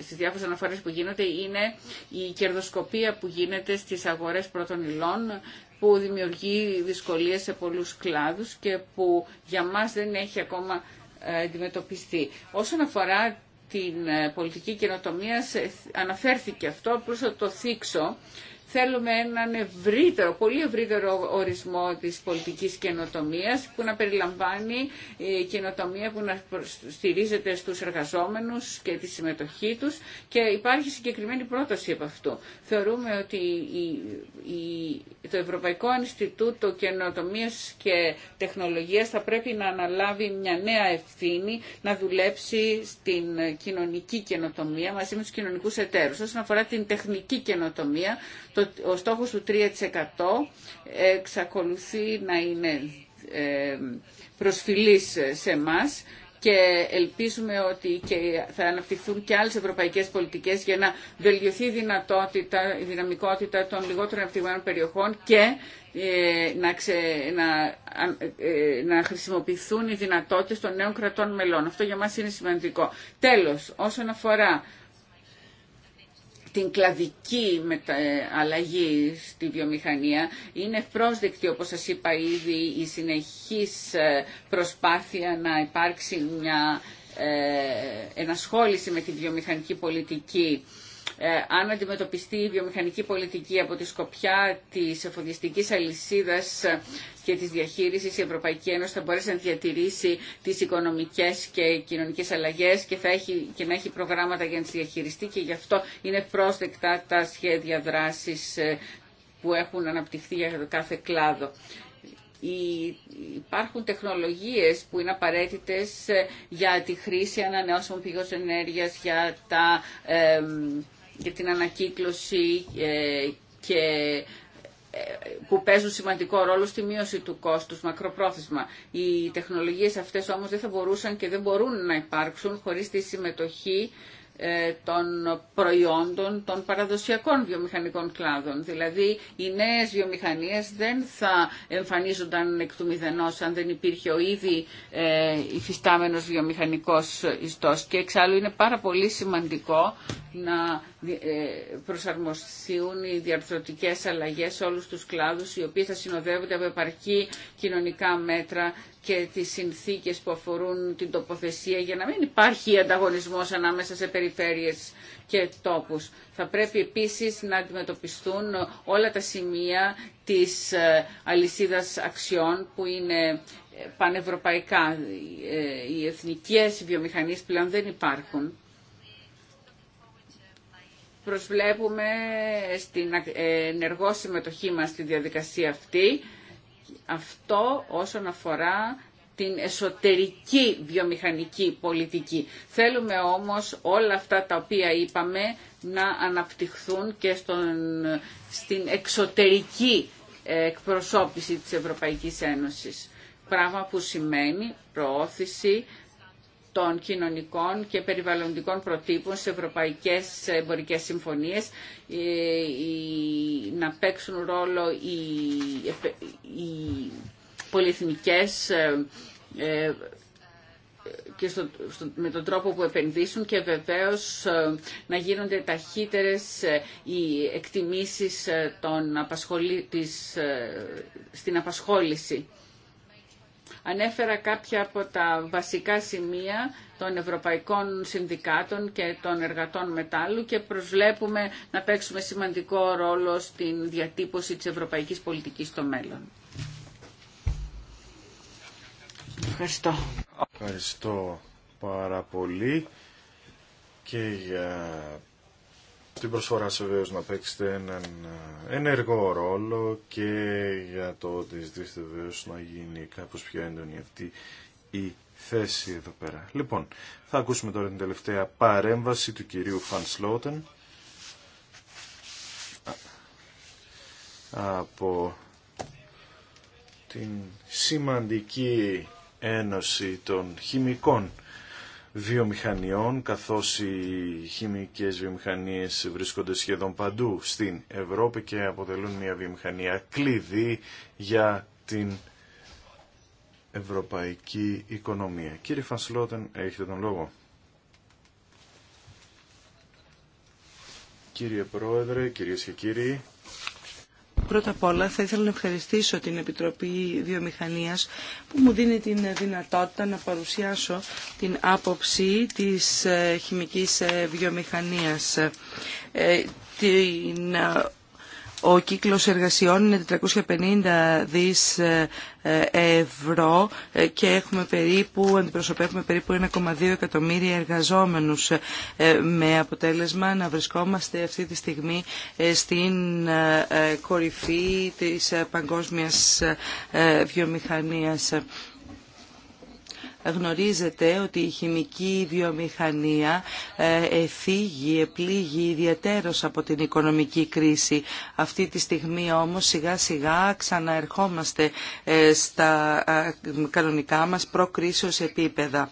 στις διάφορες που γίνονται είναι η κερδοσκοπία που γίνεται στις αγορές πρώτων υλών που δημιουργεί δυσκολίες σε πολλούς κλάδους και που για μας δεν έχει ακόμα ε, αντιμετωπιστεί. Όσον αφορά την ε, πολιτική καινοτομία αναφέρθηκε αυτό, απλώς το θίξω Θέλουμε έναν ευρύτερο, πολύ ευρύτερο ορισμό της πολιτικής καινοτομίας που να περιλαμβάνει η ε, καινοτομία που να στηρίζεται στους εργαζόμενους και τη συμμετοχή τους και υπάρχει συγκεκριμένη πρόταση από αυτού. Θεωρούμε ότι το Ευρωπαϊκό Ινστιτούτο Καινοτομίας και Τεχνολογίας θα πρέπει να αναλάβει μια νέα ευθύνη να δουλέψει στην κοινωνική καινοτομία μαζί με τους κοινωνικούς εταίρους. Όσον αφορά την τεχνική καινοτομία, ο στόχος του 3% εξακολουθεί να είναι ε, προσφυλής σε μας και ελπίζουμε ότι και θα αναπτυχθούν και άλλες ευρωπαϊκές πολιτικές για να βελτιωθεί η δυνατότητα, η δυναμικότητα των λιγότερων αναπτυγμένων περιοχών και ε, να, να, ε, ε, να χρησιμοποιηθούν οι δυνατότητες των νέων κρατών μελών. Αυτό για μας είναι σημαντικό. Τέλος, όσον αφορά την κλαδική ε, αλλαγή στη βιομηχανία. Είναι πρόσδεκτη, όπως σας είπα ήδη, η συνεχής ε, προσπάθεια να υπάρξει μια ε, ενασχόληση με τη βιομηχανική πολιτική ε, αν αντιμετωπιστεί η βιομηχανική πολιτική από τη σκοπιά της εφοδιαστικής αλυσίδας ε, και της διαχείρισης, η Ευρωπαϊκή Ένωση θα μπορέσει να διατηρήσει τις οικονομικές και κοινωνικές αλλαγές και, έχει, και να έχει προγράμματα για να τις διαχειριστεί και γι' αυτό είναι πρόσδεκτα τα σχέδια δράσης ε, που έχουν αναπτυχθεί για κάθε κλάδο υπάρχουν τεχνολογίες που είναι απαραίτητες για τη χρήση ανανεώσιμων πηγών ενέργειας, για τα ε, για την ανακύκλωση ε, και ε, που παίζουν σημαντικό ρόλο στη μείωση του κόστους μακροπρόθεσμα. Οι τεχνολογίες αυτές όμως δεν θα μπορούσαν και δεν μπορούν να υπάρξουν χωρίς τη συμμετοχή ε, των προϊόντων των παραδοσιακών βιομηχανικών κλάδων. Δηλαδή, οι νέες βιομηχανίες δεν θα εμφανίζονταν εκ του μηδενός αν δεν υπήρχε ο ήδη ε, υφιστάμενος βιομηχανικός ιστός. Και εξάλλου είναι πάρα πολύ σημαντικό να ε, προσαρμοστούν οι διαρθρωτικές αλλαγές σε όλους τους κλάδους, οι οποίοι θα συνοδεύονται από επαρκή κοινωνικά μέτρα και τις συνθήκες που αφορούν την τοποθεσία για να μην υπάρχει ανταγωνισμός ανάμεσα σε περιφέρειες και τόπους. Θα πρέπει επίσης να αντιμετωπιστούν όλα τα σημεία της ε, αλυσίδας αξιών που είναι ε, πανευρωπαϊκά. Οι εθνικές βιομηχανίες πλέον δεν υπάρχουν προσβλέπουμε στην ε, ενεργό συμμετοχή μας στη διαδικασία αυτή. Αυτό όσον αφορά την εσωτερική βιομηχανική πολιτική. Θέλουμε όμως όλα αυτά τα οποία είπαμε να αναπτυχθούν και στον, στην εξωτερική ε, εκπροσώπηση της Ευρωπαϊκής Ένωσης. Πράγμα που σημαίνει προώθηση των κοινωνικών και περιβαλλοντικών προτύπων σε ευρωπαϊκές εμπορικές συμφωνίες, ε, να παίξουν ρόλο οι, οι πολυεθνικές ε, ε, και με τον τρόπο που επενδύσουν και βεβαίως να γίνονται ταχύτερες οι εκτιμήσεις των απασχολη, στην απασχόληση. Ανέφερα κάποια από τα βασικά σημεία των Ευρωπαϊκών Συνδικάτων και των Εργατών Μετάλλου και προσβλέπουμε να παίξουμε σημαντικό ρόλο στην διατύπωση της ευρωπαϊκής πολιτικής στο μέλλον. Ευχαριστώ. Ευχαριστώ πάρα πολύ και για την προσφορά σε βέβαιος να παίξετε έναν ε, ενεργό ρόλο και για το ότι ζητήσετε βέβαιος να γίνει κάπως πιο έντονη αυτή η θέση εδώ πέρα. Λοιπόν, θα ακούσουμε τώρα την τελευταία παρέμβαση του κυρίου Φαν Σλότεν από την σημαντική ένωση των χημικών βιομηχανιών, καθώς οι χημικές βιομηχανίες βρίσκονται σχεδόν παντού στην Ευρώπη και αποτελούν μια βιομηχανία κλειδί για την ευρωπαϊκή οικονομία. Κύριε Φανσλότεν, έχετε τον λόγο. Κύριε Πρόεδρε, κυρίες και κύριοι, Πρώτα απ' όλα θα ήθελα να ευχαριστήσω την Επιτροπή Βιομηχανίας που μου δίνει την δυνατότητα να παρουσιάσω την άποψη της ε, χημικής ε, βιομηχανίας ε, την ο κύκλος εργασιών είναι 450 δις ε, ε, ευρώ ε, και έχουμε περίπου, αντιπροσωπεύουμε περίπου 1,2 εκατομμύρια εργαζόμενους με αποτέλεσμα να βρισκόμαστε αυτή τη στιγμή στην κορυφή της παγκόσμιας βιομηχανίας γνωρίζετε ότι η χημική βιομηχανία ε, εφήγει, επλήγει ιδιαίτερος από την οικονομική κρίση. Αυτή τη στιγμή όμως σιγά σιγά ξαναερχόμαστε ε, στα κανονικά μας προκρίσεως επίπεδα.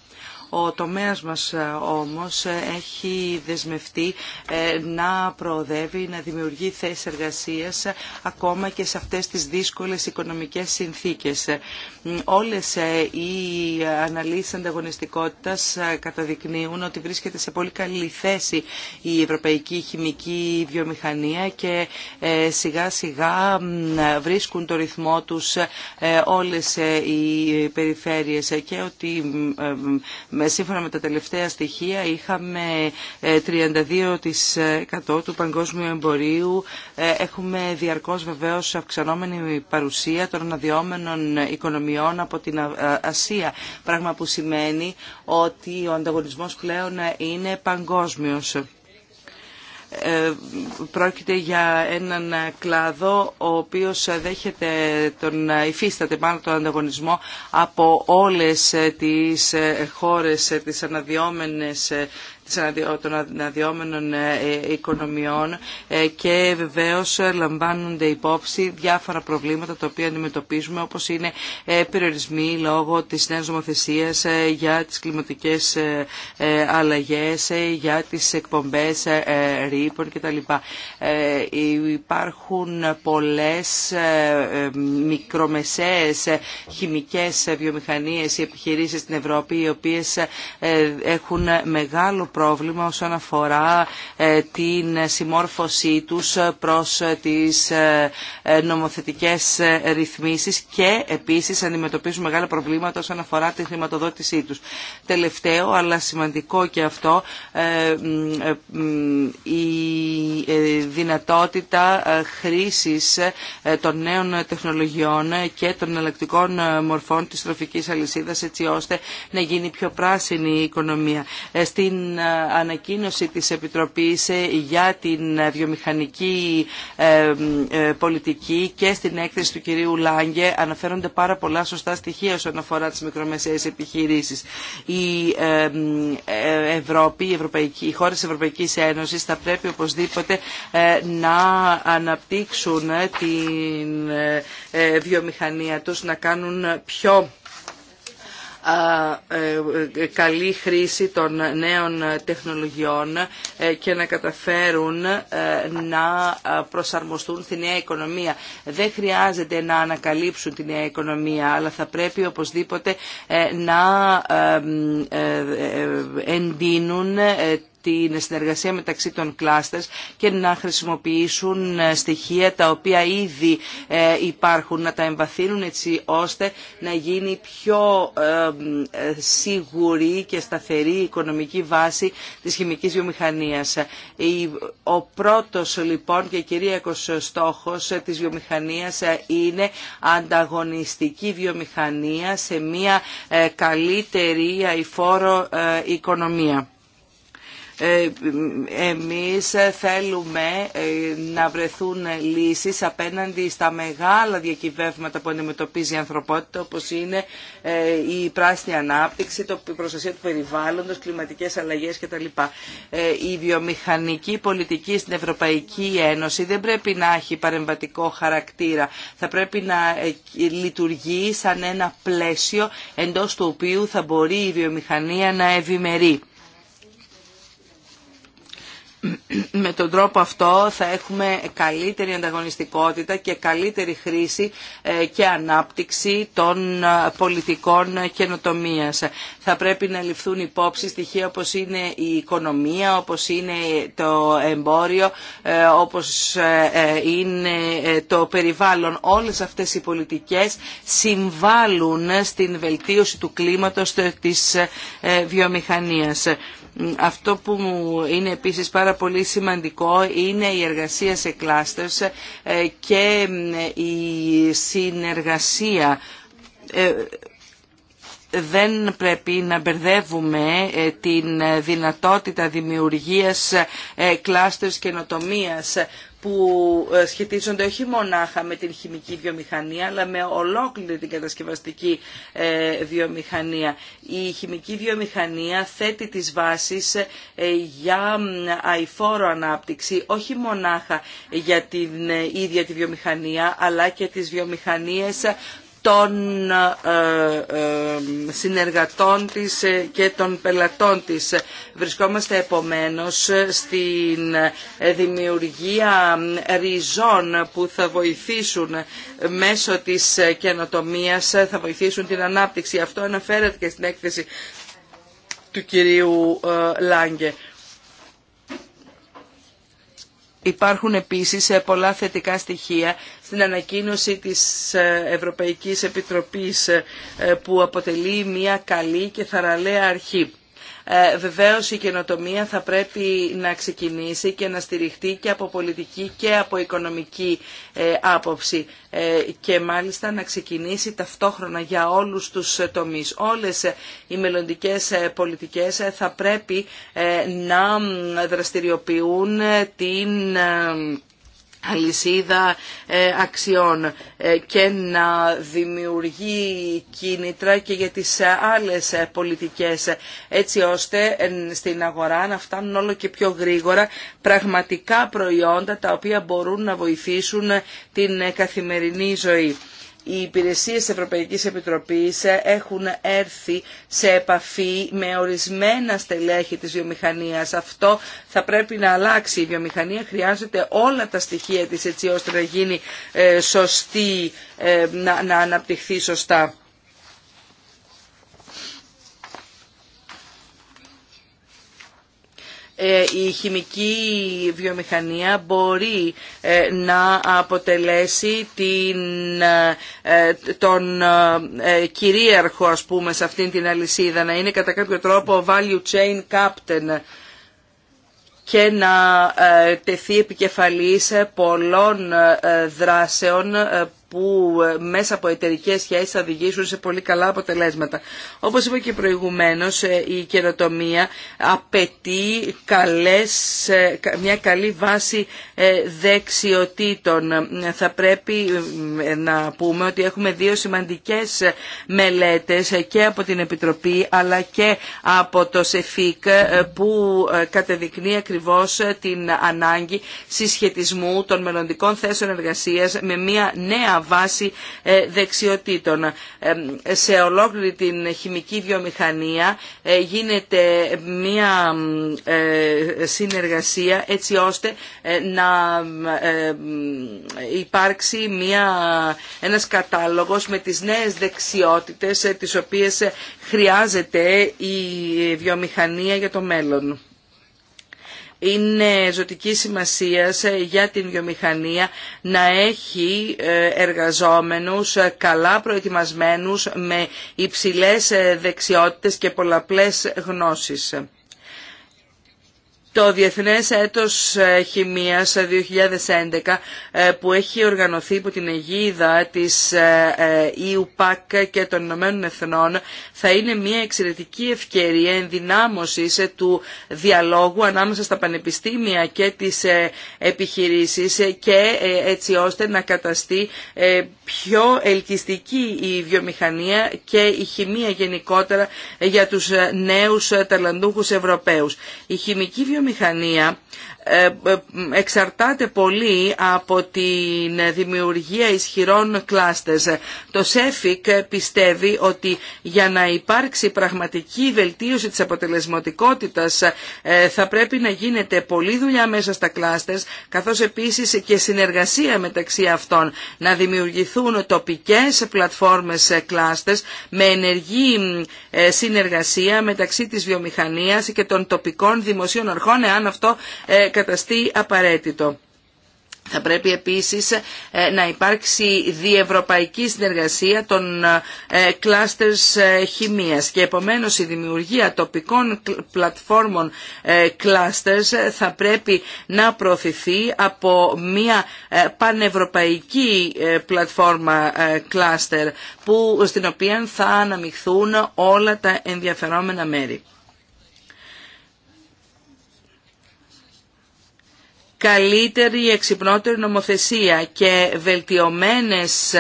Ο τομέας μας ε, όμως ε, έχει δεσμευτεί ε, να προοδεύει, να δημιουργεί θέσεις εργασίας ακόμα και σε αυτές τις δύσκολες οικονομικές συνθήκες. Όλες οι αναλύσεις ανταγωνιστικότητας καταδεικνύουν ότι βρίσκεται σε πολύ καλή θέση η ευρωπαϊκή χημική βιομηχανία και σιγά σιγά βρίσκουν το ρυθμό τους όλες οι περιφέρειες και ότι με, σύμφωνα με τα τελευταία στοιχεία είχαμε 32% ε, του παγκόσμιου εμπορίου. Ε, έχουμε διαρκώς βεβαίως αυξανόμενη παρουσία των αναδυόμενων οικονομιών από την ε, Ασία. Πράγμα που σημαίνει ότι ο ανταγωνισμός πλέον είναι παγκόσμιος. Ε, πρόκειται για έναν κλάδο ο οποίος δέχεται τον υφίσταται πάνω τον ανταγωνισμό από όλες τις ε, χώρες, ε, τις αναδυόμενες των αναδυόμενων ε, οικονομιών ε, και βεβαίως ε, λαμβάνονται υπόψη διάφορα προβλήματα τα οποία αντιμετωπίζουμε όπως είναι περιορισμοί λόγω της νέας νομοθεσίας για τις κλιματικές αλλαγές, για τις εκπομπές ρήπων κτλ. Υπάρχουν πολλές μικρομεσαίες χημικές βιομηχανίες ή επιχειρήσεις στην Ευρώπη οι οποίες έχουν μεγάλο πρόβλημα όσον αφορά ε, την συμμόρφωσή τους προς ε, τις ε, νομοθετικές ρυθμίσεις και επίσης αντιμετωπίζουν μεγάλα προβλήματα όσον αφορά τη χρηματοδότησή τους. Τελευταίο, αλλά σημαντικό και αυτό, η δυνατότητα χρήσης των νέων τεχνολογιών και των εναλλακτικών μορφών της τροφικής αλυσίδας έτσι ώστε να γίνει πιο πράσινη η οικονομία. Στην ανακοίνωση της Επιτροπής για την βιομηχανική ε, ε, πολιτική και στην έκθεση του κυρίου Λάγκε αναφέρονται πάρα πολλά σωστά στοιχεία όσον αφορά τις μικρομεσαίες επιχειρήσεις. Η ε, Ευρώπη, η Ευρωπαϊκή, οι χώρες της Ευρωπαϊκής Ένωσης θα πρέπει οπωσδήποτε να αναπτύξουν την βιομηχανία τους, να κάνουν πιο ε, ε, καλή χρήση των νέων τεχνολογιών ε, και να καταφέρουν να προσαρμοστούν στη νέα οικονομία. Δεν χρειάζεται να ανακαλύψουν τη νέα οικονομία, αλλά θα πρέπει οπωσδήποτε να εντείνουν την συνεργασία μεταξύ των κλάστερς και να χρησιμοποιήσουν ε, στοιχεία τα οποία ήδη ε, υπάρχουν, να τα εμβαθύνουν έτσι ώστε να γίνει πιο ε, σίγουρη και σταθερή η οικονομική βάση της χημικής βιομηχανίας. Ο πρώτος λοιπόν και κυρίακος στόχος της βιομηχανίας είναι ανταγωνιστική βιομηχανία σε μια καλύτερη αηφόρο οικονομία. Ε, εμείς θέλουμε ε, να βρεθούν λύσεις απέναντι στα μεγάλα διακυβεύματα που αντιμετωπίζει η ανθρωπότητα όπως είναι ε, η πράσινη ανάπτυξη, η προστασία του περιβάλλοντος, κλιματικές αλλαγές κτλ. Η βιομηχανική πολιτική στην Ευρωπαϊκή Ένωση δεν πρέπει να έχει παρεμβατικό χαρακτήρα. Θα πρέπει να λειτουργεί σαν ένα πλαίσιο εντός του οποίου θα μπορεί η βιομηχανία να ευημερεί με τον τρόπο αυτό θα έχουμε καλύτερη ανταγωνιστικότητα και καλύτερη χρήση ε, και ανάπτυξη των ε, πολιτικών καινοτομία. Θα πρέπει να ληφθούν υπόψη στοιχεία όπως είναι η οικονομία, όπως είναι το εμπόριο, ε, όπως είναι το περιβάλλον. Όλες αυτές οι πολιτικές συμβάλλουν στην βελτίωση του κλίματος της βιομηχανίας. Αυτό που είναι επίσης πάρα πολύ σημαντικό είναι η εργασία σε κλάστερς ε, και ε, η συνεργασία ε, δεν πρέπει να μπερδεύουμε την δυνατότητα δημιουργίας κλάστερς καινοτομίας που ε, σχετίζονται όχι μονάχα με την χημική βιομηχανία αλλά με ολόκληρη την κατασκευαστική ε, βιομηχανία. Η χημική βιομηχανία θέτει τις βάσεις ε, για αηφόρο ανάπτυξη όχι μονάχα για την ίδια τη βιομηχανία αλλά και τις βιομηχανίες των ε, ε, συνεργατών της ε, και των πελατών της. Βρισκόμαστε επομένως στην δημιουργία ριζών που θα βοηθήσουν μέσω της καινοτομίας, θα βοηθήσουν την ανάπτυξη. Αυτό αναφέρεται και στην έκθεση του κυρίου Λάγκε. Υπάρχουν επίσης ε, πολλά θετικά στοιχεία στην ανακοίνωση της ε, Ευρωπαϊκής Επιτροπής ε, που αποτελεί μια καλή και θαραλέα αρχή. Ε, Βεβαίω, η καινοτομία θα πρέπει να ξεκινήσει και να στηριχτεί και από πολιτική και από οικονομική ε, άποψη ε, και μάλιστα να ξεκινήσει ταυτόχρονα για όλους τους τομείς. Όλες οι μελλοντικέ πολιτικές θα πρέπει να δραστηριοποιούν την αλυσίδα ε, αξιών ε, και να δημιουργεί κίνητρα και για τις ε, άλλες πολιτικές έτσι ώστε στην αγορά να φτάνουν όλο και πιο γρήγορα πραγματικά προϊόντα τα οποία μπορούν να βοηθήσουν την καθημερινή ζωή. Οι υπηρεσίες της Ευρωπαϊκής Επιτροπής ε, έχουν έρθει σε επαφή με ορισμένα στελέχη της βιομηχανίας. Αυτό θα πρέπει να αλλάξει. Η βιομηχανία χρειάζεται όλα τα στοιχεία της έτσι ώστε να γίνει ε, σωστή, ε, να αναπτυχθεί σωστά. Ε, η χημική βιομηχανία μπορεί ε, να αποτελέσει την, ε, τον κυρίαρχο ας πούμε σε αυτήν την αλυσίδα, να είναι κατά κάποιο τρόπο value chain captain και να τεθεί επικεφαλής πολλών δράσεων που ε, μέσα από εταιρικέ σχέσει θα οδηγήσουν σε πολύ καλά αποτελέσματα. Όπως είπα και προηγουμένω, ε, η καινοτομία απαιτεί καλές, ε, μια καλή βάση δεξιοτήτων. Θα πρέπει να πούμε ότι έχουμε δύο σημαντικές μελέτες και από την Επιτροπή αλλά και από το ΣΕΦΙΚ που κατεδεικνύει ακριβώ την ανάγκη συσχετισμού των μελλοντικών θέσεων εργασία με μια νέα βάση βάσει δεξιοτήτων. Ε, σε ολόκληρη την χημική βιομηχανία ε, γίνεται μία ε, συνεργασία έτσι ώστε να υπάρξει μία, ένας κατάλογος με τις νέες δεξιότητες τις οποίες χρειάζεται η βιομηχανία για το μέλλον είναι ζωτική σημασία ε, για την βιομηχανία να έχει ε, εργαζόμενους ε, καλά προετοιμασμένους με υψηλές δεξιότητες και πολλαπλές γνώσεις το Διεθνές Έτος ε, Χημίας 2011 ε, ε, που έχει οργανωθεί υπό την αιγίδα της EUPAC και των Ηνωμένων Εθνών θα είναι μια εξαιρετική ευκαιρία ενδυνάμωσης του διαλόγου ανάμεσα στα πανεπιστήμια και τις επιχειρήσεις και έτσι ώστε να καταστεί πιο ελκυστική η βιομηχανία και η χημεία γενικότερα για τους νέους ε, ταλαντούχους Ευρωπαίους. Η χημική βιομηχανία ε, ε, εξαρτάται πολύ από την δημιουργία ισχυρών κλάστες. Το ΣΕΦΙΚ πιστεύει ότι για να υπάρξει πραγματική βελτίωση της αποτελεσματικότητας ε, θα πρέπει να γίνεται πολλή δουλειά μέσα στα κλάστες καθώς επίσης και συνεργασία μεταξύ αυτών να δημιουργηθούν τοπικές πλατφόρμες κλάστες με ενεργή συνεργασία μεταξύ της βιομηχανίας και των τοπικών δημοσίων αρχών εάν αυτό καταστεί απαραίτητο. Θα πρέπει επίσης ε, να υπάρξει διευρωπαϊκή συνεργασία των κλάστερς ε, χημίας και επομένως η δημιουργία τοπικών πλατφόρμων κλάστερς ε, θα πρέπει να προωθηθεί από μια πανευρωπαϊκή πλατφόρμα κλάστερ που, στην οποία θα αναμειχθούν όλα τα ενδιαφερόμενα μέρη. καλύτερη, εξυπνότερη νομοθεσία και βελτιωμένες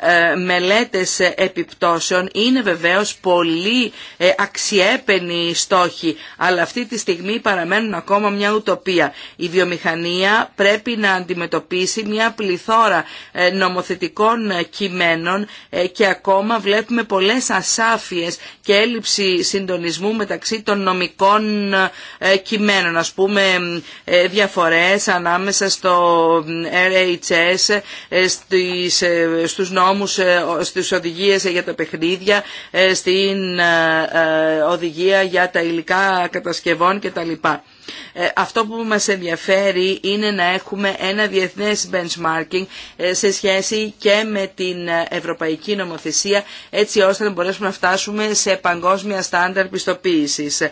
ε, μελέτες επιπτώσεων είναι βεβαίως πολύ ε, αξιέπαινοι οι στόχοι, αλλά αυτή τη στιγμή παραμένουν ακόμα μια ουτοπία. Η βιομηχανία πρέπει να αντιμετωπίσει μια πληθώρα ε, νομοθετικών κειμένων και ακόμα βλέπουμε πολλές ασάφειες και έλλειψη συντονισμού μεταξύ των νομικών κειμένων, ας πούμε διαφορές ανάμεσα στο RHS, στους νόμους νόμους, ε, στις οδηγίες για τα παιχνίδια, ε, στην ε, οδηγία για τα υλικά κατασκευών κτλ. Ε, αυτό που μας ενδιαφέρει είναι να έχουμε ένα διεθνές benchmarking ε, σε σχέση και με την ε, ευρωπαϊκή νομοθεσία έτσι ώστε να μπορέσουμε να φτάσουμε σε παγκόσμια στάνταρ πιστοποίησης.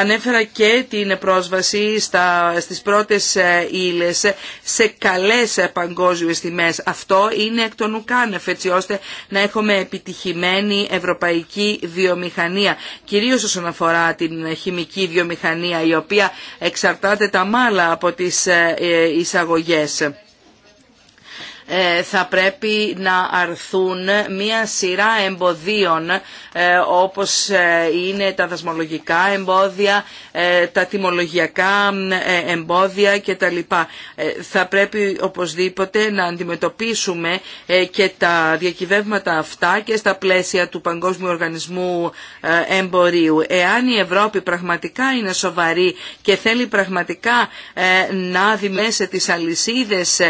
Ανέφερα και την πρόσβαση στα, στις πρώτες ύλες σε καλές παγκόσμιες τιμέ. Αυτό είναι εκ των ουκάνευ έτσι ώστε να έχουμε επιτυχημένη ευρωπαϊκή βιομηχανία κυρίως όσον αφορά την χημική βιομηχανία η οποία εξαρτάται τα μάλα από τις ε, ε, εισαγωγές. Ε, θα πρέπει να αρθούν μία σειρά εμποδίων ε, όπως ε, είναι τα δασμολογικά εμπόδια, τα τιμολογιακά εμπόδια κτλ. Θα πρέπει οπωσδήποτε να αντιμετωπίσουμε και τα διακυβεύματα αυτά και στα πλαίσια του Παγκόσμιου Οργανισμού Εμπορίου. Εάν η Ευρώπη πραγματικά είναι σοβαρή και θέλει πραγματικά να δημιουργήσει τις αλυσίδες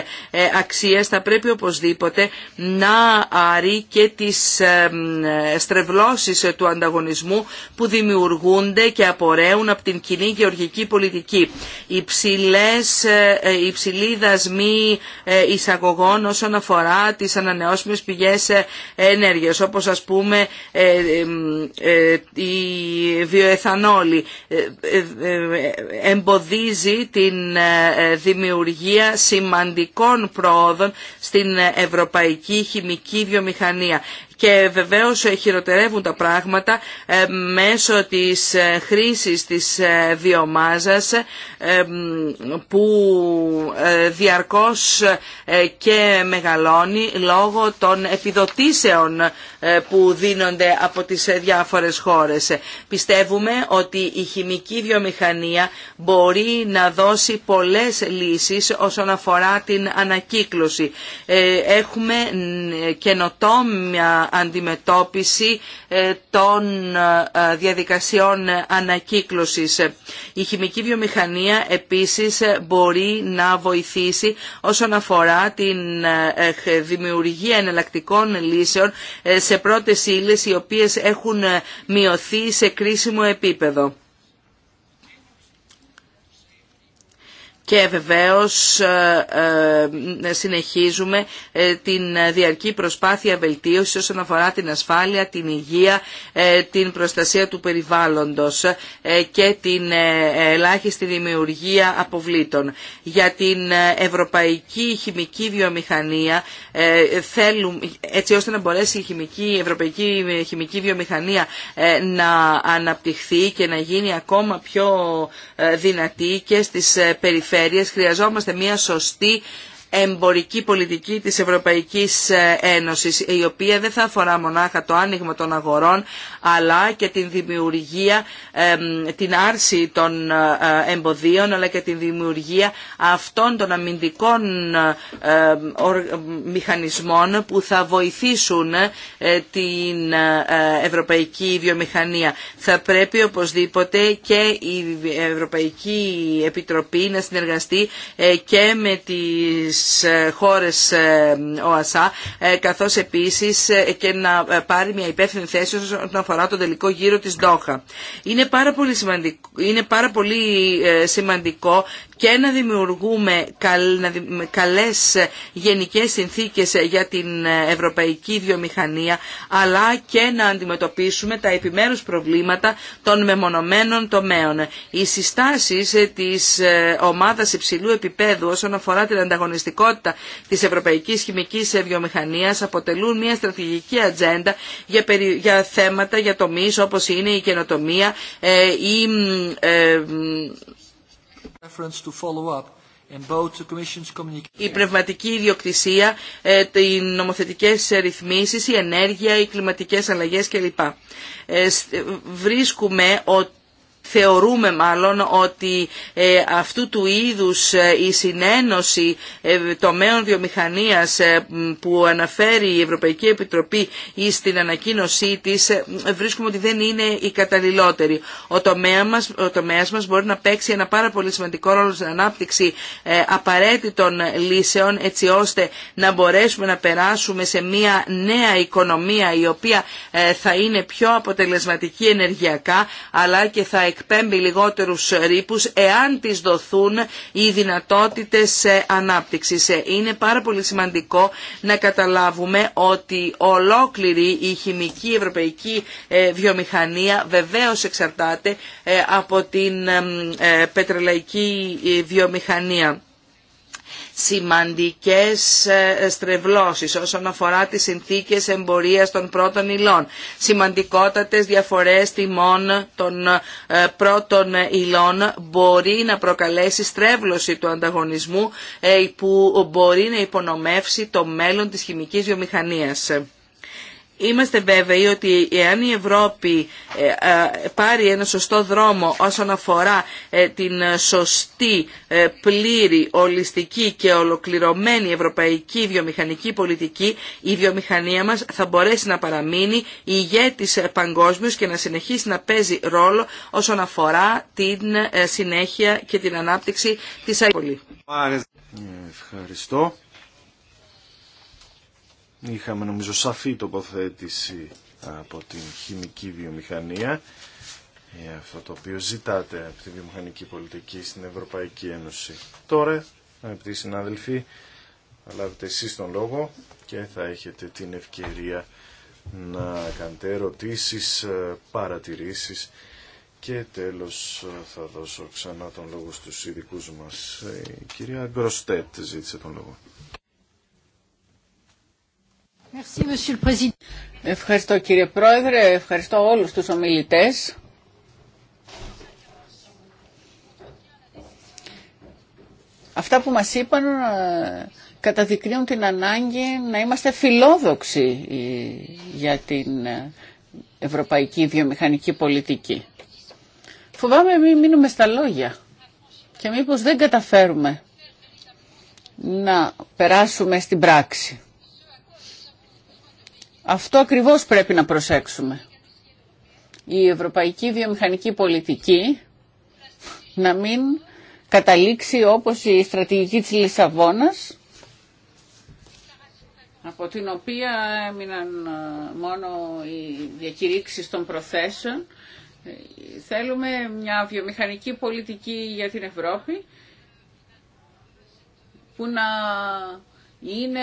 αξίες, πρέπει οπωσδήποτε να άρει και τις στρεβλώσεις του ανταγωνισμού που δημιουργούνται και απορρέουν από την κοινή γεωργική πολιτική. Οι ε, ε, υψηλή δασμοί ε, εισαγωγών όσον αφορά τις ανανεώσιμες πηγές ενέργειας, όπως ας πούμε η βιοεθανόλη εμποδίζει την δημιουργία σημαντικών προόδων στην ευρωπαϊκή χημική βιομηχανία και βεβαίως ε, χειροτερεύουν τα πράγματα ε, μέσω της ε, χρήσης της βιομάζας που διαρκώς και μεγαλώνει λόγω των επιδοτήσεων που δίνονται από τις διάφορες χώρες. Πιστεύουμε ότι η χημική βιομηχανία μπορεί να δώσει πολλές λύσεις όσον αφορά την ανακύκλωση. Έχουμε καινοτόμια αντιμετώπιση ε, των ε, ε, διαδικασιών ανακύκλωσης. Η χημική βιομηχανία επίσης μπορεί να βοηθήσει όσον αφορά την δημιουργία εναλλακτικών λύσεων σε πρώτες ύλες οι οποίες έχουν μειωθεί σε κρίσιμο επίπεδο. και βεβαίως ε, ε, συνεχίζουμε ε, την διαρκή προσπάθεια βελτίωσης όσον αφορά την ασφάλεια, την υγεία, την προστασία του περιβάλλοντος και την ελάχιστη δημιουργία αποβλήτων. Για την ευρωπαϊκή χημική βιομηχανία θέλουμε, έτσι ώστε να μπορέσει η, χημική, η ευρωπαϊκή χημική βιομηχανία να αναπτυχθεί και να γίνει ακόμα πιο δυνατή και στις περιφέρειες περιφέρειες χρειαζόμαστε μια σωστή εμπορική πολιτική της Ευρωπαϊκής ε, Ένωσης, η οποία δεν θα αφορά μονάχα το άνοιγμα των αγορών, αλλά και την δημιουργία, την άρση των ε, εμποδίων, αλλά και την δημιουργία αυτών των αμυντικών ε, μηχανισμών που θα βοηθήσουν την ευρωπαϊκή βιομηχανία. Θα πρέπει οπωσδήποτε και η Ευρωπαϊκή Επιτροπή να συνεργαστεί και με τις χώρε χώρες ε, ΟΑΣΑ, ε, καθώς επίσης ε, και να πάρει μια υπεύθυνη θέση όσον αφορά τον τελικό γύρο της Ντόχα. Είναι σημαντικό, είναι πάρα πολύ σημαντικό και να δημιουργούμε καλές γενικές συνθήκες για την ευρωπαϊκή βιομηχανία, αλλά και να αντιμετωπίσουμε τα επιμέρους προβλήματα των μεμονωμένων τομέων. Οι συστάσεις της ε, ομάδας υψηλού επίπεδου όσον αφορά την ανταγωνιστικότητα της ευρωπαϊκής χημικής βιομηχανίας αποτελούν μια στρατηγική ατζέντα για θέματα, για τομείς όπως είναι η καινοτομία, ε, η ε, η πνευματική ιδιοκτησία, ε, οι νομοθετικές ρυθμίσεις, η ενέργεια, οι κλιματικές αλλαγές κλπ. Ε, ε, βρίσκουμε ότι θεωρούμε μάλλον ότι ε, αυτού του είδους ε, η συνένωση ε, τομέων βιομηχανίας που αναφέρει η Ευρωπαϊκή Επιτροπή στην ανακοίνωσή της βρίσκουμε ότι δεν είναι η καταλληλότερη. Ο, τομέα μας, ο τομέας μας μπορεί να παίξει ένα πάρα πολύ σημαντικό ρόλο στην ανάπτυξη απαραίτητων λύσεων έτσι ώστε να μπορέσουμε να περάσουμε σε μια νέα οικονομία η οποία θα είναι πιο αποτελεσματική ενεργειακά αλλά και θα εκπέμπει λιγότερους ρήπους εάν της δοθούν οι δυνατότητες ε, ανάπτυξης. Ε, είναι πάρα πολύ σημαντικό να καταλάβουμε ότι ολόκληρη η χημική ευρωπαϊκή ε, βιομηχανία βεβαίως εξαρτάται από την πετρελαϊκή βιομηχανία σημαντικές ε, στρεβλώσεις όσον αφορά τις συνθήκες εμπορίας των πρώτων υλών, σημαντικότατες διαφορές τιμών των ε, πρώτων υλών μπορεί να προκαλέσει στρέβλωση του ανταγωνισμού ε, που μπορεί να υπονομεύσει το μέλλον της χημικής βιομηχανίας. Είμαστε βέβαιοι ότι εάν η Ευρώπη ε, πάρει ένα σωστό δρόμο όσον αφορά ε, την σωστή, ε, πλήρη, ολιστική και ολοκληρωμένη ευρωπαϊκή βιομηχανική πολιτική, η βιομηχανία μας θα μπορέσει να παραμείνει ηγέτης παγκόσμιος και να συνεχίσει να παίζει ρόλο όσον αφορά την συνέχεια και την ανάπτυξη της ΑΕΚ. Ευχαριστώ. Είχαμε νομίζω σαφή τοποθέτηση από την χημική βιομηχανία για ε, αυτό το οποίο ζητάτε από τη βιομηχανική πολιτική στην Ευρωπαϊκή Ένωση. Τώρα, αγαπητοί συνάδελφοι, θα λάβετε εσείς τον λόγο και θα έχετε την ευκαιρία να κάνετε ερωτήσεις, ε, παρατηρήσεις και τέλος ε, θα δώσω ξανά τον λόγο στους ειδικούς μας. Η κυρία Γκροστέτ ζήτησε τον λόγο. Ευχαριστώ κύριε Πρόεδρε, ευχαριστώ όλους τους ομιλητές. Αυτά που μας είπαν ε, καταδεικνύουν την ανάγκη να είμαστε φιλόδοξοι ε, για την ε, ευρωπαϊκή βιομηχανική πολιτική. Φοβάμαι μην μείνουμε στα λόγια και μήπως δεν καταφέρουμε να περάσουμε στην πράξη. Αυτό ακριβώς πρέπει να προσέξουμε. Η ευρωπαϊκή βιομηχανική πολιτική να μην καταλήξει όπως η στρατηγική της Λισαβόνας από την οποία έμειναν ε, μόνο οι διακηρύξεις των προθέσεων. Ε, θέλουμε μια βιομηχανική πολιτική για την Ευρώπη που να είναι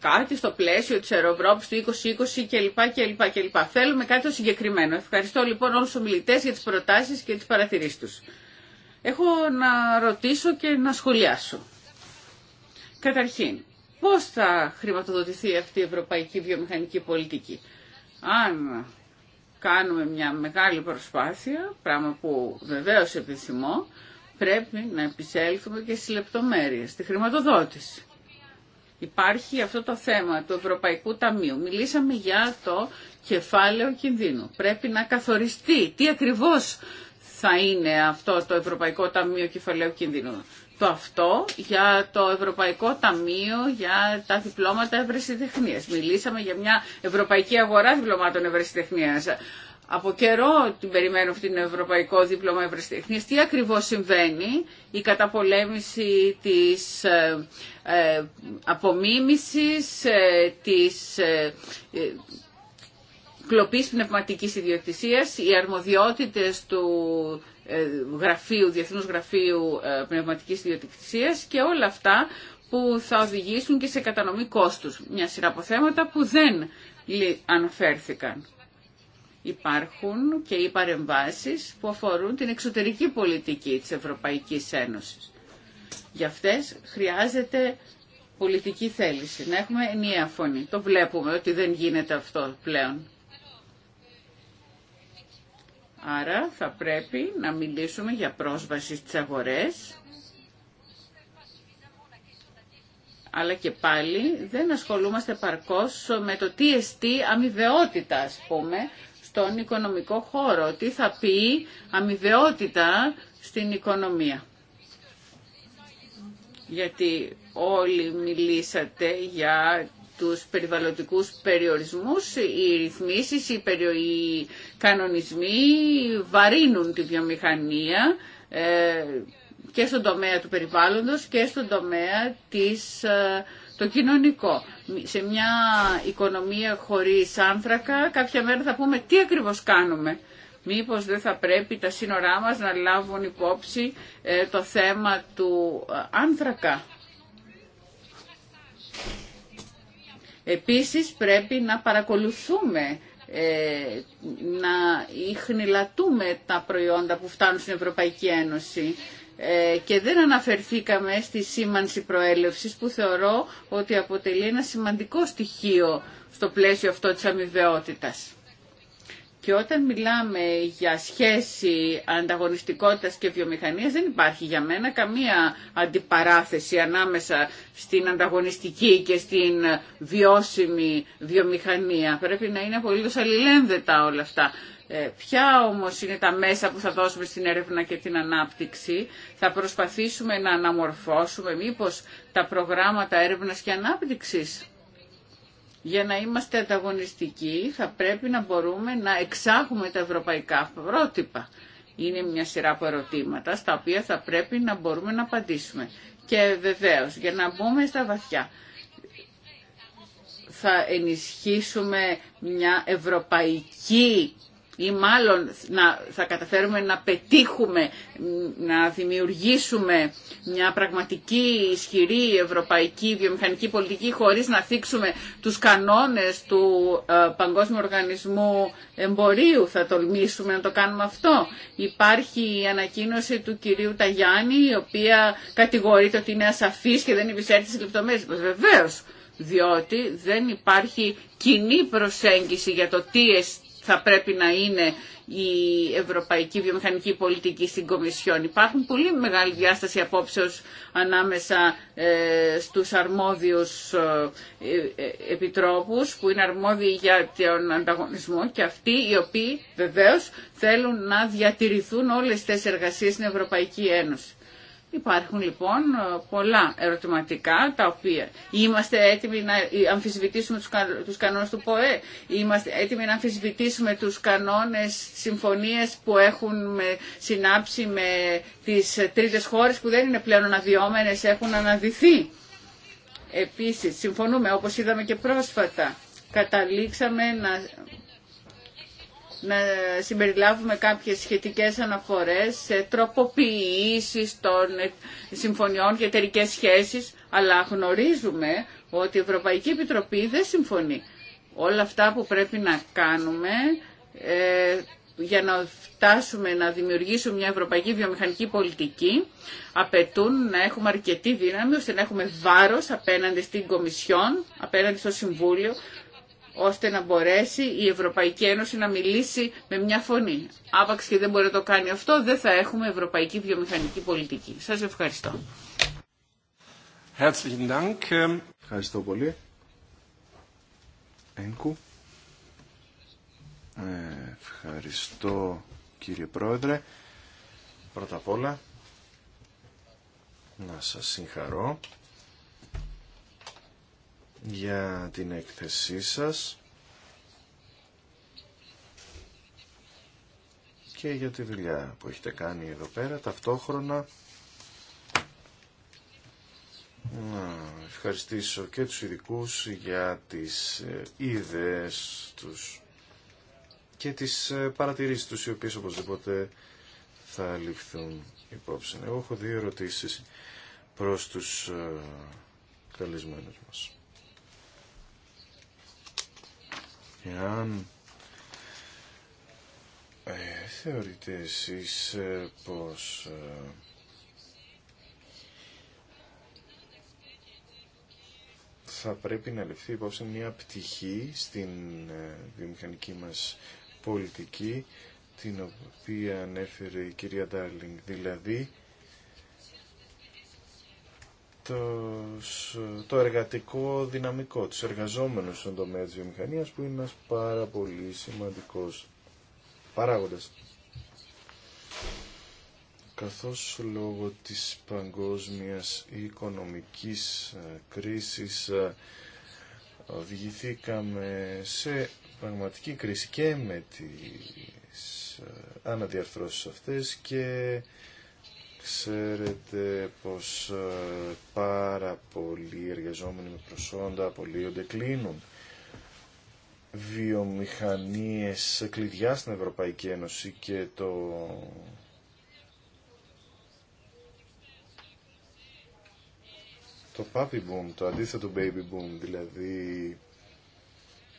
κάτι στο πλαίσιο της Ευρώπης του 2020 κλπ. κλπ, κλπ. Θέλουμε κάτι το συγκεκριμένο. Ευχαριστώ λοιπόν όλους τους ομιλητές για τις προτάσεις και τις παρατηρήσεις τους. Έχω να ρωτήσω και να σχολιάσω. Καταρχήν, πώς θα χρηματοδοτηθεί αυτή η ευρωπαϊκή βιομηχανική πολιτική. Αν κάνουμε μια μεγάλη προσπάθεια, πράγμα που βεβαίως επιθυμώ, πρέπει να επισέλθουμε και στις λεπτομέρειες, στη χρηματοδότηση. Υπάρχει αυτό το θέμα του Ευρωπαϊκού Ταμείου. Μιλήσαμε για το κεφάλαιο κινδύνου. Πρέπει να καθοριστεί τι ακριβώς θα είναι αυτό το Ευρωπαϊκό Ταμείο Κεφαλαίου Κινδύνου. Το αυτό για το Ευρωπαϊκό Ταμείο για τα διπλώματα ευρεσιτεχνίας. Μιλήσαμε για μια ευρωπαϊκή αγορά διπλωμάτων ευρεσιτεχνίας από καιρό την περιμένω αυτήν την Ευρωπαϊκό Δίπλωμα Ευρεσιτεχνίας. Τι ακριβώς συμβαίνει η καταπολέμηση της ε, ε απομίμησης, ε, της ε, κλοπής πνευματικής ιδιοκτησίας, οι αρμοδιότητες του γραφείου, Διεθνούς Γραφείου Πνευματικής Ιδιοκτησίας και όλα αυτά που θα οδηγήσουν και σε κατανομή κόστους. Μια σειρά από θέματα που δεν αναφέρθηκαν υπάρχουν και οι παρεμβάσεις που αφορούν την εξωτερική πολιτική της Ευρωπαϊκής Ένωσης. Για αυτές χρειάζεται πολιτική θέληση, να έχουμε ενιαία φωνή. Το βλέπουμε ότι δεν γίνεται αυτό πλέον. Άρα θα πρέπει να μιλήσουμε για πρόσβαση στις αγορές, αλλά και πάλι δεν ασχολούμαστε παρκώς με το τι εστί αμοιβαιότητα, ας πούμε, τον οικονομικό χώρο. Τι θα πει αμοιβαιότητα στην οικονομία. Γιατί όλοι μιλήσατε για τους περιβαλλοντικούς περιορισμούς, οι ρυθμίσεις, οι, κανονισμοί βαρύνουν τη βιομηχανία ε, και στον τομέα του περιβάλλοντος και στον τομέα της ε, το κοινωνικό. Σε μια οικονομία χωρίς άνθρακα κάποια μέρα θα πούμε τι ακριβώς κάνουμε. Μήπως δεν θα πρέπει τα σύνορά μας να λάβουν υπόψη ε, το θέμα του ε, άνθρακα. Επίσης πρέπει να παρακολουθούμε, ε, να ιχνηλατούμε τα προϊόντα που φτάνουν στην Ευρωπαϊκή Ένωση. Ε, και δεν αναφερθήκαμε στη σήμανση προέλευσης που θεωρώ ότι αποτελεί ένα σημαντικό στοιχείο στο πλαίσιο αυτό της αμοιβαιότητας. Και όταν μιλάμε για σχέση ανταγωνιστικότητας και βιομηχανίας δεν υπάρχει για μένα καμία αντιπαράθεση ανάμεσα στην ανταγωνιστική και στην βιώσιμη βιομηχανία. Πρέπει να είναι απολύτως αλληλένδετα όλα αυτά. Ε, ποια όμως είναι τα μέσα που θα δώσουμε στην έρευνα και την ανάπτυξη. Θα προσπαθήσουμε να αναμορφώσουμε μήπως τα προγράμματα έρευνας και ανάπτυξης. Για να είμαστε ανταγωνιστικοί θα πρέπει να μπορούμε να εξάγουμε τα ευρωπαϊκά πρότυπα. Είναι μια σειρά από ερωτήματα στα οποία θα πρέπει να μπορούμε να απαντήσουμε. Και βεβαίως για να μπούμε στα βαθιά θα ενισχύσουμε μια ευρωπαϊκή ή μάλλον να, θα καταφέρουμε να πετύχουμε, να δημιουργήσουμε μια πραγματική ισχυρή ευρωπαϊκή βιομηχανική πολιτική χωρίς να θίξουμε τους κανόνες του ε, Παγκόσμιου Οργανισμού Εμπορίου. Θα τολμήσουμε να το κάνουμε αυτό. Υπάρχει η ανακοίνωση του κυρίου Ταγιάννη η οποία κατηγορείται ότι είναι ασαφής και δεν υπησέρχεται στις λεπτομέρειες. Βεβαίως διότι δεν υπάρχει κοινή προσέγγιση για το τι θα πρέπει να είναι η ευρωπαϊκή βιομηχανική πολιτική στην Κομισιόν. Υπάρχουν πολύ μεγάλη διάσταση απόψεως ανάμεσα ε, στους αρμόδιους ε, ε, επιτρόπους που είναι αρμόδιοι για τον ανταγωνισμό και αυτοί οι οποίοι βεβαίως θέλουν να διατηρηθούν όλες τις εργασίες στην Ευρωπαϊκή Ένωση. Υπάρχουν λοιπόν πολλά ερωτηματικά τα οποία είμαστε έτοιμοι να αμφισβητήσουμε τους, κανόνες του ΠΟΕ, είμαστε έτοιμοι να αμφισβητήσουμε τους κανόνες συμφωνίες που έχουν με, συνάψει με τις τρίτες χώρες που δεν είναι πλέον αναδυόμενες, έχουν αναδυθεί. Επίσης, συμφωνούμε όπως είδαμε και πρόσφατα, καταλήξαμε να να συμπεριλάβουμε κάποιες σχετικές αναφορές σε τροποποιήσεις των συμφωνιών και εταιρικέ σχέσεις, αλλά γνωρίζουμε ότι η Ευρωπαϊκή Επιτροπή δεν συμφωνεί. Όλα αυτά που πρέπει να κάνουμε ε, για να φτάσουμε να δημιουργήσουμε μια ευρωπαϊκή βιομηχανική πολιτική απαιτούν να έχουμε αρκετή δύναμη ώστε να έχουμε βάρος απέναντι στην Κομισιόν, απέναντι στο Συμβούλιο, ώστε να μπορέσει η Ευρωπαϊκή Ένωση να μιλήσει με μια φωνή. Άπαξ και δεν μπορεί να το κάνει αυτό, δεν θα έχουμε ευρωπαϊκή βιομηχανική πολιτική. Σας ευχαριστώ. Ευχαριστώ πολύ. Ευχαριστώ κύριε Πρόεδρε. Πρώτα απ' όλα να σας συγχαρώ για την έκθεσή σας και για τη δουλειά που έχετε κάνει εδώ πέρα. Ταυτόχρονα να ευχαριστήσω και τους ειδικού για τις ε, ιδέες τους και τις ε, παρατηρήσεις τους οι οποίες οπωσδήποτε θα ληφθούν υπόψη. Εγώ έχω δύο ερωτήσεις προς τους ε, καλεσμένους μας. Εάν ε, θεωρείτε εσείς ε, πως ε, θα πρέπει να ληφθεί υπόψη μια πτυχή στην ε, βιομηχανική μας πολιτική την οποία ανέφερε η κυρία Ντάρλινγκ, δηλαδή το εργατικό δυναμικό, τους εργαζόμενους στον τομέα της βιομηχανίας που είναι ένας πάρα πολύ σημαντικός παράγοντας. Καθώς λόγω της παγκόσμιας οικονομικής ε, κρίσης ε, οδηγηθήκαμε σε πραγματική κρίση και με τις ε, αναδιαρθρώσεις αυτές και Ξέρετε πως ε, πάρα πολλοί εργαζόμενοι με προσόντα απολύονται, κλείνουν βιομηχανίες κλειδιά στην Ευρωπαϊκή Ένωση και το το puppy boom, το αντίθετο baby boom, δηλαδή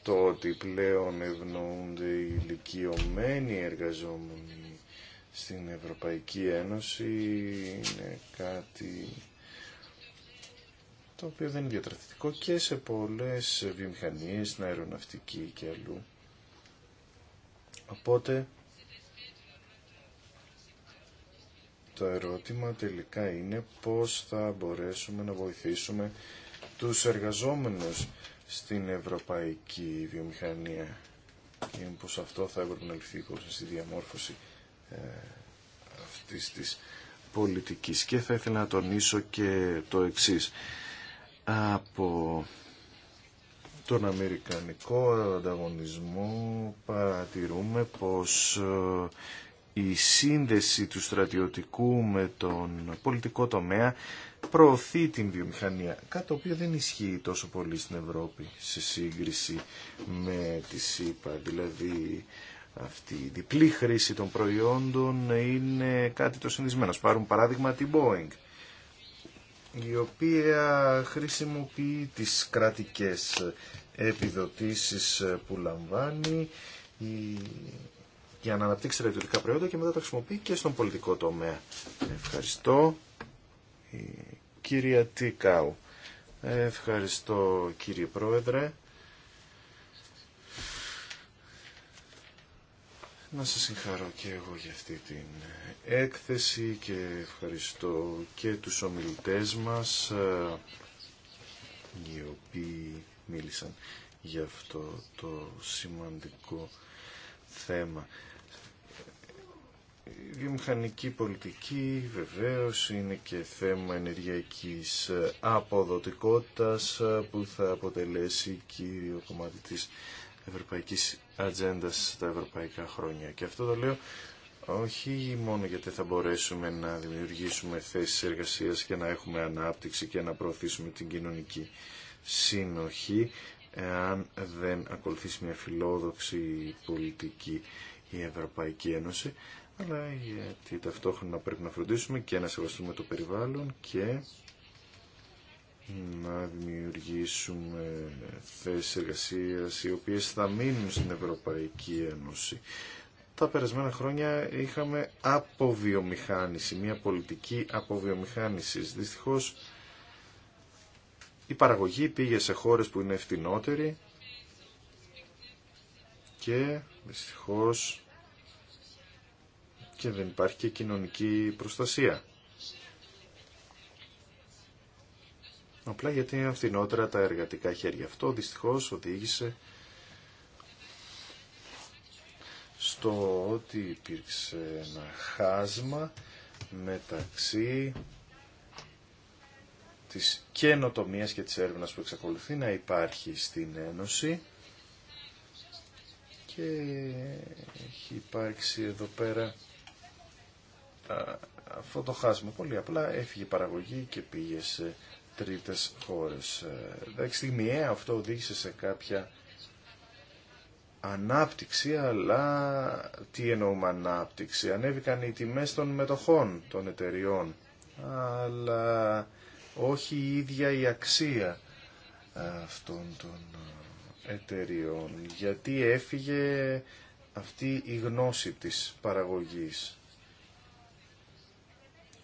το ότι πλέον ευνοούνται οι ηλικιωμένοι εργαζόμενοι στην Ευρωπαϊκή Ένωση είναι κάτι το οποίο δεν είναι διατραθητικό και σε πολλές βιομηχανίες, στην αεροναυτική και αλλού. Οπότε το ερώτημα τελικά είναι πώς θα μπορέσουμε να βοηθήσουμε τους εργαζόμενους στην ευρωπαϊκή βιομηχανία και πως αυτό θα έπρεπε να ληφθεί στη διαμόρφωση ε, αυτής της πολιτικής. Και θα ήθελα να τονίσω και το εξής. Από τον Αμερικανικό ανταγωνισμό παρατηρούμε πως ε, η σύνδεση του στρατιωτικού με τον πολιτικό τομέα προωθεί την βιομηχανία, κάτι το οποίο δεν ισχύει τόσο πολύ στην Ευρώπη σε σύγκριση με τη ΣΥΠΑ. Δηλαδή αυτή η διπλή χρήση των προϊόντων είναι κάτι το συνδυσμένο. Πάρουμε παράδειγμα την Boeing, η οποία χρησιμοποιεί τις κρατικές επιδοτήσεις που λαμβάνει για να αναπτύξει ιδιωτικά προϊόντα και μετά τα χρησιμοποιεί και στον πολιτικό τομέα. Ευχαριστώ. η Κυρία Τίκαου. Ευχαριστώ κύριε Πρόεδρε. Να σας συγχαρώ και εγώ για αυτή την έκθεση και ευχαριστώ και τους ομιλητές μας ε, οι οποίοι μίλησαν για αυτό το σημαντικό θέμα. Η βιομηχανική πολιτική βεβαίως είναι και θέμα ενεργειακής ε, αποδοτικότητας ε, που θα αποτελέσει κύριο κομμάτι της ευρωπαϊκής ατζέντα τα ευρωπαϊκά χρόνια. Και αυτό το λέω όχι μόνο γιατί θα μπορέσουμε να δημιουργήσουμε θέσεις εργασίας και να έχουμε ανάπτυξη και να προωθήσουμε την κοινωνική συνοχή, εάν δεν ακολουθήσει μια φιλόδοξη πολιτική η Ευρωπαϊκή Ένωση, αλλά γιατί ταυτόχρονα πρέπει να φροντίσουμε και να σεβαστούμε το περιβάλλον και να δημιουργήσουμε θέσεις εργασίας οι οποίες θα μείνουν στην Ευρωπαϊκή Ένωση. Τα περασμένα χρόνια είχαμε αποβιομηχάνηση, μια πολιτική αποβιομηχάνησης. Δυστυχώς η παραγωγή πήγε σε χώρες που είναι φτηνότεροι και δυστυχώς και δεν υπάρχει και κοινωνική προστασία. Απλά γιατί είναι φθηνότερα τα εργατικά χέρια. Αυτό δυστυχώς οδήγησε στο ότι υπήρξε ένα χάσμα μεταξύ της καινοτομία και της έρευνας που εξακολουθεί να υπάρχει στην Ένωση και έχει υπάρξει εδώ πέρα αυτό το χάσμα. Πολύ απλά έφυγε η παραγωγή και πήγε σε τρίτες χώρες. Ε, εντάξει, στιγμιαία ε, αυτό οδήγησε σε κάποια ανάπτυξη, αλλά τι εννοούμε ανάπτυξη. Ανέβηκαν οι τιμές των μετοχών των εταιριών, αλλά όχι η ίδια η αξία ε, αυτών των εταιριών, γιατί έφυγε αυτή η γνώση της παραγωγής.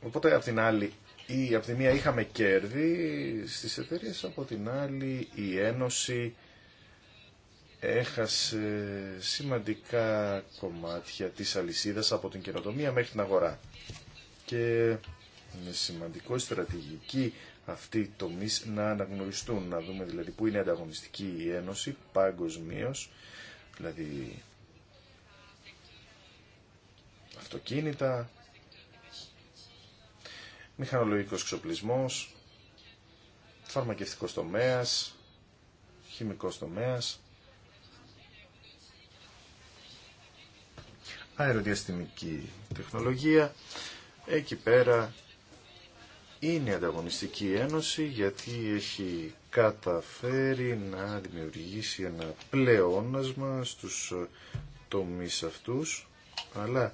Οπότε από την άλλη ή από τη μία είχαμε κέρδη στις εταιρείες, από την άλλη η Ένωση έχασε σημαντικά κομμάτια της αλυσίδας από την καινοτομία μέχρι την αγορά. Και είναι σημαντικό η στρατηγική αυτή τομεί να αναγνωριστούν, να δούμε δηλαδή πού είναι ανταγωνιστική η στρατηγικη αυτη τομή να παγκοσμίω, δηλαδή αυτοκίνητα, μηχανολογικός εξοπλισμός, φαρμακευτικός τομέας, χημικός τομέας, αεροδιαστημική τεχνολογία. Εκεί πέρα είναι η ανταγωνιστική ένωση γιατί έχει καταφέρει να δημιουργήσει ένα πλεόνασμα στους τομείς αυτούς, αλλά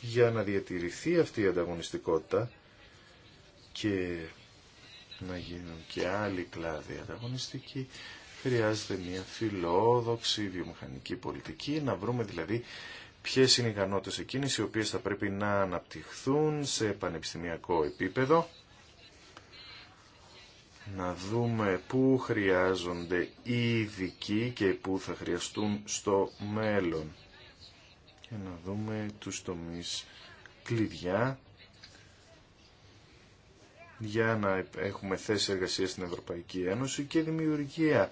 για να διατηρηθεί αυτή η ανταγωνιστικότητα και να γίνουν και άλλοι κλάδοι ανταγωνιστικοί, χρειάζεται μια φιλόδοξη βιομηχανική πολιτική, να βρούμε δηλαδή ποιες είναι οι ικανότητες εκείνες οι οποίες θα πρέπει να αναπτυχθούν σε πανεπιστημιακό επίπεδο, να δούμε πού χρειάζονται οι ειδικοί και πού θα χρειαστούν στο μέλλον και να δούμε τους τομείς κλειδιά για να έχουμε θέσει εργασία στην Ευρωπαϊκή Ένωση και δημιουργία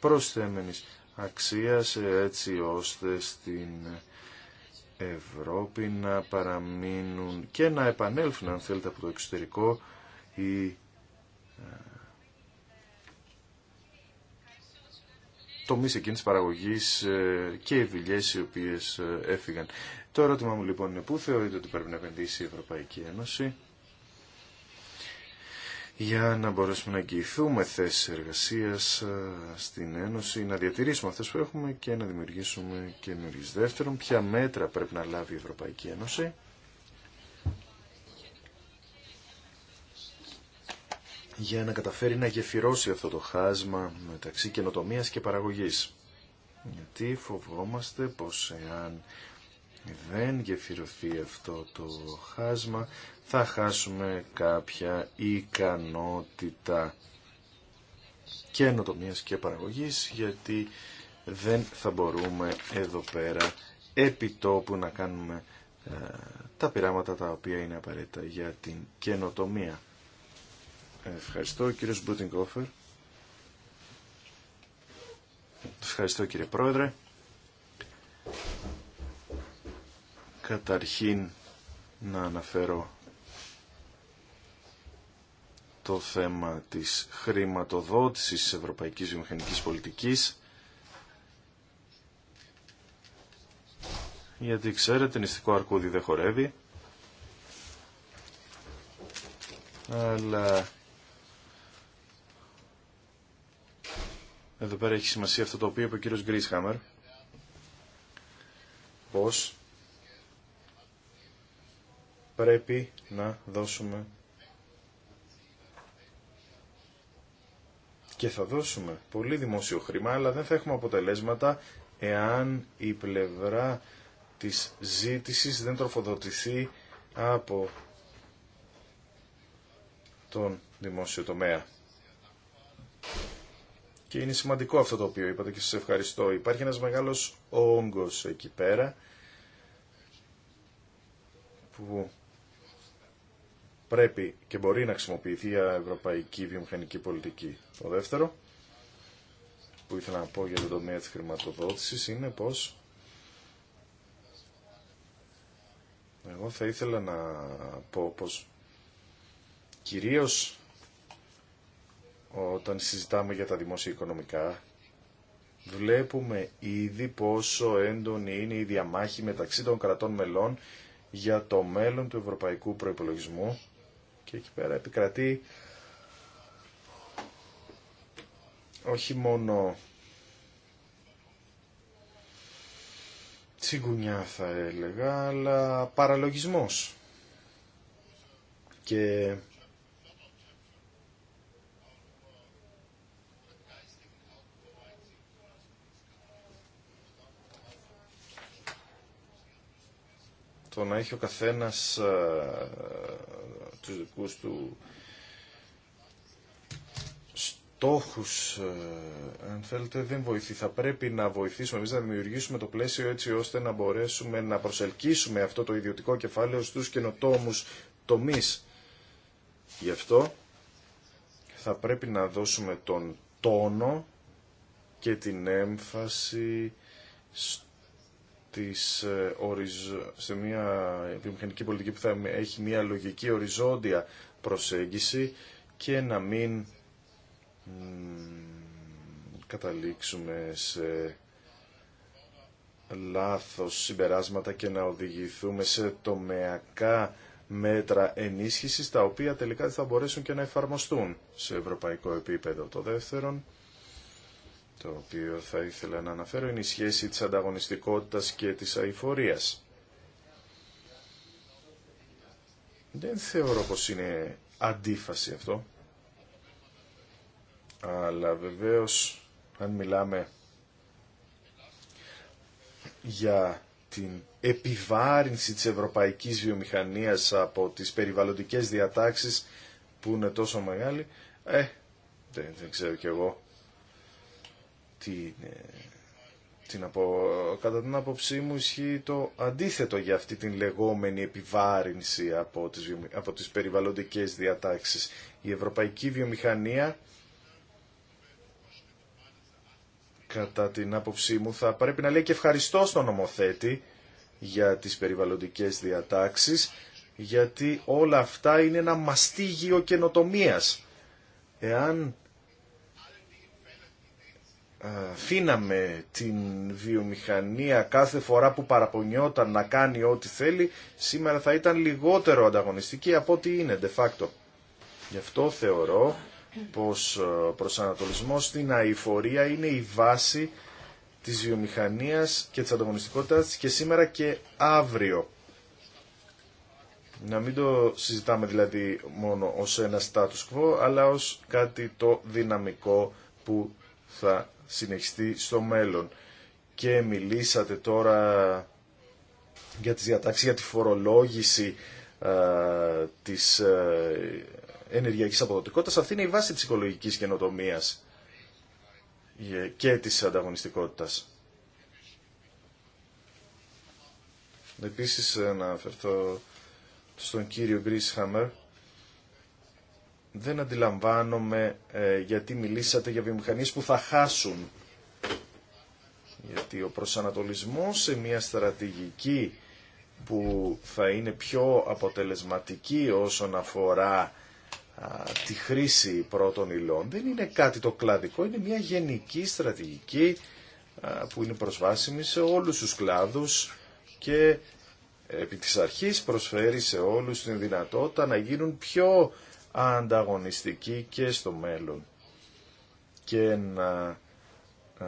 προσθέμενης αξίας έτσι ώστε στην Ευρώπη να παραμείνουν και να επανέλθουν αν θέλετε από το εξωτερικό οι ε, τομείς εκείνη της παραγωγή ε, και οι δουλειέ οι οποίε ε, έφυγαν. Το ερώτημα μου λοιπόν είναι πού θεωρείτε ότι πρέπει να επενδύσει η Ευρωπαϊκή Ένωση για να μπορέσουμε να εγγυηθούμε θέσεις εργασίας ε, στην Ένωση, να διατηρήσουμε αυτές που έχουμε και να δημιουργήσουμε καινούργιες. Δεύτερον, ποια μέτρα πρέπει να λάβει η Ευρωπαϊκή Ένωση για να καταφέρει να γεφυρώσει αυτό το χάσμα μεταξύ καινοτομίας και παραγωγής. Γιατί φοβόμαστε πως εάν δεν γεφυρωθεί αυτό το χάσμα, θα χάσουμε κάποια ικανότητα καινοτομίας και παραγωγής, γιατί δεν θα μπορούμε εδώ πέρα επί να κάνουμε ε, τα πειράματα τα οποία είναι απαραίτητα για την καινοτομία. Ευχαριστώ κύριος Σμπουτινγκόφερ. Ευχαριστώ κύριε Πρόεδρε. Καταρχήν να αναφέρω το θέμα της χρηματοδότησης της Ευρωπαϊκής Βιομηχανικής Πολιτικής γιατί ξέρετε νηστικό αρκούδι δεν χορεύει αλλά εδώ πέρα έχει σημασία αυτό το οποίο είπε ο κύριος Γκρίσχαμερ πως πρέπει να δώσουμε και θα δώσουμε πολύ δημόσιο χρήμα, αλλά δεν θα έχουμε αποτελέσματα εάν η πλευρά της ζήτησης δεν τροφοδοτηθεί από τον δημόσιο τομέα. Και είναι σημαντικό αυτό το οποίο είπατε και σας ευχαριστώ. Υπάρχει ένας μεγάλος όγκος εκεί πέρα που πρέπει και μπορεί να χρησιμοποιηθεί η ευρωπαϊκή βιομηχανική πολιτική. Το δεύτερο που ήθελα να πω για τον τομέα της χρηματοδότησης είναι πως εγώ θα ήθελα να πω πως κυρίως όταν συζητάμε για τα δημόσια οικονομικά βλέπουμε ήδη πόσο έντονη είναι η διαμάχη μεταξύ των κρατών μελών για το μέλλον του ευρωπαϊκού προϋπολογισμού και εκεί πέρα επικρατεί όχι μόνο τσιγκουνιά θα έλεγα, αλλά παραλογισμός. Και το να έχει ο καθένας ε, τους δικούς του στόχους, ε, αν θέλετε, δεν βοηθεί. Θα πρέπει να βοηθήσουμε εμείς να δημιουργήσουμε το πλαίσιο έτσι ώστε να μπορέσουμε να προσελκύσουμε αυτό το ιδιωτικό κεφάλαιο στους καινοτόμους τομείς. Γι' αυτό θα πρέπει να δώσουμε τον τόνο και την έμφαση στο της, ε, σε μια βιομηχανική πολιτική που θα έχει μια λογική οριζόντια προσέγγιση και να μην καταλήξουμε σε λάθος συμπεράσματα και να οδηγηθούμε σε τομεακά μέτρα ενίσχυσης τα οποία τελικά δεν θα μπορέσουν και να εφαρμοστούν σε ευρωπαϊκό επίπεδο. Το δεύτερον το οποίο θα ήθελα να αναφέρω είναι η σχέση της ανταγωνιστικότητας και της αηφορίας. Δεν θεωρώ πως είναι αντίφαση αυτό, αλλά βεβαίως αν μιλάμε για την επιβάρυνση της ευρωπαϊκής βιομηχανίας από τις περιβαλλοντικές διατάξεις που είναι τόσο μεγάλη, ε, δεν, δεν ξέρω κι εγώ τι κατά την άποψή μου ισχύει το αντίθετο για αυτή την λεγόμενη επιβάρυνση από τις, από τις περιβαλλοντικές διατάξεις. Η ευρωπαϊκή βιομηχανία κατά την άποψή μου θα πρέπει να λέει και ευχαριστώ στον νομοθέτη για τις περιβαλλοντικές διατάξεις γιατί όλα αυτά είναι ένα μαστίγιο καινοτομίας. Εάν αφήναμε την βιομηχανία κάθε φορά που παραπονιόταν να κάνει ό,τι θέλει, σήμερα θα ήταν λιγότερο ανταγωνιστική από ό,τι είναι de facto. Γι' αυτό θεωρώ πως ο ε, προσανατολισμός στην αηφορία είναι η βάση της βιομηχανίας και της ανταγωνιστικότητας και σήμερα και αύριο. Να μην το συζητάμε δηλαδή μόνο ως ένα status quo, αλλά ως κάτι το δυναμικό που θα συνεχιστεί στο μέλλον. Και μιλήσατε τώρα για τις διατάξεις, για τη φορολόγηση α, της α, ενεργειακής αποδοτικότητας. Αυτή είναι η βάση της οικολογικής καινοτομίας και της ανταγωνιστικότητας. Επίσης να αφαιρθώ στον κύριο Γκρίσχαμερ, δεν αντιλαμβάνομαι ε, γιατί μιλήσατε για βιομηχανίες που θα χάσουν. Γιατί ο προσανατολισμός σε μια στρατηγική που θα είναι πιο αποτελεσματική όσον αφορά τη χρήση πρώτων υλών δεν είναι κάτι το κλαδικό, είναι μια γενική στρατηγική που είναι προσβάσιμη σε όλους τους κλάδους και ε, επί της αρχής προσφέρει σε όλους την δυνατότητα να γίνουν πιο ανταγωνιστικοί και στο μέλλον και να ε,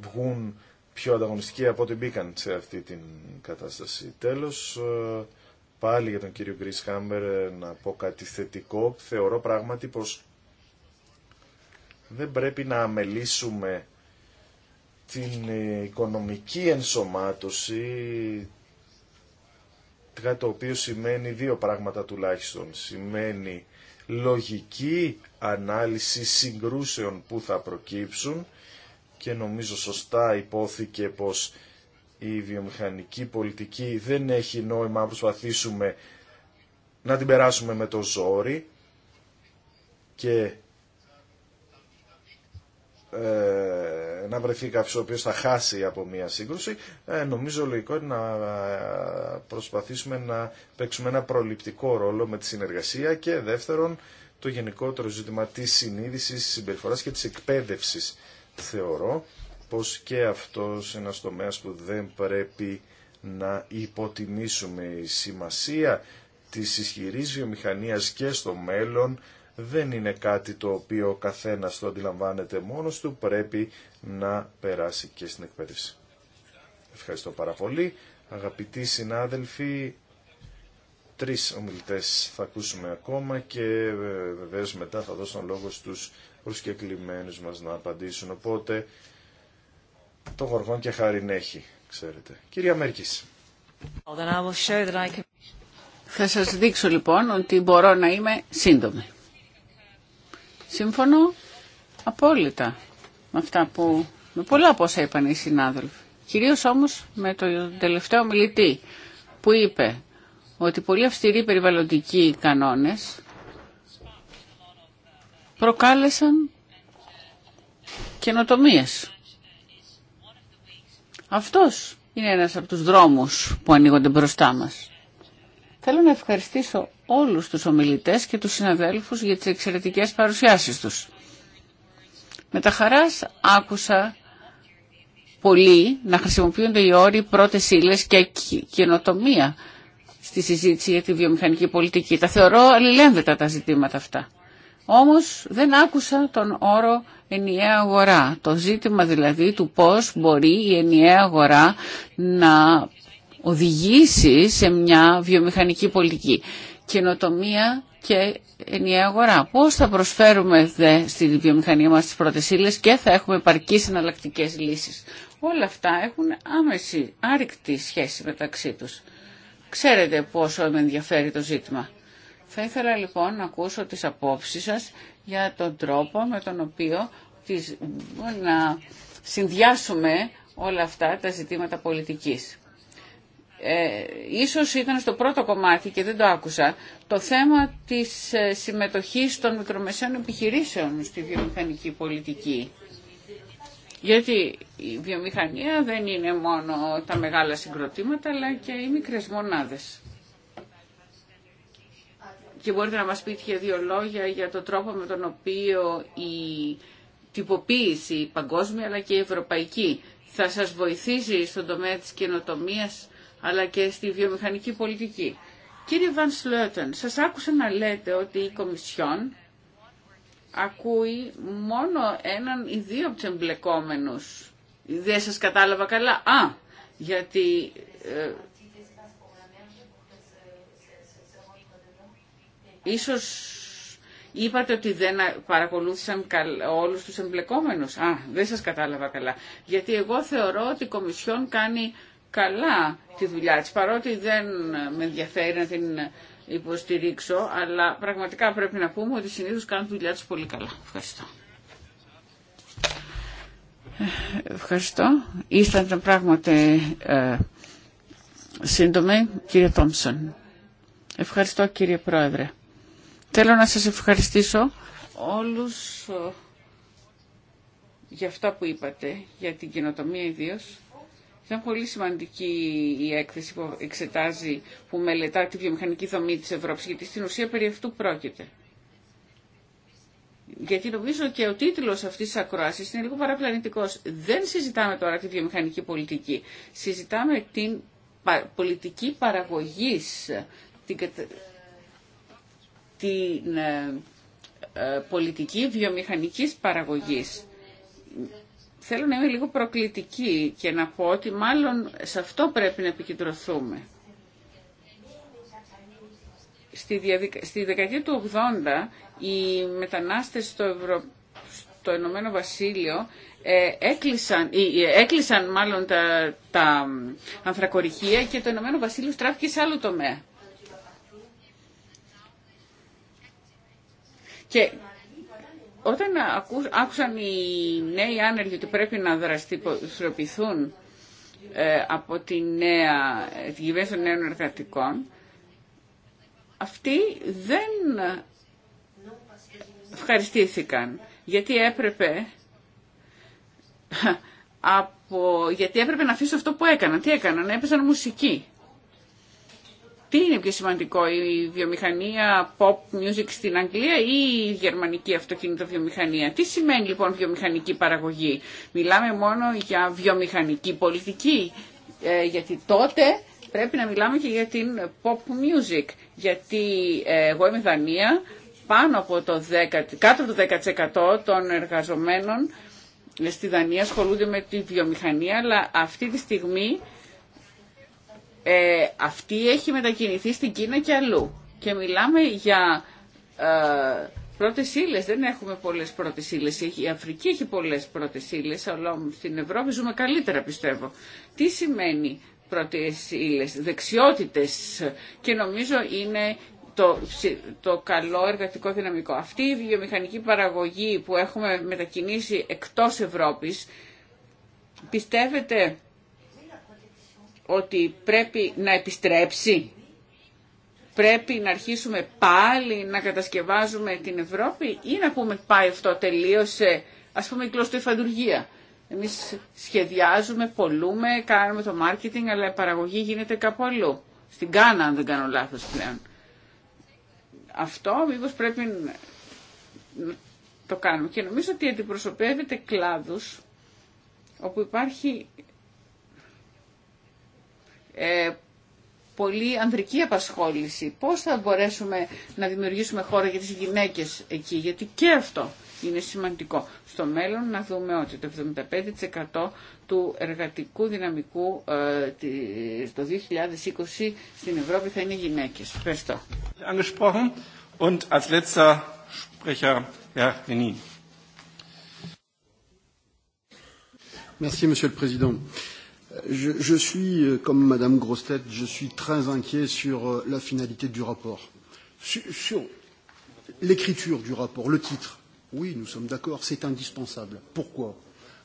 βγουν πιο ανταγωνιστικοί από ό,τι μπήκαν σε αυτή την κατάσταση. Τέλος, ε, πάλι για τον κύριο Γκρίς Χάμπερ ε, να πω κάτι θετικό. Θεωρώ πράγματι πως δεν πρέπει να αμελήσουμε την οικονομική ενσωμάτωση το οποίο σημαίνει δύο πράγματα τουλάχιστον. Σημαίνει λογική ανάλυση συγκρούσεων που θα προκύψουν και νομίζω σωστά υπόθηκε πως η βιομηχανική πολιτική δεν έχει νόημα να προσπαθήσουμε να την περάσουμε με το ζόρι και ε, να βρεθεί κάποιο ο οποίο θα χάσει από μία σύγκρουση, ε, νομίζω λογικό είναι να ε, προσπαθήσουμε να παίξουμε ένα προληπτικό ρόλο με τη συνεργασία και δεύτερον το γενικότερο ζήτημα τη συνείδηση τη συμπεριφοράς και τη εκπαίδευση. Θεωρώ πως και αυτό είναι ένας τομέας που δεν πρέπει να υποτιμήσουμε η σημασία της ισχυρής βιομηχανίας και στο μέλλον δεν είναι κάτι το οποίο ο καθένας το αντιλαμβάνεται μόνος του, πρέπει να περάσει και στην εκπαίδευση. Ευχαριστώ πάρα πολύ. Αγαπητοί συνάδελφοι, τρεις ομιλητές θα ακούσουμε ακόμα και ε, βεβαίως μετά θα δώσω τον λόγο στους προσκεκλημένους μας να απαντήσουν. Οπότε, το γοργόν και χάριν έχει, ξέρετε. Κυρία Μέρκης. Θα σας δείξω λοιπόν ότι μπορώ να είμαι σύντομη. Σύμφωνο απόλυτα με αυτά που, με πολλά από όσα είπαν οι συνάδελφοι. Κυρίως όμως με τον τελευταίο μιλητή που είπε ότι πολύ αυστηροί περιβαλλοντικοί κανόνες προκάλεσαν καινοτομίες. Αυτός είναι ένας από τους δρόμους που ανοίγονται μπροστά μας. Θέλω να ευχαριστήσω όλους τους ομιλητές και τους συναδέλφους για τις εξαιρετικές παρουσιάσεις τους. Με τα χαράς άκουσα πολύ να χρησιμοποιούνται οι όροι πρώτες ύλε και καινοτομία στη συζήτηση για τη βιομηχανική πολιτική. Τα θεωρώ αλληλένδετα τα ζητήματα αυτά. Όμως δεν άκουσα τον όρο ενιαία αγορά. Το ζήτημα δηλαδή του πώς μπορεί η ενιαία αγορά να οδηγήσει σε μια βιομηχανική πολιτική. Καινοτομία και ενιαία αγορά. Πώς θα προσφέρουμε δε στη βιομηχανία μας τις πρώτε και θα έχουμε επαρκείς εναλλακτικέ λύσεις. Όλα αυτά έχουν άμεση, άρρηκτη σχέση μεταξύ τους. Ξέρετε πόσο με ενδιαφέρει το ζήτημα. Θα ήθελα λοιπόν να ακούσω τις απόψεις σας για τον τρόπο με τον οποίο τις, να συνδυάσουμε όλα αυτά τα ζητήματα πολιτικής ε, ίσως ήταν στο πρώτο κομμάτι και δεν το άκουσα, το θέμα της ε, συμμετοχής των μικρομεσαίων επιχειρήσεων στη βιομηχανική πολιτική. Γιατί η βιομηχανία δεν είναι μόνο τα μεγάλα συγκροτήματα, αλλά και οι μικρές μονάδες. Και μπορείτε να μας πείτε και δύο λόγια για τον τρόπο με τον οποίο η τυποποίηση η παγκόσμια αλλά και η ευρωπαϊκή θα σας βοηθήσει στον τομέα της καινοτομίας αλλά και στη βιομηχανική πολιτική. Κύριε Βαν Σλότεν, σας άκουσα να λέτε ότι η Κομισιόν ακούει μόνο έναν ή δύο από τους εμπλεκόμενους. Δεν σας κατάλαβα καλά. Α, γιατί... Ε, ίσως Είπατε ότι δεν παρακολούθησαν όλους τους εμπλεκόμενους. Α, δεν σας κατάλαβα καλά. Γιατί εγώ θεωρώ ότι η Κομισιόν κάνει καλά τη δουλειά της, παρότι δεν με ενδιαφέρει να την υποστηρίξω, αλλά πραγματικά πρέπει να πούμε ότι συνήθως κάνουν τη δουλειά τους πολύ καλά. Ευχαριστώ. Ευχαριστώ. Ήσταν πράγματι ε, σύντομη, κύριε Τόμψον. Ευχαριστώ κύριε Πρόεδρε. Θέλω να σας ευχαριστήσω όλους ε, για αυτά που είπατε, για την κοινοτομία ιδίως ήταν πολύ σημαντική η έκθεση που εξετάζει, που μελετά τη βιομηχανική δομή της Ευρώπης, γιατί στην ουσία περί αυτού πρόκειται. Γιατί νομίζω και ο τίτλος αυτής της ακροάσης είναι λίγο παραπλανητικός. Δεν συζητάμε τώρα τη βιομηχανική πολιτική. Συζητάμε την πολιτική παραγωγής, την, την ε, ε, πολιτική βιομηχανικής παραγωγής Θέλω να είμαι λίγο προκλητική και να πω ότι μάλλον σε αυτό πρέπει να επικεντρωθούμε. Στη, δεκαετία του 80 οι μετανάστες στο, Ευρω... στο Ενωμένο Βασίλειο ε, έκλεισαν, ε, ε μάλλον τα, τα ανθρακοριχεία και το Ηνωμένο Βασίλειο στράφηκε σε άλλο τομέα. Και όταν άκουσαν οι νέοι άνεργοι ότι πρέπει να δραστηριοποιηθούν ε, από τη νέα, κυβέρνηση των νέων εργατικών, αυτοί δεν ευχαριστήθηκαν γιατί έπρεπε από, γιατί έπρεπε να αφήσω αυτό που έκαναν. Τι έκαναν, έπαιζαν μουσική τι είναι πιο σημαντικό, η βιομηχανία pop music στην Αγγλία ή η γερμανική αυτοκινητοβιομηχανία. Τι σημαίνει λοιπόν βιομηχανική παραγωγή. Μιλάμε μόνο για βιομηχανική πολιτική, ε, γιατί τότε πρέπει να μιλάμε και για την pop music. Γιατί ε, εγώ είμαι Δανία, πάνω από το 10, κάτω από το 10% των εργαζομένων ε, στη Δανία ασχολούνται με τη βιομηχανία, αλλά αυτή τη στιγμή ε, αυτή έχει μετακινηθεί στην Κίνα και αλλού. Και μιλάμε για ε, πρώτε ύλε. Δεν έχουμε πολλέ πρώτε ύλε. Η Αφρική έχει πολλέ πρώτε ύλε, αλλά στην Ευρώπη ζούμε καλύτερα, πιστεύω. Τι σημαίνει πρώτε ύλε, δεξιότητε. Και νομίζω είναι το, το καλό εργατικό δυναμικό. Αυτή η βιομηχανική παραγωγή που έχουμε μετακινήσει εκτός Ευρώπης, πιστεύετε ότι πρέπει να επιστρέψει. Πρέπει να αρχίσουμε πάλι να κατασκευάζουμε την Ευρώπη ή να πούμε πάει αυτό τελείωσε, ας πούμε η κλωστοϊφαντουργία. Εμείς σχεδιάζουμε, πολλούμε, κάνουμε το μάρκετινγκ, αλλά η παραγωγή γίνεται κάπου αλλού. Στην Κάνα, αν δεν κάνω λάθος πλέον. Αυτό μήπως πρέπει να το κάνουμε. Και νομίζω ότι αντιπροσωπεύεται κλάδους όπου υπάρχει ε, πολύ ανδρική απασχόληση. Πώς θα μπορέσουμε να δημιουργήσουμε χώρο για τις γυναίκες εκεί, γιατί και αυτό είναι σημαντικό. Στο μέλλον να δούμε ότι το 75% του εργατικού δυναμικού ε, το 2020 στην Ευρώπη θα είναι γυναίκες. Ευχαριστώ. Merci, Monsieur le Président. Je suis, comme Madame Grostet, je suis très inquiet sur la finalité du rapport. Sur l'écriture du rapport, le titre, oui, nous sommes d'accord, c'est indispensable. Pourquoi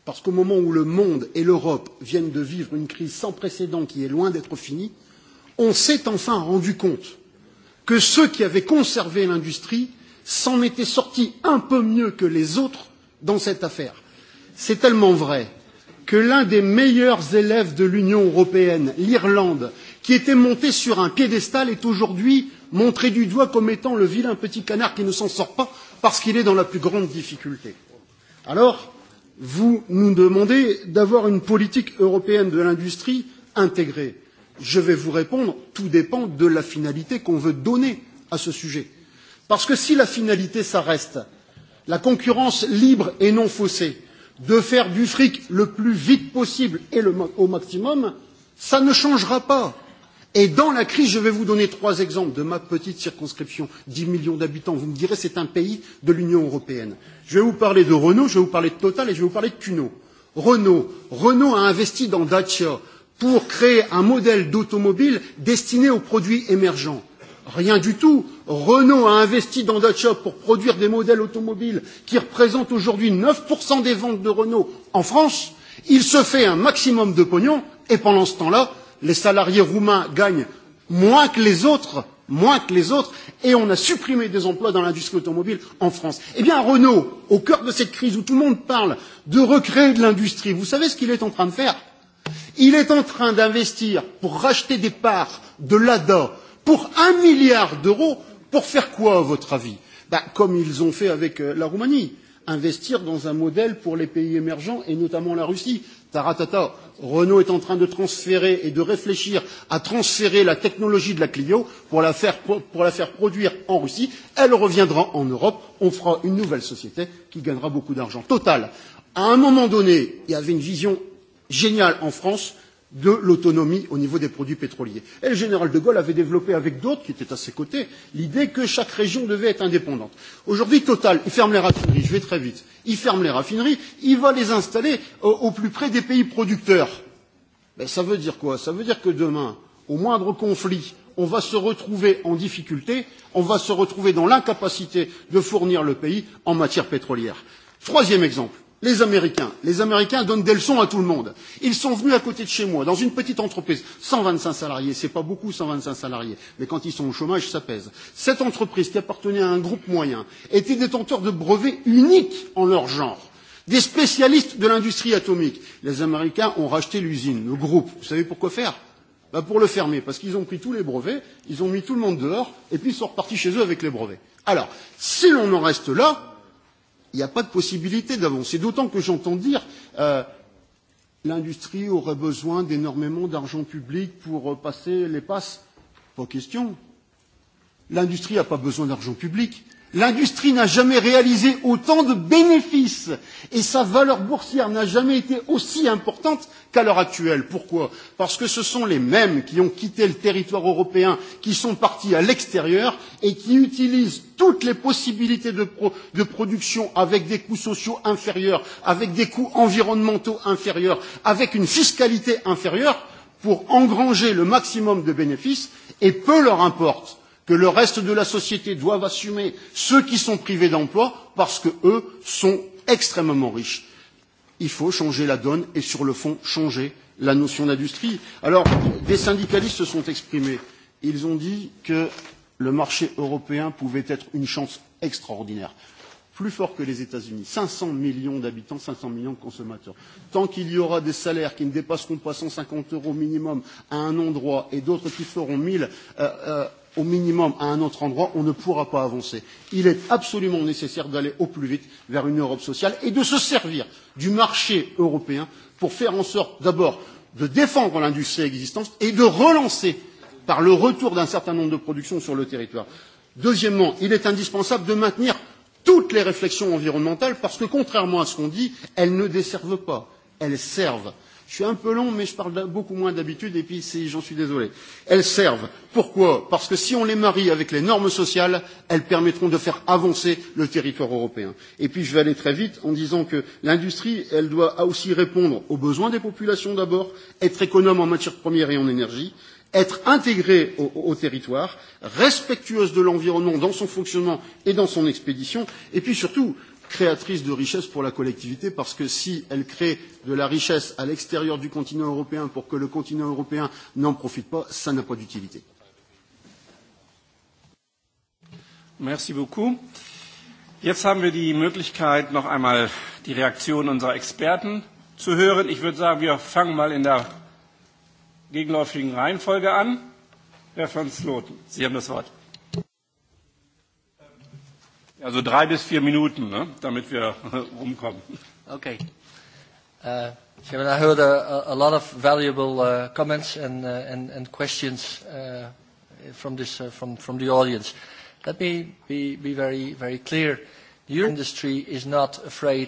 Parce qu'au moment où le monde et l'Europe viennent de vivre une crise sans précédent qui est loin d'être finie, on s'est enfin rendu compte que ceux qui avaient conservé l'industrie s'en étaient sortis un peu mieux que les autres dans cette affaire. C'est tellement vrai que l'un des meilleurs élèves de l'Union européenne, l'Irlande, qui était monté sur un piédestal, est aujourd'hui montré du doigt comme étant le vilain petit canard qui ne s'en sort pas parce qu'il est dans la plus grande difficulté. Alors, vous nous demandez d'avoir une politique européenne de l'industrie intégrée. Je vais vous répondre, tout dépend de la finalité qu'on veut donner à ce sujet. Parce que si la finalité, ça reste la concurrence libre et non faussée, de faire du fric le plus vite possible et le, au maximum, ça ne changera pas. Et dans la crise, je vais vous donner trois exemples de ma petite circonscription, 10 millions d'habitants. Vous me direz, c'est un pays de l'Union européenne. Je vais vous parler de Renault, je vais vous parler de Total et je vais vous parler de Cuno. Renault. Renault a investi dans Dacia pour créer un modèle d'automobile destiné aux produits émergents Rien du tout. Renault a investi dans Dutch Shop pour produire des modèles automobiles qui représentent aujourd'hui 9% des ventes de Renault en France. Il se fait un maximum de pognon et pendant ce temps-là, les salariés roumains gagnent moins que les autres, moins que les autres, et on a supprimé des emplois dans l'industrie automobile en France. Eh bien, Renault, au cœur de cette crise où tout le monde parle de recréer de l'industrie, vous savez ce qu'il est en train de faire Il est en train d'investir pour racheter des parts de l'ADA, pour un milliard d'euros, pour faire quoi, à votre avis Comme ils ont fait avec la Roumanie, investir dans un modèle pour les pays émergents et notamment la Russie. Taratata, Renault est en train de transférer et de réfléchir à transférer la technologie de la Clio pour la faire produire en Russie. Elle reviendra en Europe, on fera une nouvelle société qui gagnera beaucoup d'argent. Total. À un moment donné, il y avait une vision géniale en France de l'autonomie au niveau des produits pétroliers. Et le général de Gaulle avait développé avec d'autres qui étaient à ses côtés l'idée que chaque région devait être indépendante. Aujourd'hui, Total, il ferme les raffineries, je vais très vite, il ferme les raffineries, il va les installer au plus près des pays producteurs. Ça veut dire quoi Ça veut dire que demain, au moindre conflit, on va se retrouver en difficulté, on va se retrouver dans l'incapacité de fournir le pays en matière pétrolière. Troisième exemple les Américains. Les Américains donnent des leçons à tout le monde. Ils sont venus à côté de chez moi, dans une petite entreprise, 125 salariés, c'est pas beaucoup 125 salariés, mais quand ils sont au chômage, ça pèse. Cette entreprise qui appartenait à un groupe moyen était détenteur de brevets uniques en leur genre. Des spécialistes de l'industrie atomique. Les Américains ont racheté l'usine, le groupe. Vous savez pourquoi faire Pour le fermer, parce qu'ils ont pris tous les brevets, ils ont mis tout le monde dehors, et puis ils sont repartis chez eux avec les brevets. Alors, si l'on en reste là, il n'y a pas de possibilité d'avancer. D'autant que j'entends dire l'industrie aurait besoin d'énormément d'argent public pour passer les passes. Pas question. L'industrie n'a pas besoin d'argent public. L'industrie n'a jamais réalisé autant de bénéfices et sa valeur boursière n'a jamais été aussi importante qu'à l'heure actuelle. Pourquoi Parce que ce sont les mêmes qui ont quitté le territoire européen, qui sont partis à l'extérieur et qui utilisent toutes les possibilités de production avec des coûts sociaux inférieurs, avec des coûts environnementaux inférieurs, avec une fiscalité inférieure pour engranger le maximum de bénéfices et peu leur importe que le reste de la société doivent assumer ceux qui sont privés d'emploi parce que eux sont extrêmement riches. Il faut changer la donne et sur le fond changer la notion d'industrie. Alors, des syndicalistes se sont exprimés. Ils ont dit que le marché européen pouvait être une chance extraordinaire. Plus fort que les États-Unis. 500 millions d'habitants, 500 millions de consommateurs. Tant qu'il y aura des salaires qui ne dépasseront pas 150 euros minimum à un endroit et d'autres qui feront 1000 au minimum à un autre endroit, on ne pourra pas avancer. Il est absolument nécessaire d'aller au plus vite vers une Europe sociale et de se servir du marché européen pour faire en sorte d'abord de défendre l'industrie existante et de relancer par le retour d'un certain nombre de productions sur le territoire. Deuxièmement, il est indispensable de maintenir toutes les réflexions environnementales parce que, contrairement à ce qu'on dit, elles ne desservent pas, elles servent Je suis un peu long, mais je parle beaucoup moins d'habitude, et puis j'en suis désolé. Elles servent. Pourquoi Parce que si on les marie avec les normes sociales, elles permettront de faire avancer le territoire européen. Et puis je vais aller très vite en disant que l'industrie, elle doit aussi répondre aux besoins des populations d'abord, être économe en matières premières et en énergie, être intégrée au territoire, respectueuse de l'environnement dans son fonctionnement et dans son expédition, et puis surtout créatrice de richesse pour la collectivité, parce que si elle crée de la richesse à l'extérieur du continent européen pour que le continent européen n'en profite pas, ça n'a pas d'utilité. Merci beaucoup. Jetzt haben wir die Möglichkeit, noch einmal die Reaktion unserer Experten zu hören. Ich würde sagen, wir fangen mal in der gegenläufigen Reihenfolge an. Herr von Sloten, Sie haben das Wort. Also drei bis vier Minuten, ne? damit wir rumkommen. Okay. Uh, Chairman, I heard a, a lot of valuable uh, comments and, uh, and, and questions uh, from, this, uh, from, from the audience. Let me be, be very, very clear. Uh,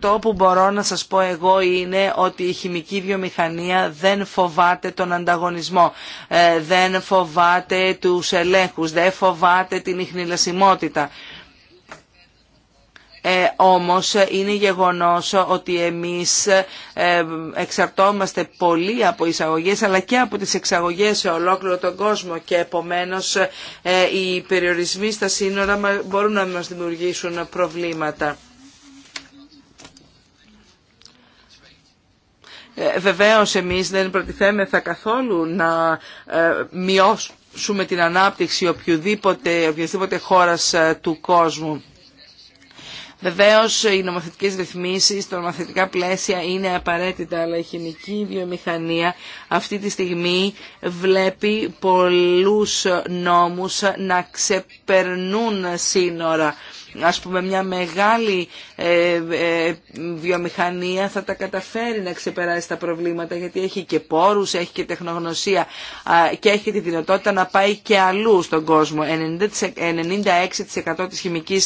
Το που μπορώ να σας πω εγώ είναι ότι η χημική βιομηχανία δεν φοβάται τον ανταγωνισμό, ε, δεν φοβάται τους ελέγχους, δεν φοβάται την ιχνηλασιμότητα. Ε, όμως είναι γεγονός ότι εμείς ε, εξαρτώμαστε πολύ από εισαγωγές αλλά και από τις εξαγωγές σε ολόκληρο τον κόσμο και επομένως ε, οι περιορισμοί στα σύνορα μπορούν να μας δημιουργήσουν προβλήματα. Βεβαίως εμείς δεν προτιθέμεθα καθόλου να μειώσουμε την ανάπτυξη οποιοδήποτε, οποιοδήποτε χώρας του κόσμου. Βεβαίω, οι νομοθετικέ ρυθμίσει, τα νομοθετικά πλαίσια είναι απαραίτητα, αλλά η χημική βιομηχανία αυτή τη στιγμή βλέπει πολλού νόμου να ξεπερνούν σύνορα Α πούμε μια μεγάλη ε, ε, βιομηχανία θα τα καταφέρει να ξεπεράσει τα προβλήματα γιατί έχει και πόρου, έχει και τεχνογνωσία και έχει τη δυνατότητα να πάει και αλλού στον κόσμο. 96% τη χημική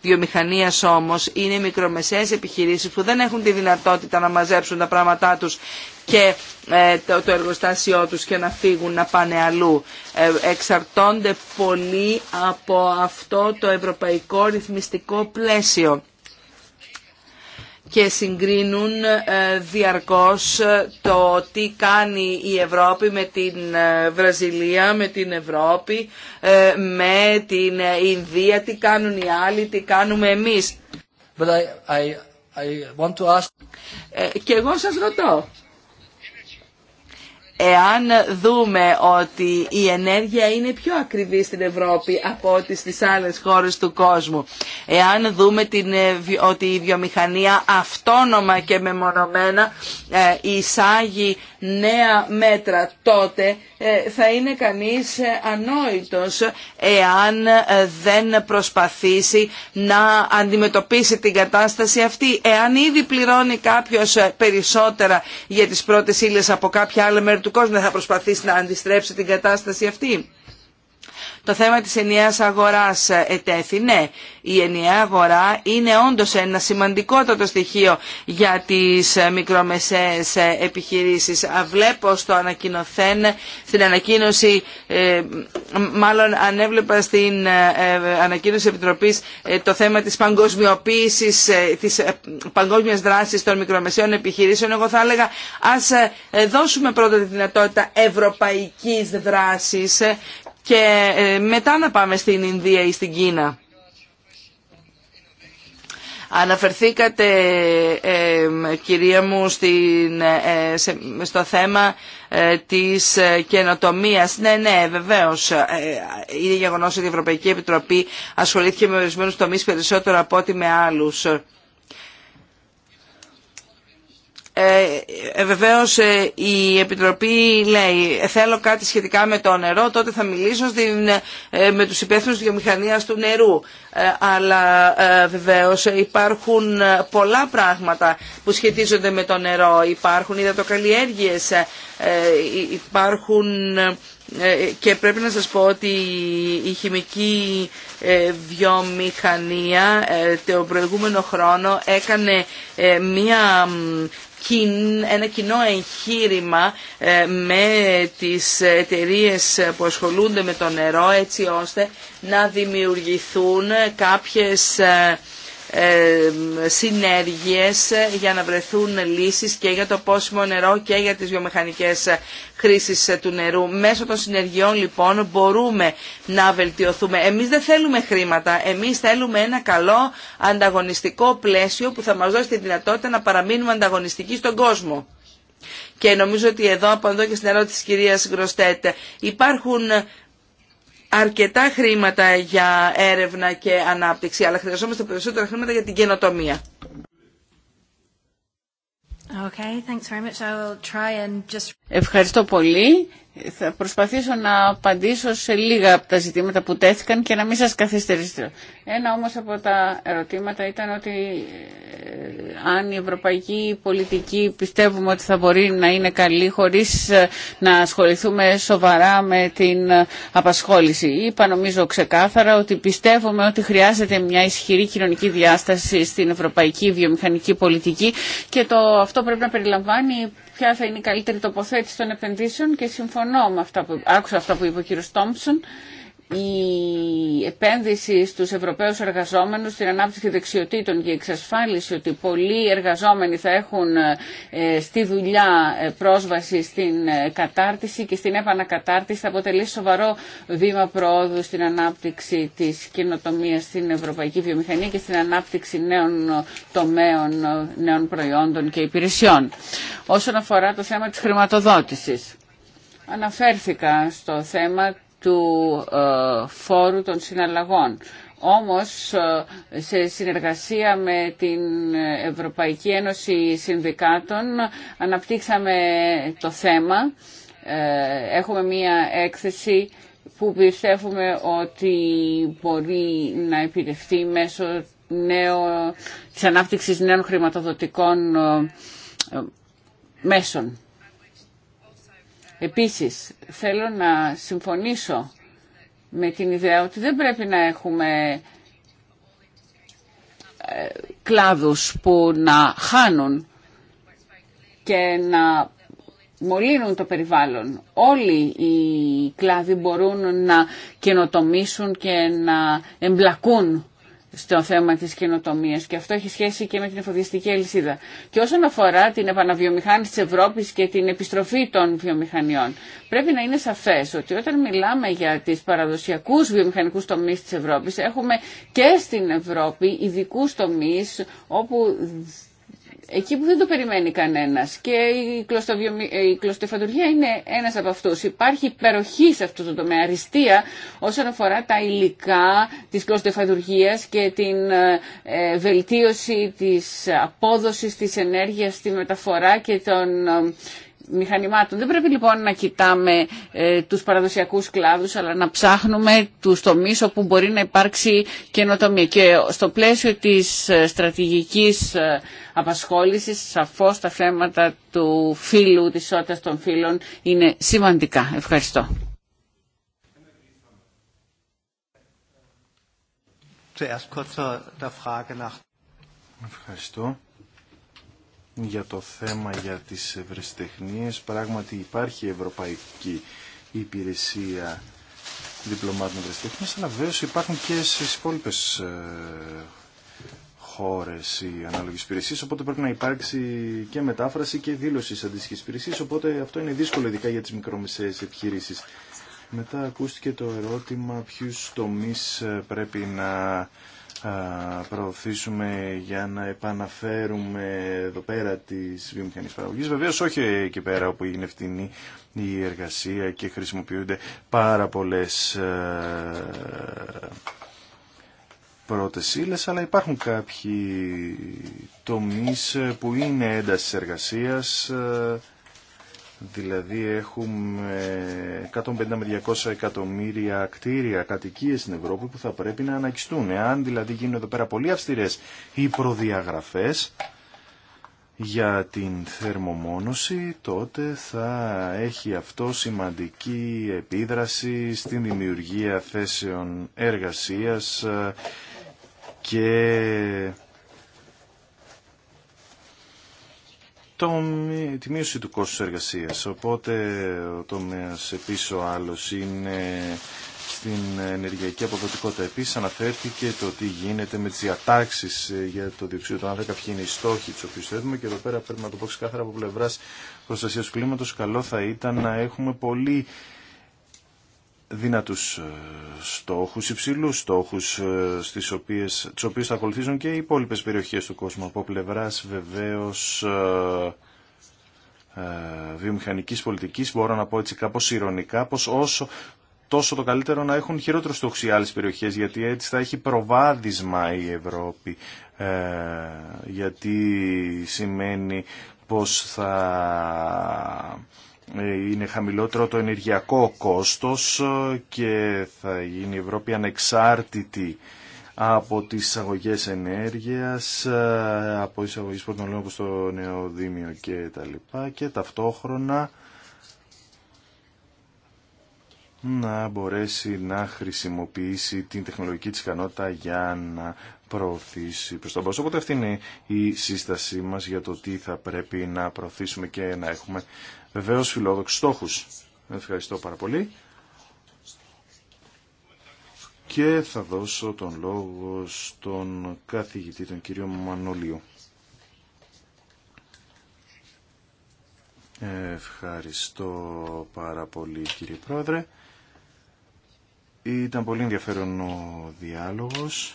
βιομηχανία όμως είναι οι μικρομεσαίες επιχειρήσεις που δεν έχουν τη δυνατότητα να μαζέψουν τα πράγματά τους και ε, το εργοστάσιό τους και να φύγουν να πάνε αλλού. Ε, εξαρτώνται πολύ από αυτό το ευρωπαϊκό ρυθμιστικό πλαίσιο και συγκρίνουν ε, διαρκώς ε, το τι κάνει η Ευρώπη με την ε, Βραζιλία, με την Ευρώπη, με την Ινδία, τι κάνουν οι άλλοι, τι κάνουμε εμείς. I, I, I want to ask... Και εγώ σας ρωτώ. Εάν δούμε ότι η ενέργεια είναι πιο ακριβή στην Ευρώπη από ό,τι στις άλλες χώρες του κόσμου, εάν δούμε ε, ότι η βιομηχανία αυτόνομα και μεμονωμένα ε, εισάγει νέα μέτρα, τότε ε, θα είναι κανείς ανόητος εάν δεν προσπαθήσει να αντιμετωπίσει την κατάσταση αυτή. Εάν ήδη πληρώνει κάποιος περισσότερα για τις πρώτες ύλες από κάποια άλλα μέρη του του δεν θα προσπαθήσει να αντιστρέψει την κατάσταση αυτή. Το θέμα της ενιαίας αγοράς ε, ετέθη. Ναι, η ενιαία αγορά είναι όντως ένα σημαντικότατο στοιχείο για τις ε, μικρομεσαίες ε, επιχειρήσεις. Βλέπω στο ανακοινοθέν στην ανακοίνωση, μάλλον ανέβλεπα στην ανακοίνωση Επιτροπής το θέμα της παγκοσμιοποίησης, της παγκόσμιας δράσης των μικρομεσαίων επιχειρήσεων. Εγώ θα έλεγα ας δώσουμε πρώτα τη δυνατότητα ευρωπαϊκής δράσης και ε, μετά να πάμε στην Ινδία ή στην Κίνα. Αναφερθήκατε, ε, κυρία μου, στην, ε, στο θέμα της καινοτομίας. Ναι, ναι, βεβαίως. Είναι γεγονό ότι η Ευρωπαϊκή Επιτροπή ασχολήθηκε με ορισμένους τομείς περισσότερο από ό,τι με άλλους. Ε, ε, βεβαίως ε, η Επιτροπή λέει θέλω κάτι σχετικά με το νερό, τότε θα μιλήσω στην, ε, με τους υπεύθυνους βιομηχανίας του νερού. αλλά βεβαίως υπάρχουν πολλά πράγματα που σχετίζονται με το νερό. Υπάρχουν υδατοκαλλιέργειες, υπάρχουν και πρέπει να σας πω ότι η χημική βιομηχανία το προηγούμενο χρόνο έκανε μία ένα κοινό εγχείρημα ε, με τις εταιρείε που ασχολούνται με το νερό έτσι ώστε να δημιουργηθούν κάποιες ε, ε, συνέργειες για να βρεθούν λύσεις και για το πόσιμο νερό και για τις βιομηχανικές χρήσεις του νερού. Μέσω των συνεργειών λοιπόν μπορούμε να βελτιωθούμε. Εμείς δεν θέλουμε χρήματα, εμείς θέλουμε ένα καλό ανταγωνιστικό πλαίσιο που θα μας δώσει τη δυνατότητα να παραμείνουμε ανταγωνιστικοί στον κόσμο. Και νομίζω ότι εδώ, από εδώ και στην ερώτηση της κυρίας Γκροστέτ, υπάρχουν αρκετά χρήματα για έρευνα και ανάπτυξη, αλλά χρειαζόμαστε περισσότερα χρήματα για την καινοτομία. Ευχαριστώ πολύ. Θα προσπαθήσω να απαντήσω σε λίγα από τα ζητήματα που τέθηκαν και να μην σας καθυστερήσω. Ένα όμως από τα ερωτήματα ήταν ότι ε, αν η ευρωπαϊκή πολιτική πιστεύουμε ότι θα μπορεί να είναι καλή χωρίς ε, να ασχοληθούμε σοβαρά με την ε, απασχόληση. Είπα νομίζω ξεκάθαρα ότι πιστεύουμε ότι χρειάζεται μια ισχυρή κοινωνική διάσταση στην ευρωπαϊκή βιομηχανική πολιτική και το, αυτό πρέπει να περιλαμβάνει ποια θα είναι η καλύτερη τοποθέτηση των επενδύσεων και συμφωνώ με αυτά που άκουσα αυτά που είπε ο κύριος Τόμψον η επένδυση στους Ευρωπαίους εργαζόμενους στην ανάπτυξη δεξιοτήτων και η εξασφάλιση ότι πολλοί εργαζόμενοι θα έχουν ε, στη δουλειά ε, πρόσβαση στην ε, κατάρτιση και στην επανακατάρτιση θα αποτελεί σοβαρό βήμα προόδου στην ανάπτυξη της κοινοτομία στην ευρωπαϊκή βιομηχανία και στην ανάπτυξη νέων τομέων, νέων προϊόντων και υπηρεσιών. Όσον αφορά το θέμα της χρηματοδότησης. Αναφέρθηκα στο θέμα του ε, φόρου των συναλλαγών. Όμως ε, σε συνεργασία με την Ευρωπαϊκή Ένωση Συνδικάτων αναπτύξαμε το θέμα. Ε, έχουμε μία έκθεση που πιστεύουμε ότι μπορεί να επιτευχθεί μέσω νέο, της ανάπτυξης νέων χρηματοδοτικών μέσων. Επίσης, θέλω να συμφωνήσω με την ιδέα ότι δεν πρέπει να έχουμε ε, κλάδους που να χάνουν και να μολύνουν το περιβάλλον. Όλοι οι κλάδοι μπορούν να καινοτομήσουν και να εμπλακούν στο θέμα της καινοτομία και αυτό έχει σχέση και με την εφοδιαστική αλυσίδα. Και όσον αφορά την επαναβιομηχάνηση της Ευρώπης και την επιστροφή των βιομηχανιών, πρέπει να είναι σαφές ότι όταν μιλάμε για τις παραδοσιακούς βιομηχανικούς τομείς της Ευρώπης, έχουμε και στην Ευρώπη ειδικού τομείς όπου εκεί που δεν το περιμένει κανένας και η, η είναι ένας από αυτούς. Υπάρχει υπεροχή σε αυτό το τομέα, αριστεία όσον αφορά τα υλικά της κλωστοφαντουργίας και την ε, βελτίωση της απόδοσης της ενέργειας στη μεταφορά και, τον, μηχανημάτων. Δεν πρέπει λοιπόν να κοιτάμε ε, τους παραδοσιακούς κλάδους, αλλά να ψάχνουμε τους τομείς όπου μπορεί να υπάρξει καινοτομία. Και στο πλαίσιο της ε, στρατηγικής ε, απασχόλησης, σαφώς τα θέματα του φύλου, της ισότητας των φύλων είναι σημαντικά. Ευχαριστώ. Ευχαριστώ για το θέμα για τις ευρεσιτεχνίες. Πράγματι υπάρχει Ευρωπαϊκή Υπηρεσία Διπλωμάτων Ευρεσιτεχνίας, αλλά βέβαια υπάρχουν και στις υπόλοιπε ε, χώρες οι ανάλογες υπηρεσίες, οπότε πρέπει να υπάρξει και μετάφραση και δήλωση στις αντίστοιχες υπηρεσίες, οπότε αυτό είναι δύσκολο ειδικά για τις μικρομεσαίες επιχειρήσεις. Μετά ακούστηκε το ερώτημα ποιους τομείς ε, πρέπει να προωθήσουμε για να επαναφέρουμε εδώ πέρα τις βιομηχανίες παραγωγής. Βεβαίως όχι εκεί πέρα όπου είναι φτηνή η εργασία και χρησιμοποιούνται πάρα πολλές πρώτες αλλά υπάρχουν κάποιοι τομείς που είναι ένταση εργασίας Δηλαδή έχουμε 150 με 200 εκατομμύρια κτίρια, κατοικίες στην Ευρώπη που θα πρέπει να ανακιστούν. Εάν δηλαδή γίνουν εδώ πέρα πολύ αυστηρέ οι προδιαγραφές για την θερμομόνωση, τότε θα έχει αυτό σημαντική επίδραση στην δημιουργία θέσεων εργασίας και το, τη μείωση του κόστου εργασίας. Οπότε ο τομέα επίσης ο άλλος είναι στην ενεργειακή αποδοτικότητα. Επίσης αναφέρθηκε το τι γίνεται με τι διατάξει ε, για το διοξείδιο του άνθρακα, ποιοι είναι οι στόχοι του οποίου θέλουμε και εδώ πέρα πρέπει να το πω ξεκάθαρα από πλευράς προστασία του κλίματο Καλό θα ήταν να έχουμε πολύ δυνατούς ε, στόχους, υψηλούς στόχους, ε, στις οποίες, τις οποίες θα ακολουθήσουν και οι υπόλοιπε περιοχές του κόσμου. Από πλευράς βεβαίως ε, βιομηχανικής πολιτικής μπορώ να πω έτσι κάπως ηρωνικά πως όσο τόσο το καλύτερο να έχουν χειρότερο στόχους οι άλλες περιοχές γιατί έτσι θα έχει προβάδισμα η Ευρώπη γιατί σημαίνει πως θα ε, είναι χαμηλότερο το ενεργειακό κόστος και θα γίνει η Ευρώπη ανεξάρτητη από τις εισαγωγέ ενέργειας, ε, από εισαγωγές πρωτονολών όπως το Νεοδήμιο και τα λοιπά και ταυτόχρονα να μπορέσει να χρησιμοποιήσει την τεχνολογική της ικανότητα για να προωθήσει προς τον Οπότε αυτή είναι η σύστασή μας για το τι θα πρέπει να προωθήσουμε και να έχουμε βεβαίως φιλόδοξους στόχους. Ευχαριστώ πάρα πολύ. Και θα δώσω τον λόγο στον καθηγητή, τον κύριο Μανολίου. Ευχαριστώ πάρα πολύ κύριε Πρόεδρε. Ήταν πολύ ενδιαφέρον ο διάλογος.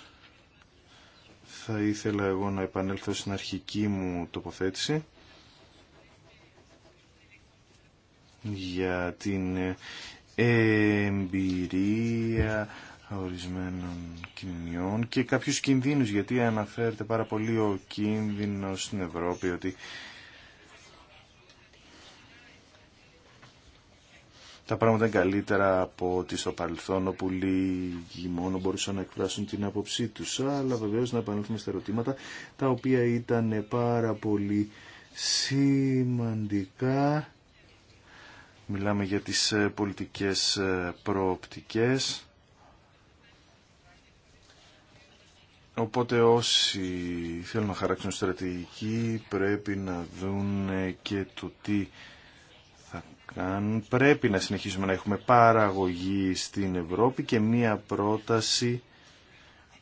Θα ήθελα εγώ να επανέλθω στην αρχική μου τοποθέτηση για την ε, εμπειρία ορισμένων κοινωνιών και κάποιους κινδύνους γιατί αναφέρεται πάρα πολύ ο κίνδυνος στην Ευρώπη ότι τα πράγματα είναι καλύτερα από ότι στο παρελθόν όπου λίγοι μόνο μπορούσαν να εκφράσουν την άποψή τους αλλά βεβαίως να επανέλθουμε στα ερωτήματα τα οποία ήταν πάρα πολύ σημαντικά Μιλάμε για τις ε, πολιτικές ε, προοπτικές. Οπότε όσοι θέλουν να χαράξουν στρατηγική πρέπει να δουν ε, και το τι θα κάνουν. Πρέπει να συνεχίσουμε να έχουμε παραγωγή στην Ευρώπη και μία πρόταση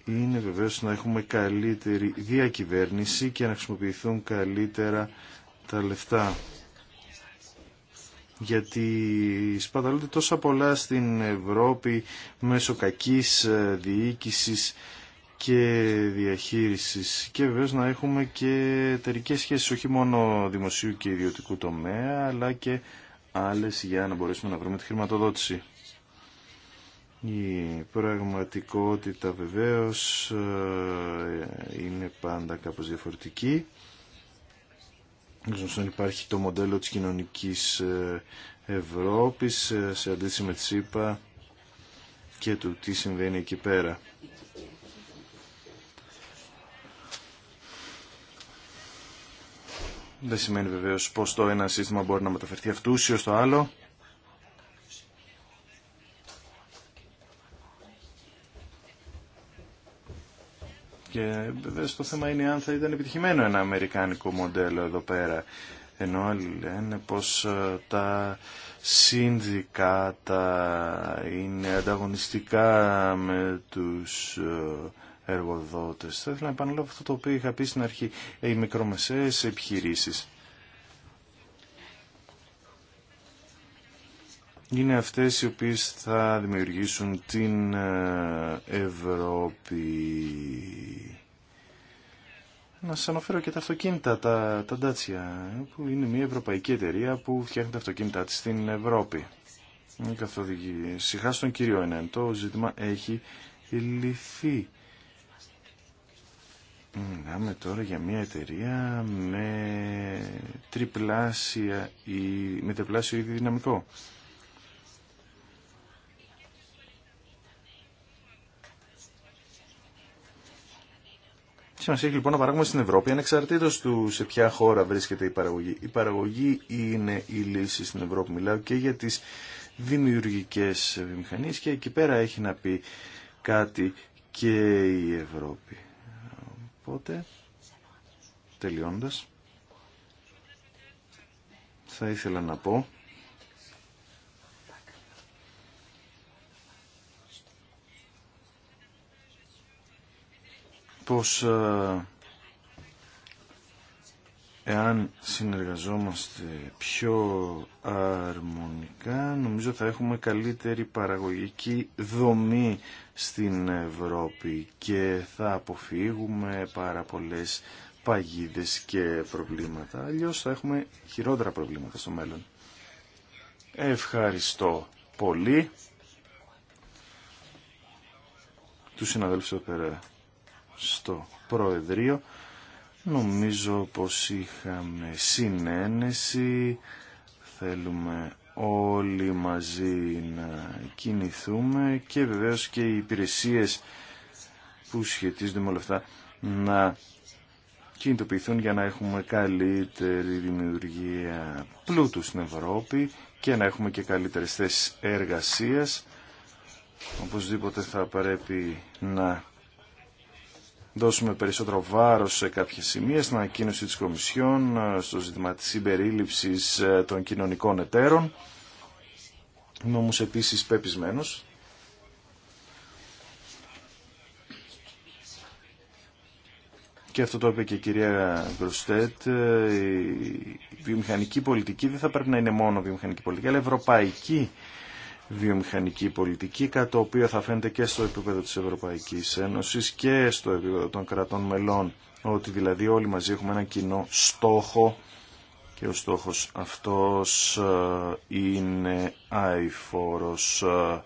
είναι βεβαίως να έχουμε καλύτερη διακυβέρνηση και να χρησιμοποιηθούν καλύτερα τα λεφτά γιατί σπαταλούνται τόσα πολλά στην Ευρώπη μέσω κακής ε, διοίκησης και διαχείρισης και βεβαίως να έχουμε και εταιρικέ σχέσεις όχι μόνο δημοσίου και ιδιωτικού τομέα αλλά και άλλες για να μπορέσουμε να βρούμε τη χρηματοδότηση. Η πραγματικότητα βεβαίως ε, είναι πάντα κάπως διαφορετική Ίσως υπάρχει το μοντέλο της κοινωνικής ε, Ευρώπης ε, σε αντίθεση με τη ΣΥΠΑ και του τι συμβαίνει εκεί πέρα. Δεν σημαίνει βεβαίως πως το ένα σύστημα μπορεί να μεταφερθεί αυτούσιο στο άλλο. Και βέβαια το θέμα είναι αν θα ήταν επιτυχημένο ένα αμερικάνικο μοντέλο εδώ πέρα. Ενώ άλλοι λένε πως ε, τα συνδικάτα είναι ανταγωνιστικά με τους ε, εργοδότες. Θα ήθελα να επαναλάβω αυτό το οποίο είχα πει στην αρχή. Οι μικρομεσαίες επιχειρήσεις είναι αυτές οι οποίες θα δημιουργήσουν την ε, Ευρώπη. Να σας αναφέρω και τα αυτοκίνητα, τα, τα Dacia, που είναι μια ευρωπαϊκή εταιρεία που φτιάχνει τα αυτοκίνητά της στην Ευρώπη. Είναι Συχά στον κύριο Ενέν, το ζήτημα έχει λυθεί. Μιλάμε τώρα για μια εταιρεία με τριπλάσια ή με τριπλάσιο ήδη δυναμικό. Σημασία έχει λοιπόν να παράγουμε στην Ευρώπη ανεξαρτήτως του σε ποια χώρα βρίσκεται η παραγωγή. Η παραγωγή είναι η λύση στην Ευρώπη. Μιλάω και για τις δημιουργικέ βιομηχανίε και εκεί πέρα έχει να πει κάτι και η Ευρώπη. Οπότε, τελειώντα. θα ήθελα να πω πως ε, εάν συνεργαζόμαστε πιο αρμονικά νομίζω θα έχουμε καλύτερη παραγωγική δομή στην Ευρώπη και θα αποφύγουμε πάρα πολλές παγίδες και προβλήματα. Αλλιώς θα έχουμε χειρότερα προβλήματα στο μέλλον. Ευχαριστώ πολύ. Του συναδέλφου εδώ πέρα στο Προεδρείο. Νομίζω πως είχαμε συνένεση, θέλουμε όλοι μαζί να κινηθούμε και βεβαίως και οι υπηρεσίες που σχετίζονται με όλα αυτά να κινητοποιηθούν για να έχουμε καλύτερη δημιουργία πλούτου στην Ευρώπη και να έχουμε και καλύτερες θέσεις εργασίας. Οπωσδήποτε θα πρέπει να δώσουμε περισσότερο βάρος σε κάποια σημεία στην ανακοίνωση της Κομισιόν ε, στο ζήτημα της συμπερίληψης ε, των κοινωνικών εταίρων. Είμαι επίσης πεπισμένος και αυτό το είπε και η κυρία Γκροστέτ, ε, η βιομηχανική πολιτική δεν θα πρέπει να είναι μόνο βιομηχανική πολιτική, αλλά ευρωπαϊκή βιομηχανική πολιτική, κατά το οποίο θα φαίνεται και στο επίπεδο της Ευρωπαϊκής Ένωσης και στο επίπεδο των κρατών μελών, ότι δηλαδή όλοι μαζί έχουμε ένα κοινό στόχο και ο στόχος αυτός ε, είναι αηφόρος ε,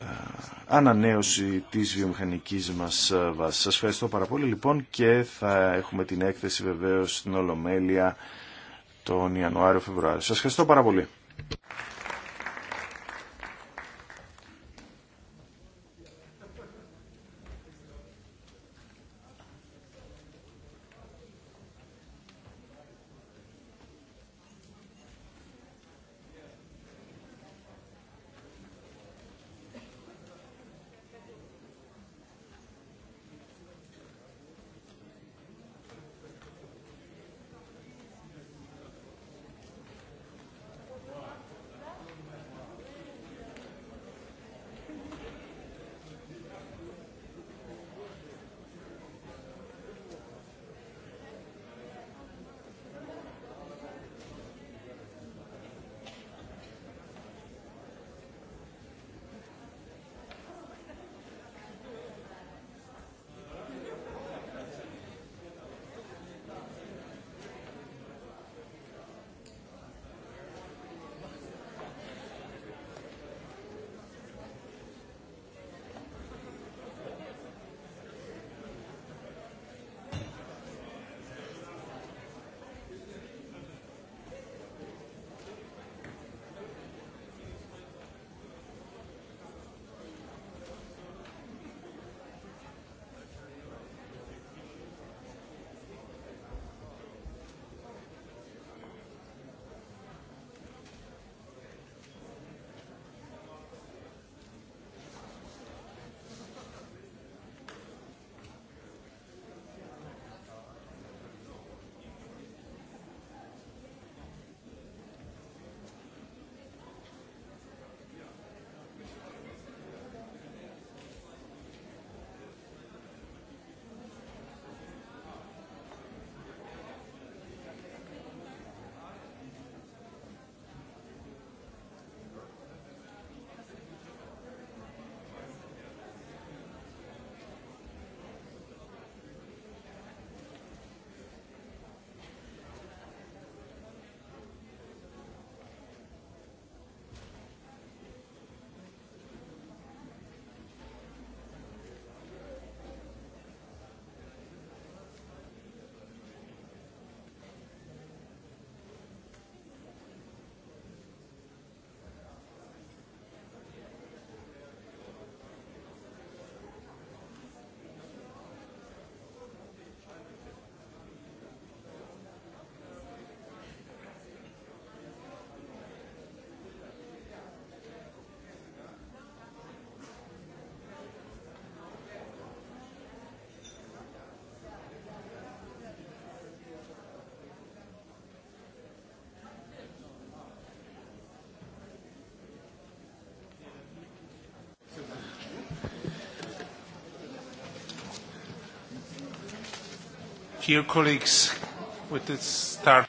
ε, ανανέωση της βιομηχανικής μας βάσης. Σας ευχαριστώ πάρα πολύ λοιπόν και θα έχουμε την έκθεση βεβαίως στην Ολομέλεια τον Ιανουάριο-Φεβρουάριο. Σας ευχαριστώ πάρα πολύ.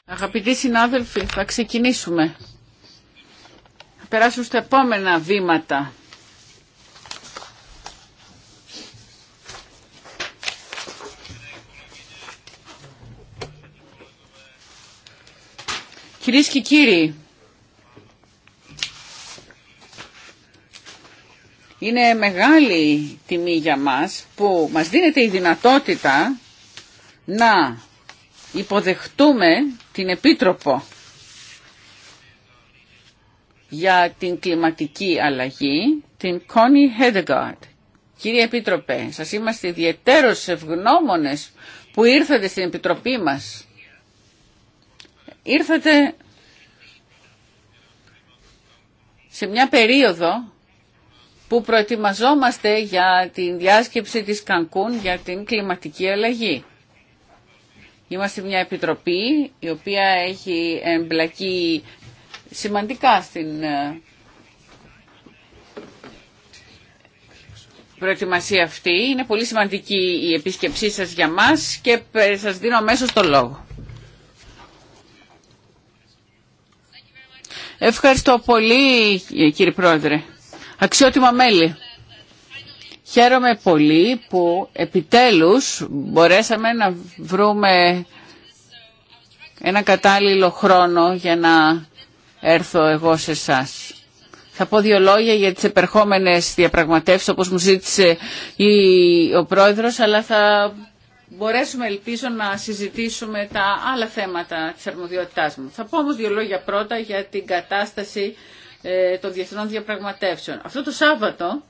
Αγαπητοί συνάδελφοι, θα ξεκινήσουμε. Θα περάσουμε στα επόμενα βήματα. Κυρίε και κύριοι, είναι μεγάλη τιμή για μας που μας δίνεται η δυνατότητα να υποδεχτούμε την Επίτροπο για την κλιματική αλλαγή, την Κόνι Χέντεγκάρτ. Κύριε Επίτροπε, σας είμαστε ιδιαίτερως ευγνώμονες που ήρθατε στην Επιτροπή μας. Ήρθατε σε μια περίοδο που προετοιμαζόμαστε για την διάσκεψη της Κανκούν για την κλιματική αλλαγή. Είμαστε μια επιτροπή η οποία έχει εμπλακεί σημαντικά στην ε, προετοιμασία αυτή. Είναι πολύ σημαντική η επίσκεψή σας για μας και σας δίνω αμέσω το λόγο. Ευχαριστώ πολύ κύριε Πρόεδρε. Αξιότιμα μέλη. Χαίρομαι πολύ που επιτέλους μπορέσαμε να βρούμε ένα κατάλληλο χρόνο για να έρθω εγώ σε εσά. Θα πω δύο λόγια για τις επερχόμενες διαπραγματεύσεις όπως μου ζήτησε η, ο πρόεδρος, αλλά θα μπορέσουμε ελπίζω να συζητήσουμε τα άλλα θέματα της αρμοδιότητάς μου. Θα πω όμως δύο λόγια πρώτα για την κατάσταση ε, των διεθνών διαπραγματεύσεων. Αυτό το Σάββατο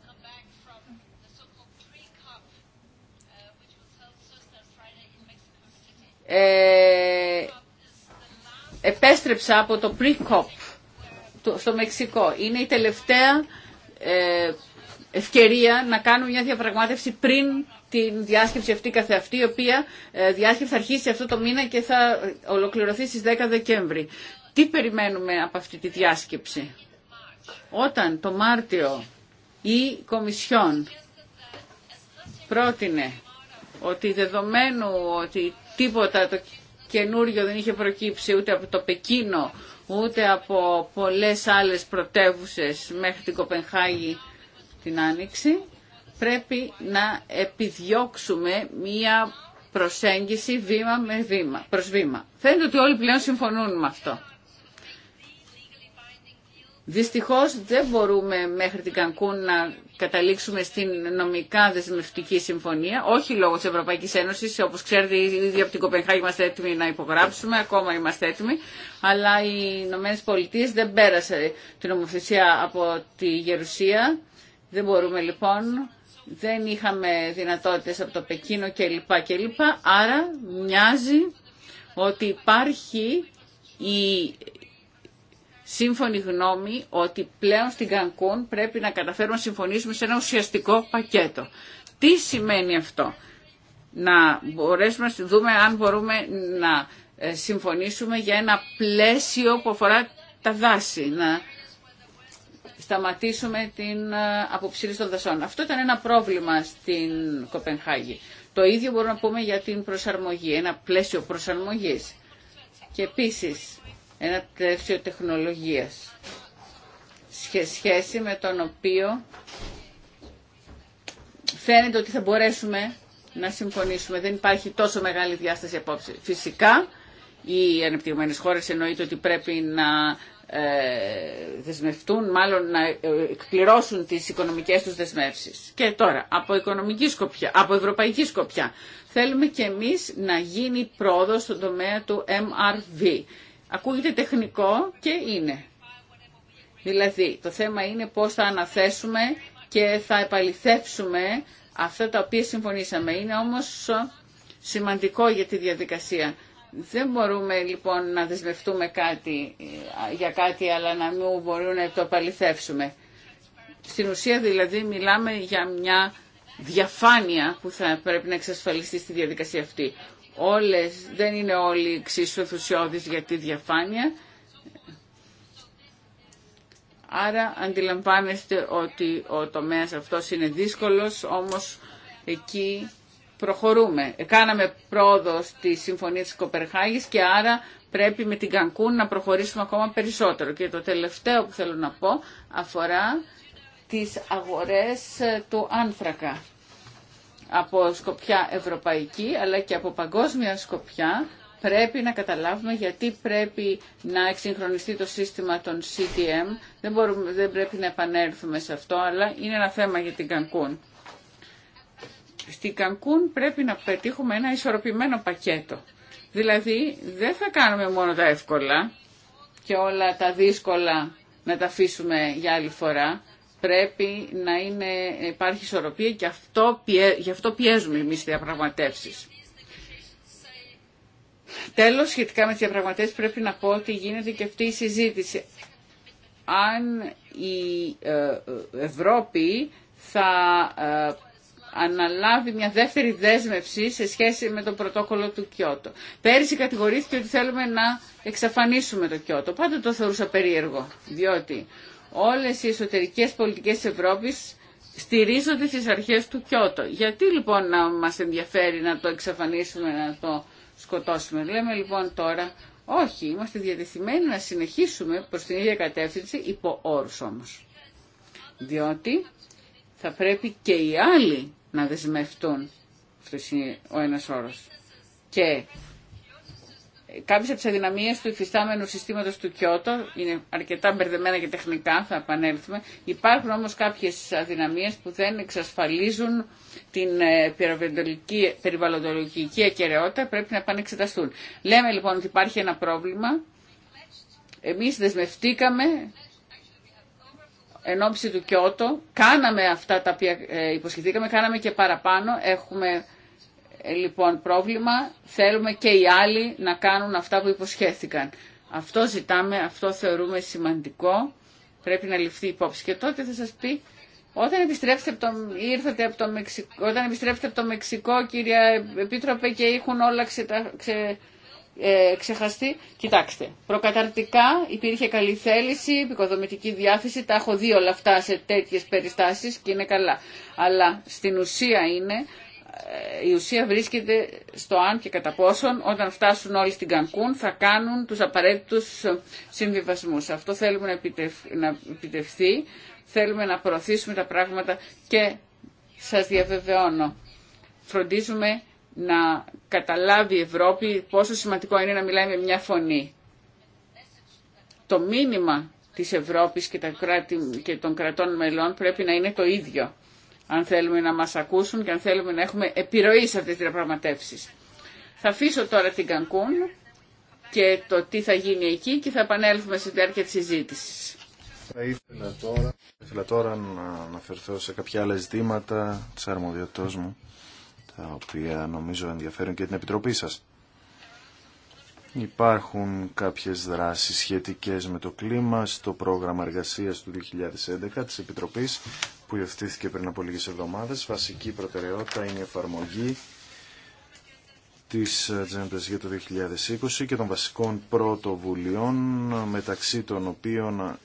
ε, επέστρεψα από το pre-COP στο Μεξικό. Είναι η τελευταία ε, ευκαιρία να κάνουμε μια διαπραγμάτευση πριν την διάσκεψη αυτή καθεαυτή, η οποία ε, διάσκεψη θα αρχίσει αυτό το μήνα και θα ολοκληρωθεί στις 10 Δεκέμβρη. Τι περιμένουμε από αυτή τη διάσκεψη. Όταν το Μάρτιο η Κομισιόν πρότεινε ότι δεδομένου ότι τίποτα το καινούριο δεν είχε προκύψει ούτε από το Πεκίνο, ούτε από πολλές άλλες πρωτεύουσες μέχρι την Κοπενχάγη την Άνοιξη, πρέπει να επιδιώξουμε μία προσέγγιση βήμα με βήμα, προς βήμα. Φαίνεται ότι όλοι πλέον συμφωνούν με αυτό. Δυστυχώς δεν μπορούμε μέχρι την Κανκούν να καταλήξουμε στην νομικά δεσμευτική συμφωνία, όχι λόγω της Ευρωπαϊκής Ένωσης, όπως ξέρετε ήδη από την Κοπενχάγη είμαστε έτοιμοι να υπογράψουμε, ακόμα είμαστε έτοιμοι, αλλά οι Ηνωμένες Πολιτείες δεν πέρασε την νομοθεσία από τη Γερουσία, δεν μπορούμε λοιπόν, δεν είχαμε δυνατότητες από το Πεκίνο κλπ. κλπ. Άρα μοιάζει ότι υπάρχει η σύμφωνη γνώμη ότι πλέον στην Κανκούν πρέπει να καταφέρουμε να συμφωνήσουμε σε ένα ουσιαστικό πακέτο. Τι σημαίνει αυτό. Να μπορέσουμε να δούμε αν μπορούμε να ε, συμφωνήσουμε για ένα πλαίσιο που αφορά τα δάση. Να σταματήσουμε την ε, αποψήλωση των δασών. Αυτό ήταν ένα πρόβλημα στην Κοπενχάγη. Το ίδιο μπορούμε να πούμε για την προσαρμογή, ένα πλαίσιο προσαρμογής. Και επίσης ένα πλαίσιο τεχνολογίας σχέση με τον οποίο φαίνεται ότι θα μπορέσουμε να συμφωνήσουμε. Δεν υπάρχει τόσο μεγάλη διάσταση απόψε. Φυσικά, οι ανεπτυγμένε χώρες εννοείται ότι πρέπει να ε, δεσμευτούν, μάλλον να ε, εκπληρώσουν τις οικονομικές τους δεσμεύσεις. Και τώρα, από, οικονομική σκοπιά, από ευρωπαϊκή σκοπιά, θέλουμε και εμείς να γίνει πρόοδο στον τομέα του MRV. Ακούγεται τεχνικό και είναι. Δηλαδή, το θέμα είναι πώς θα αναθέσουμε και θα επαληθεύσουμε αυτά τα οποία συμφωνήσαμε. Είναι όμως σημαντικό για τη διαδικασία. Δεν μπορούμε λοιπόν να δεσμευτούμε κάτι, ε, για κάτι, αλλά να μην μπορούμε να το επαληθεύσουμε. Στην ουσία δηλαδή μιλάμε για μια διαφάνεια που θα πρέπει να εξασφαλιστεί στη διαδικασία αυτή όλες, δεν είναι όλοι εξίσου ενθουσιώδεις για τη διαφάνεια. Άρα αντιλαμβάνεστε ότι ο τομέας αυτός είναι δύσκολος, όμως εκεί προχωρούμε. Κάναμε πρόοδο στη Συμφωνία της Κοπερχάγης και άρα πρέπει με την Κανκούν να προχωρήσουμε ακόμα περισσότερο. Και το τελευταίο που θέλω να πω αφορά τις αγορές του άνθρακα από σκοπιά ευρωπαϊκή αλλά και από παγκόσμια σκοπιά πρέπει να καταλάβουμε γιατί πρέπει να εξυγχρονιστεί το σύστημα των CTM. Δεν, μπορούμε, δεν πρέπει να επανέλθουμε σε αυτό, αλλά είναι ένα θέμα για την Κανκούν. Στην Κανκούν πρέπει να πετύχουμε ένα ισορροπημένο πακέτο. Δηλαδή δεν θα κάνουμε μόνο τα εύκολα και όλα τα δύσκολα να τα αφήσουμε για άλλη φορά πρέπει να είναι, υπάρχει ισορροπία και αυτό γι' αυτό πιέζουμε εμείς τις διαπραγματεύσεις. Τέλος, σχετικά με τις διαπραγματεύσεις πρέπει να πω ότι γίνεται και αυτή η συζήτηση. Αν η ε, Ευρώπη θα ε, αναλάβει μια δεύτερη δέσμευση σε σχέση με τον πρωτόκολλο του Κιώτο. Πέρυσι κατηγορήθηκε ότι θέλουμε να εξαφανίσουμε το Κιώτο. Πάντα το θεωρούσα περίεργο, διότι όλες οι εσωτερικές πολιτικές Ευρώπης στηρίζονται στις αρχές του Κιώτο. Γιατί λοιπόν να μας ενδιαφέρει να το εξαφανίσουμε, να το σκοτώσουμε. Λέμε λοιπόν τώρα, όχι, είμαστε διατεθειμένοι να συνεχίσουμε προς την ίδια κατεύθυνση, υπό όρους όμως. Διότι θα πρέπει και οι άλλοι να δεσμευτούν. Αυτός είναι ο ένας όρος. Και Κάποιες από τις αδυναμίες του υφιστάμενου συστήματος του Κιώτο είναι αρκετά μπερδεμένα και τεχνικά, θα επανέλθουμε. Υπάρχουν όμως κάποιες αδυναμίες που δεν εξασφαλίζουν την ε, περιβαλλοντολογική ακαιρεότητα, πρέπει να πάνε εξεταστούν. Λέμε λοιπόν ότι υπάρχει ένα πρόβλημα. Εμείς δεσμευτήκαμε εν ώψη του Κιώτο, κάναμε αυτά τα οποία ε, υποσχεθήκαμε, κάναμε και παραπάνω, έχουμε ε, λοιπόν πρόβλημα, θέλουμε και οι άλλοι να κάνουν αυτά που υποσχέθηκαν. Αυτό ζητάμε, αυτό θεωρούμε σημαντικό, πρέπει να ληφθεί υπόψη. Και τότε θα σας πει, όταν επιστρέψετε από το, ήρθατε από το Μεξικό, όταν επιστρέψετε το Μεξικό, κυρία Επίτροπε, και έχουν όλα ξε, ε, ξεχαστεί. Κοιτάξτε, προκαταρτικά υπήρχε καλή θέληση, επικοδομητική διάθεση, τα έχω δει όλα αυτά σε τέτοιες περιστάσεις και είναι καλά. Αλλά στην ουσία είναι η ουσία βρίσκεται στο αν και κατά πόσον όταν φτάσουν όλοι στην Κανκούν θα κάνουν τους απαραίτητους συμβιβασμούς. Αυτό θέλουμε να επιτευχθεί, θέλουμε να προωθήσουμε τα πράγματα και σας διαβεβαιώνω. Φροντίζουμε να καταλάβει η Ευρώπη πόσο σημαντικό είναι να μιλάει με μια φωνή. Το μήνυμα της Ευρώπης και των κρατών μελών πρέπει να είναι το ίδιο αν θέλουμε να μας ακούσουν και αν θέλουμε να έχουμε επιρροή σε αυτές τις διαπραγματεύσεις. Θα αφήσω τώρα την Κανκούν και το τι θα γίνει εκεί και θα επανέλθουμε σε διάρκεια της συζήτησης. Θα ήθελα τώρα, ήθελα τώρα να αναφερθώ σε κάποια άλλα ζητήματα της αρμοδιότητός μου, τα οποία νομίζω ενδιαφέρουν και την Επιτροπή σας. Υπάρχουν κάποιες δράσεις σχετικές με το κλίμα στο πρόγραμμα εργασίας του 2011 της Επιτροπής που υιοθετήθηκε πριν από λίγες εβδομάδες. Βασική προτεραιότητα είναι η εφαρμογή της Ατζέντα για το 2020 και των βασικών πρωτοβουλειών, μεταξύ των οποίων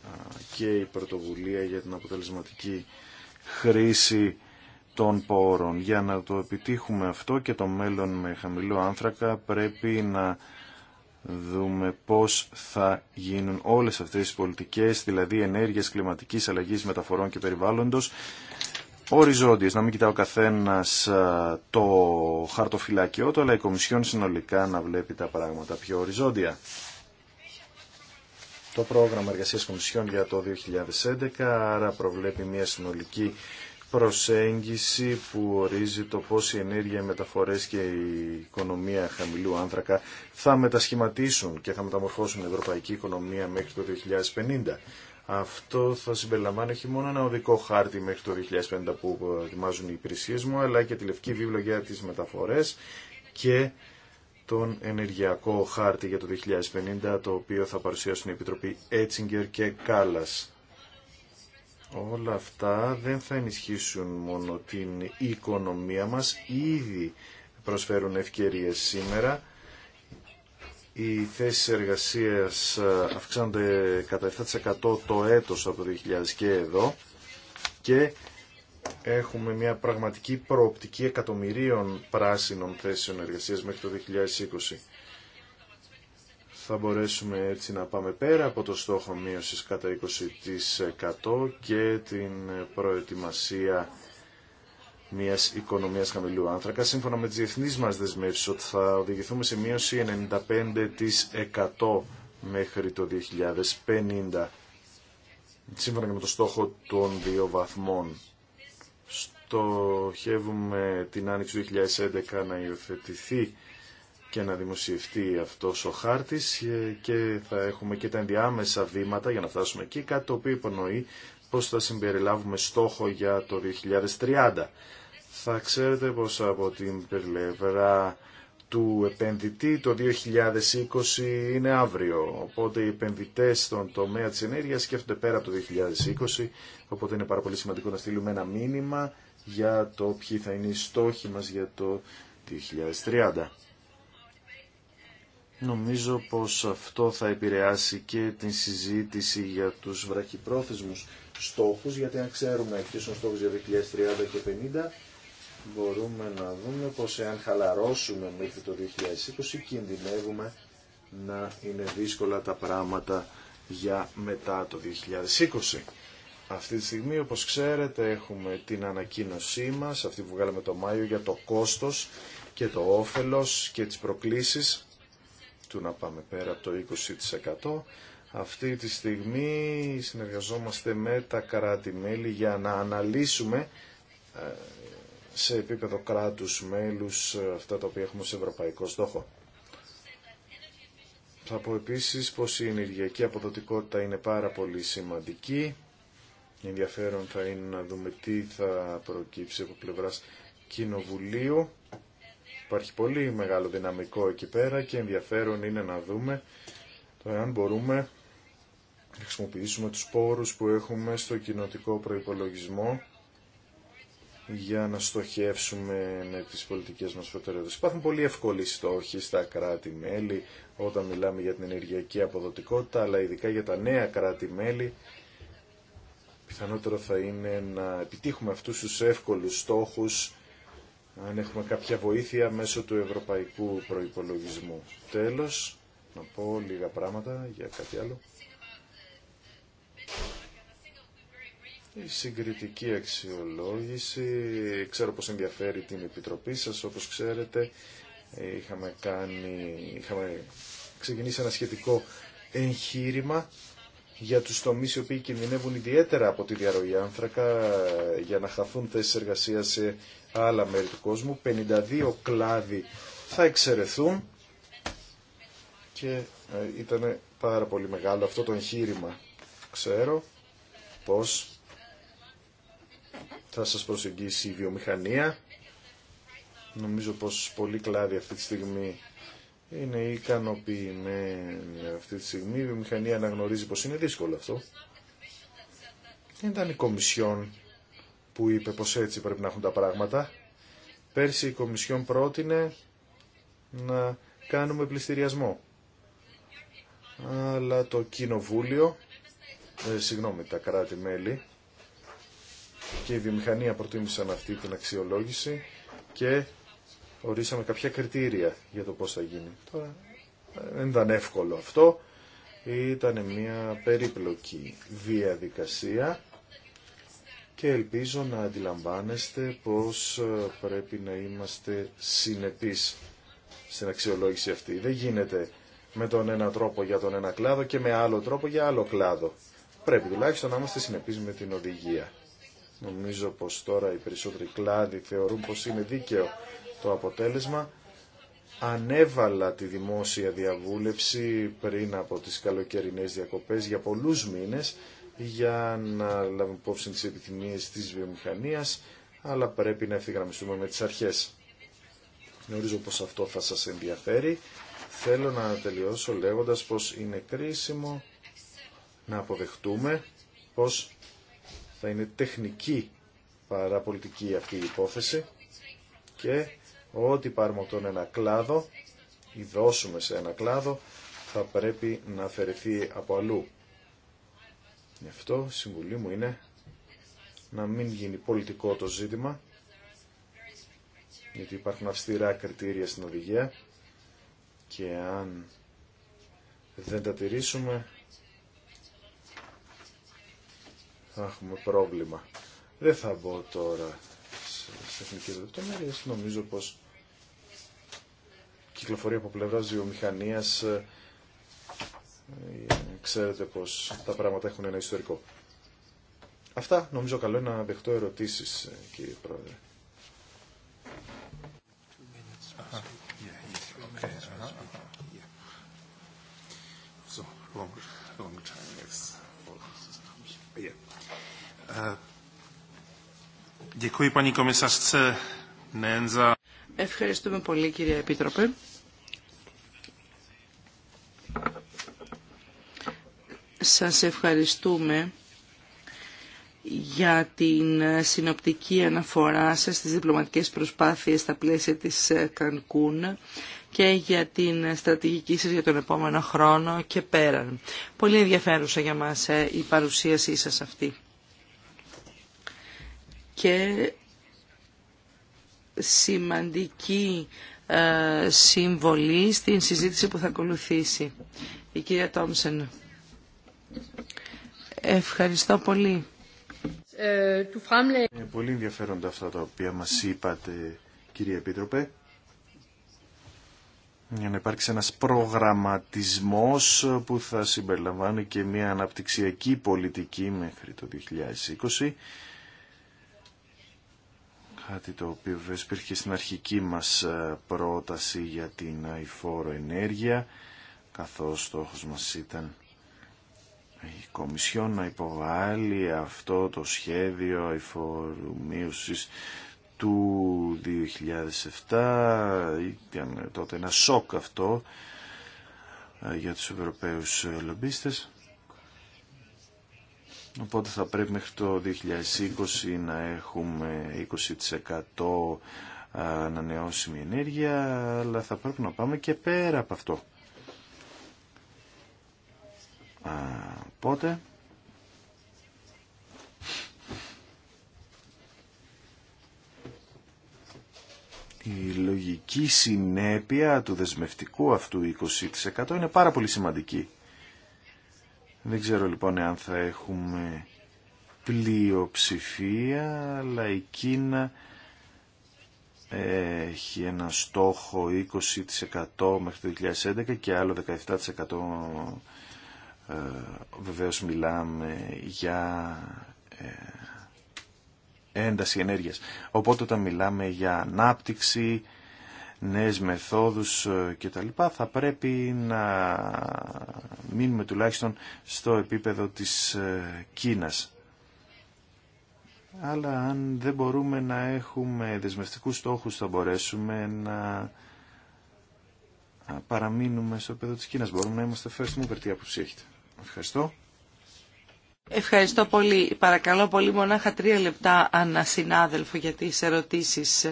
και η πρωτοβουλία για την αποτελεσματική χρήση των πόρων. Για να το επιτύχουμε αυτό και το μέλλον με χαμηλό άνθρακα πρέπει να δούμε πώς θα γίνουν όλες αυτές τις πολιτικές, δηλαδή ενέργειες κλιματικής αλλαγής μεταφορών και περιβάλλοντος, οριζόντιες, να μην κοιτάω καθένας το χαρτοφυλάκιό του, αλλά η Κομισιόν συνολικά να βλέπει τα πράγματα πιο οριζόντια. Το πρόγραμμα εργασίας Κομισιόν για το 2011, άρα προβλέπει μια συνολική προσέγγιση που ορίζει το πώς η ενέργεια, οι μεταφορές και η οικονομία χαμηλού άνθρακα θα μετασχηματίσουν και θα μεταμορφώσουν την ευρωπαϊκή οικονομία μέχρι το 2050. Αυτό θα συμπεριλαμβάνει όχι μόνο ένα οδικό χάρτη μέχρι το 2050 που ετοιμάζουν οι υπηρεσίε μου, αλλά και τη λευκή βίβλο για τις μεταφορές και τον ενεργειακό χάρτη για το 2050, το οποίο θα παρουσιάσουν οι Επιτροπή Έτσιγκερ και Κάλλας. Όλα αυτά δεν θα ενισχύσουν μόνο την οικονομία μας, ήδη προσφέρουν ευκαιρίες σήμερα. Οι θέσεις εργασίας ε, αυξάνονται κατά 7% το έτος από το 2000 και εδώ και έχουμε μια πραγματική προοπτική εκατομμυρίων πράσινων θέσεων εργασίας μέχρι το 2020 θα μπορέσουμε έτσι να πάμε πέρα από το στόχο μείωσης κατά 20% και την προετοιμασία μιας οικονομίας χαμηλού άνθρακα. Σύμφωνα με τις διεθνείς μας δεσμεύσεις ότι θα οδηγηθούμε σε μείωση 95% μέχρι το 2050 σύμφωνα και με το στόχο των δύο βαθμών. Στοχεύουμε την άνοιξη του 2011 να υιοθετηθεί και να δημοσιευτεί αυτό ο χάρτης και θα έχουμε και τα ενδιάμεσα βήματα για να φτάσουμε εκεί, κάτι το οποίο υπονοεί πως θα συμπεριλάβουμε στόχο για το 2030. Θα ξέρετε πως από την πλευρά του επενδυτή το 2020 είναι αύριο, οπότε οι επενδυτές στον τομέα τη ενέργεια σκέφτονται πέρα από το 2020, οπότε είναι πάρα πολύ σημαντικό να στείλουμε ένα μήνυμα για το ποιοι θα είναι οι στόχοι μας για το 2030. Νομίζω πως αυτό θα επηρεάσει και την συζήτηση για τους βραχυπρόθεσμους στόχους, γιατί αν ξέρουμε ποιος είναι στόχος για 2030 και 2050, μπορούμε να δούμε πως εάν χαλαρώσουμε μέχρι το 2020, κινδυνεύουμε να είναι δύσκολα τα πράγματα για μετά το 2020. Αυτή τη στιγμή, όπως ξέρετε, έχουμε την ανακοίνωσή μας, αυτή που βγάλαμε το Μάιο, για το κόστος και το όφελος και τις προκλήσεις του να πάμε πέρα από το 20%. Αυτή τη στιγμή συνεργαζόμαστε με τα κράτη-μέλη για να αναλύσουμε ε, σε επίπεδο κράτους μέλους ε, αυτά τα οποία έχουμε σε ευρωπαϊκό στόχο. Θα πω επίσης πως η ενεργειακή αποδοτικότητα είναι πάρα πολύ σημαντική. Ενδιαφέρον θα είναι να δούμε τι θα προκύψει από πλευράς Κοινοβουλίου Υπάρχει πολύ μεγάλο δυναμικό εκεί πέρα και ενδιαφέρον είναι να δούμε το εάν μπορούμε να χρησιμοποιήσουμε τους πόρους που έχουμε στο κοινοτικό προϋπολογισμό για να στοχεύσουμε με τις πολιτικές μας προτεραιότητες. Υπάρχουν πολύ εύκολοι στόχοι στα κράτη-μέλη όταν μιλάμε για την ενεργειακή αποδοτικότητα, αλλά ειδικά για τα νέα κράτη-μέλη πιθανότερο θα είναι να επιτύχουμε αυτούς τους εύκολους στόχους αν έχουμε κάποια βοήθεια μέσω του ευρωπαϊκού προϋπολογισμού. Τέλος, να πω λίγα πράγματα για κάτι άλλο. Η συγκριτική αξιολόγηση, ξέρω πως ενδιαφέρει την Επιτροπή σας, όπως ξέρετε, είχαμε, κάνει, είχαμε ξεκινήσει ένα σχετικό εγχείρημα για τους τομείς οι οποίοι κινδυνεύουν ιδιαίτερα από τη διαρροή άνθρακα για να χαθούν θέσεις εργασία σε άλλα μέρη του κόσμου. 52 κλάδοι θα εξαιρεθούν και ε, ήταν πάρα πολύ μεγάλο αυτό το εγχείρημα. Ξέρω πως θα σας προσεγγίσει η βιομηχανία. Νομίζω πως πολλοί κλάδοι αυτή τη στιγμή είναι ικανοποιημένοι αυτή τη στιγμή. Η βιομηχανία αναγνωρίζει πως είναι δύσκολο αυτό. ήταν η Κομισιόν που είπε πως έτσι πρέπει να έχουν τα πράγματα. Πέρσι η Κομισιόν πρότεινε να κάνουμε πληστηριασμό. Αλλά το Κοινοβούλιο, ε, συγγνώμη τα κράτη-μέλη και η βιομηχανία προτίμησαν αυτή την αξιολόγηση και ορίσαμε κάποια κριτήρια για το πώς θα γίνει. Τώρα ε, δεν ήταν εύκολο αυτό, ήταν μια περίπλοκη διαδικασία και ελπίζω να αντιλαμβάνεστε πως ε, πρέπει να είμαστε συνεπείς στην αξιολόγηση αυτή. Δεν γίνεται με τον ένα τρόπο για τον ένα κλάδο και με άλλο τρόπο για άλλο κλάδο. Πρέπει τουλάχιστον να είμαστε συνεπείς με την οδηγία. Νομίζω πως τώρα οι περισσότεροι κλάδοι θεωρούν πως είναι δίκαιο το αποτέλεσμα. Ανέβαλα τη δημόσια διαβούλευση πριν από τις καλοκαιρινές διακοπές για πολλούς μήνες για να λάβουμε υπόψη τις επιθυμίες της βιομηχανίας, αλλά πρέπει να ευθυγραμμιστούμε με τις αρχές. Γνωρίζω πως αυτό θα σας ενδιαφέρει. Θέλω να τελειώσω λέγοντας πως είναι κρίσιμο να αποδεχτούμε πως θα είναι τεχνική παραπολιτική αυτή η υπόθεση και ό,τι πάρουμε από τον ένα κλάδο ή δώσουμε σε ένα κλάδο θα πρέπει να αφαιρεθεί από αλλού. Γι' αυτό συμβουλή μου είναι να μην γίνει πολιτικό το ζήτημα, γιατί υπάρχουν αυστηρά κριτήρια στην οδηγία και αν δεν τα τηρήσουμε θα έχουμε πρόβλημα. Δεν θα μπω τώρα σε τεχνικές λεπτομέρειες, νομίζω πως κυκλοφορεί από πλευράς βιομηχανίας ε, ε, ξέρετε πως τα πράγματα έχουν ένα ιστορικό. Αυτά νομίζω καλό είναι να δεχτώ ερωτήσεις, ε, κύριε Πρόεδρε. Ευχαριστούμε πολύ κύριε Επίτροπε. Σας ευχαριστούμε για την συνοπτική αναφορά σας στις διπλωματικές προσπάθειες στα πλαίσια της ε, Κανκούν και για την στρατηγική σας για τον επόμενο χρόνο και πέραν. Πολύ ενδιαφέρουσα για μας ε, η παρουσίασή σας αυτή. Και σημαντική ε, συμβολή στην συζήτηση που θα ακολουθήσει. Η κυρία Τόμσεν. Ευχαριστώ πολύ. Ε, Είναι πολύ ενδιαφέροντα αυτά τα οποία μας είπατε, κύριε Επίτροπε. Για να υπάρξει ένας προγραμματισμός που θα συμπεριλαμβάνει και μια αναπτυξιακή πολιτική μέχρι το 2020. Κάτι το οποίο βέβαια υπήρχε στην αρχική μας ε, πρόταση για την αηφόρο ενέργεια, καθώς στόχος μας ήταν η Κομισιόν να υποβάλει αυτό το σχέδιο αϊφορουμίωσης του 2007 ήταν τότε ένα σοκ αυτό ε, για τους Ευρωπαίους ε, λομπίστες οπότε θα πρέπει μέχρι το 2020 να έχουμε 20% ε, ανανεώσιμη ενέργεια αλλά θα πρέπει να πάμε και πέρα από αυτό πότε Η λογική συνέπεια του δεσμευτικού αυτού 20% είναι πάρα πολύ σημαντική. Δεν ξέρω λοιπόν αν θα έχουμε πλειοψηφία, αλλά η Κίνα έχει ένα στόχο 20% μέχρι το 2011 και άλλο 17% ε, βεβαίως μιλάμε για ε, ένταση ενέργειας. Οπότε όταν μιλάμε για ανάπτυξη, νέες μεθόδους ε, κτλ. θα πρέπει να μείνουμε τουλάχιστον στο επίπεδο της Κίνας. Αλλά αν δεν μπορούμε να έχουμε δεσμευτικούς στόχους θα μπορέσουμε να παραμείνουμε στο επίπεδο της Κίνας. Μπορούμε να είμαστε first mover, τι Ευχαριστώ. Ευχαριστώ πολύ. Παρακαλώ πολύ μονάχα τρία λεπτά ανασυνάδελφο για τις ερωτήσεις,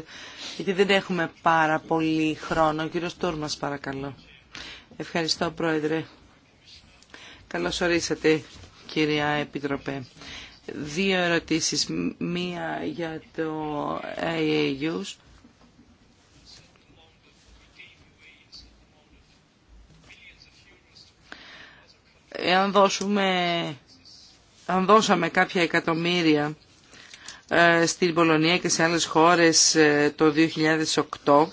γιατί δεν έχουμε πάρα πολύ χρόνο. Ο κύριος παρακαλώ. Ευχαριστώ Πρόεδρε. Καλώ ορίσατε κυρία Επιτροπέ. Δύο ερωτήσεις. Μία για το AAUs εάν δώσουμε, αν δώσαμε κάποια εκατομμύρια ε, στην Πολωνία και σε άλλες χώρες ε, το 2008,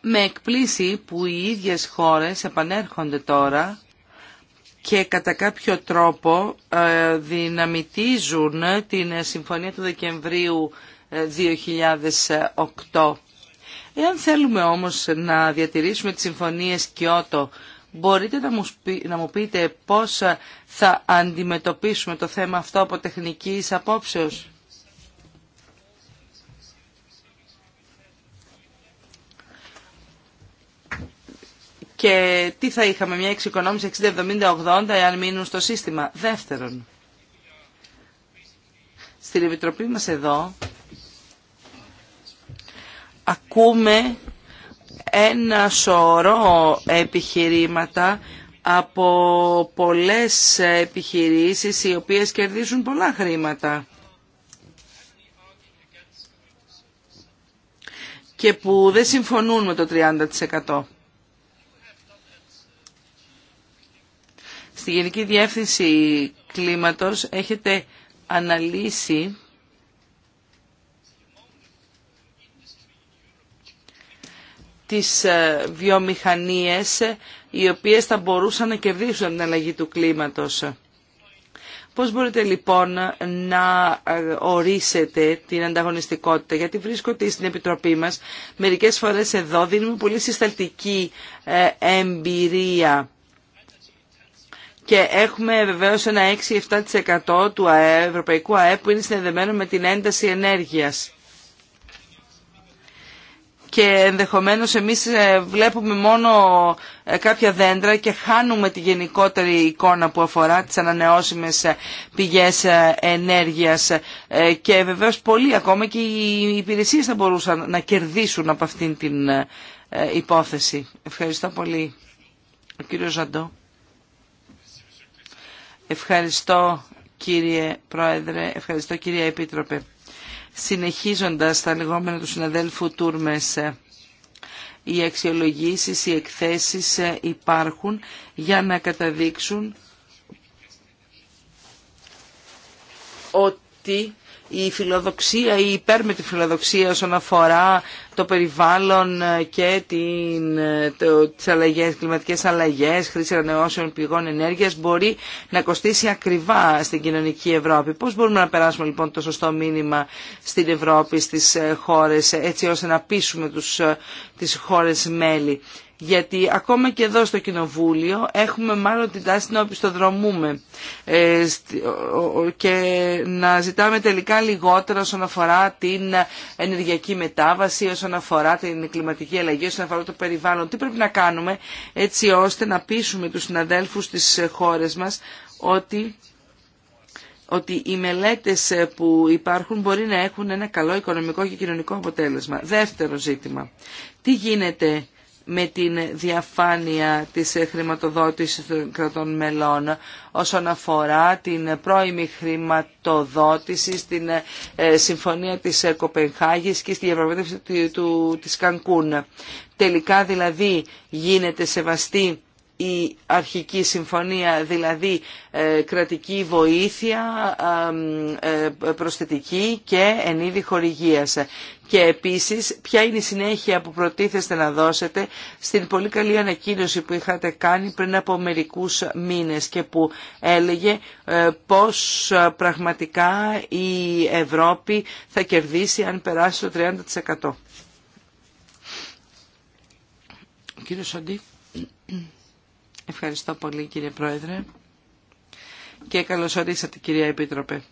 με εκπλήσει που οι ίδιες χώρες επανέρχονται τώρα και κατά κάποιο τρόπο ε, δυναμητίζουν την Συμφωνία του Δεκεμβρίου 2008. Εάν θέλουμε όμως να διατηρήσουμε τις συμφωνίες Κιώτο Μπορείτε να μου, πείτε πώς ε, θα αντιμετωπίσουμε το θέμα αυτό από τεχνικής απόψεως. Και τι θα είχαμε, μια εξοικονόμηση 60-70-80 εάν μείνουν στο σύστημα. Δεύτερον, στην Επιτροπή μας εδώ ακούμε ένα σωρό επιχειρήματα από πολλές επιχειρήσεις οι οποίες κερδίζουν πολλά χρήματα. και που δεν συμφωνούν με το 30%. Στη Γενική Διεύθυνση Κλίματος έχετε αναλύσει τις ε, βιομηχανίες ε, οι οποίες θα μπορούσαν να κερδίσουν την αλλαγή του κλίματος. Πώς μπορείτε λοιπόν να ε, ορίσετε την ανταγωνιστικότητα, γιατί βρίσκω στην Επιτροπή μας μερικές φορές εδώ δίνουμε πολύ συσταλτική εμπειρία και έχουμε βεβαίως ένα 6-7% του ευρωπαϊκού ΑΕΠ που είναι συνδεδεμένο με την ένταση ενέργειας και ενδεχομένως εμείς ε, βλέπουμε μόνο ε, κάποια δέντρα και χάνουμε τη γενικότερη εικόνα που αφορά τις ανανεώσιμες ε, πηγές ενέργειας και βεβαίως πολλοί ακόμα και οι υπηρεσίες θα μπορούσαν να κερδίσουν από αυτήν την υπόθεση. Ευχαριστώ πολύ. Ο κύριος Ζαντό. Ευχαριστώ κύριε Πρόεδρε, ευχαριστώ κύριε Επίτροπε. Συνεχίζοντας τα λεγόμενα του συναδέλφου Τούρμες, ε, οι αξιολογήσεις, οι εκθέσεις ε, υπάρχουν για να καταδείξουν ότι η φιλοδοξία, η τη φιλοδοξία όσον αφορά το περιβάλλον και την, το, τις αλλαγές, κλιματικές αλλαγές, χρήση ανανεώσεων πηγών ενέργειας μπορεί να κοστίσει ακριβά στην κοινωνική Ευρώπη. Πώς μπορούμε να περάσουμε λοιπόν το σωστό μήνυμα στην Ευρώπη, στις ε, χώρες, έτσι ώστε να πείσουμε τους, ε, τις χώρες μέλη γιατί ακόμα και εδώ στο Κοινοβούλιο έχουμε μάλλον την τάση να οπισθοδρομούμε ε, και να ζητάμε τελικά λιγότερο όσον αφορά την ενεργειακή μετάβαση, όσον αφορά την κλιματική αλλαγή, όσον αφορά το περιβάλλον. Τι πρέπει να κάνουμε έτσι ώστε να πείσουμε τους συναδέλφους στις χώρες μας ότι ότι οι μελέτες που υπάρχουν μπορεί να έχουν ένα καλό οικονομικό και κοινωνικό αποτέλεσμα. Δεύτερο ζήτημα. Τι γίνεται με την διαφάνεια της χρηματοδότησης των κρατών μελών όσον αφορά την πρώιμη χρηματοδότηση στην ε, Συμφωνία της ε, Κοπενχάγης και στη διαπραγματεύση της Κανκούν. Τελικά δηλαδή γίνεται σεβαστή η αρχική συμφωνία, δηλαδή ε, κρατική βοήθεια προσθετική και είδη χορηγίας και επίσης ποια είναι η συνέχεια που προτίθεστε να δώσετε στην πολύ καλή ανακοίνωση που είχατε κάνει πριν από μερικούς μήνες και που έλεγε ε, πως ε, πραγματικά η Ευρώπη θα κερδίσει αν περάσει το 30%. Κύριε Σοντή, ευχαριστώ πολύ κύριε Πρόεδρε και ορίσατε κυρία Επίτροπε.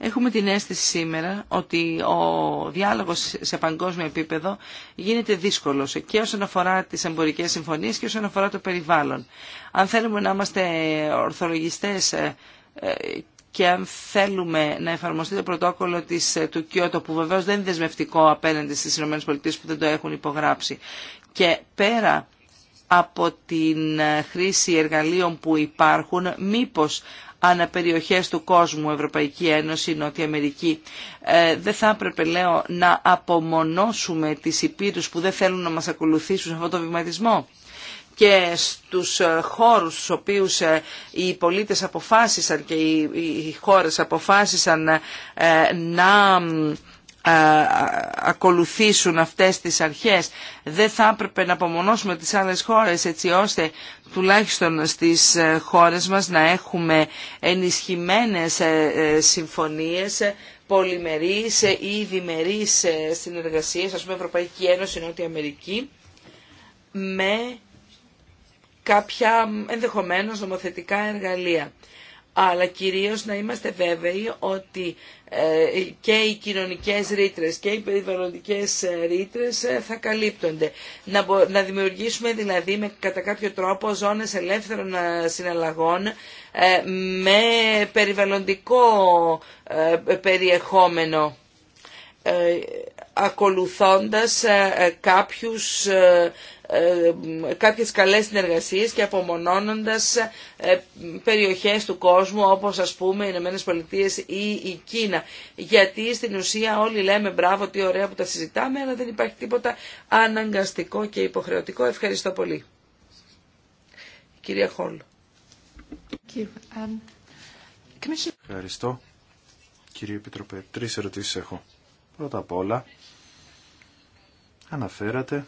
Έχουμε την αίσθηση σήμερα ότι ο διάλογος σε παγκόσμιο επίπεδο γίνεται δύσκολος και όσον αφορά τις εμπορικές συμφωνίες και όσον αφορά το περιβάλλον. Αν θέλουμε να είμαστε ορθολογιστές ε, ε, και αν θέλουμε να εφαρμοστεί το πρωτόκολλο της, ε, του Κιώτο που βεβαίως δεν είναι δεσμευτικό απέναντι στις ΗΠΑ που δεν το έχουν υπογράψει και πέρα από την χρήση εργαλείων που υπάρχουν, μήπως αναπεριοχές του κόσμου, Ευρωπαϊκή Ένωση, Νότια Αμερική. Ε, δεν θα έπρεπε, λέω, να απομονώσουμε τις υπήρους που δεν θέλουν να μας ακολουθήσουν σε αυτό το βηματισμό και στους ε, χώρους στους οποίους ε, οι πολίτες αποφάσισαν και οι χώρες αποφάσισαν να ακολουθήσουν αυτές τις αρχές. Δεν θα έπρεπε να απομονώσουμε τις άλλες χώρες έτσι ώστε τουλάχιστον στις ε, χώρες μας να έχουμε ενισχυμένες ε, ε, συμφωνίες πολυμερείς ή διμερείς συνεργασίες, ας πούμε Ευρωπαϊκή Ένωση, Νότια Αμερική, με κάποια ενδεχομένως νομοθετικά εργαλεία αλλά κυρίως να είμαστε βέβαιοι ότι ε, και οι κοινωνικές ρήτρες και οι περιβαλλοντικές ε, ρήτρες ε, θα καλύπτονται. Να, να δημιουργήσουμε δηλαδή με, κατά κάποιο τρόπο ζώνες ελεύθερων συναλλαγών με περιβαλλοντικό περιεχόμενο ακολουθώντας κάποιους ε, κάποιες καλές συνεργασίες και απομονώνοντας ε, περιοχές του κόσμου όπως ας πούμε οι Ηνωμένες Πολιτείες ή η Κίνα. Γιατί στην ουσία όλοι λέμε μπράβο τι ωραία που τα συζητάμε αλλά δεν υπάρχει τίποτα αναγκαστικό και υποχρεωτικό. Ευχαριστώ πολύ. Κυρία Χόλ. Um, Ευχαριστώ. Κύριε Επιτροπέ, τρεις ερωτήσεις έχω. Πρώτα απ' όλα, αναφέρατε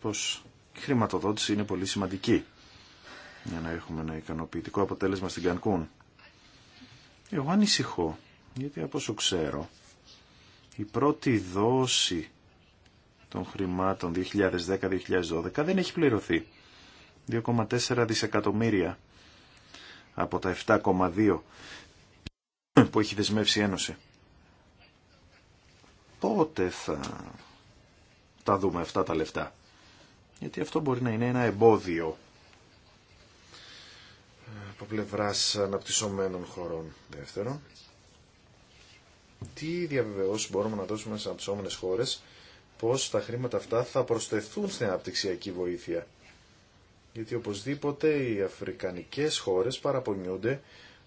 πως η χρηματοδότηση είναι πολύ σημαντική για να έχουμε ένα ικανοποιητικό αποτέλεσμα στην Κανκούν. Εγώ ανησυχώ, γιατί από όσο ξέρω, η πρώτη δόση των χρημάτων 2010-2012 δεν έχει πληρωθεί. 2,4 δισεκατομμύρια από τα 7,2 που έχει δεσμεύσει η Ένωση. Πότε θα τα δούμε αυτά τα λεφτά γιατί αυτό μπορεί να είναι ένα εμπόδιο ε, από πλευράς αναπτυσσομένων χωρών. Δεύτερον, τι διαβεβαιώσεις μπορούμε να δώσουμε στι αναπτυσσόμενε χώρες πως τα χρήματα αυτά θα προσθεθούν στην αναπτυξιακή βοήθεια. Γιατί οπωσδήποτε οι αφρικανικές χώρες παραπονιούνται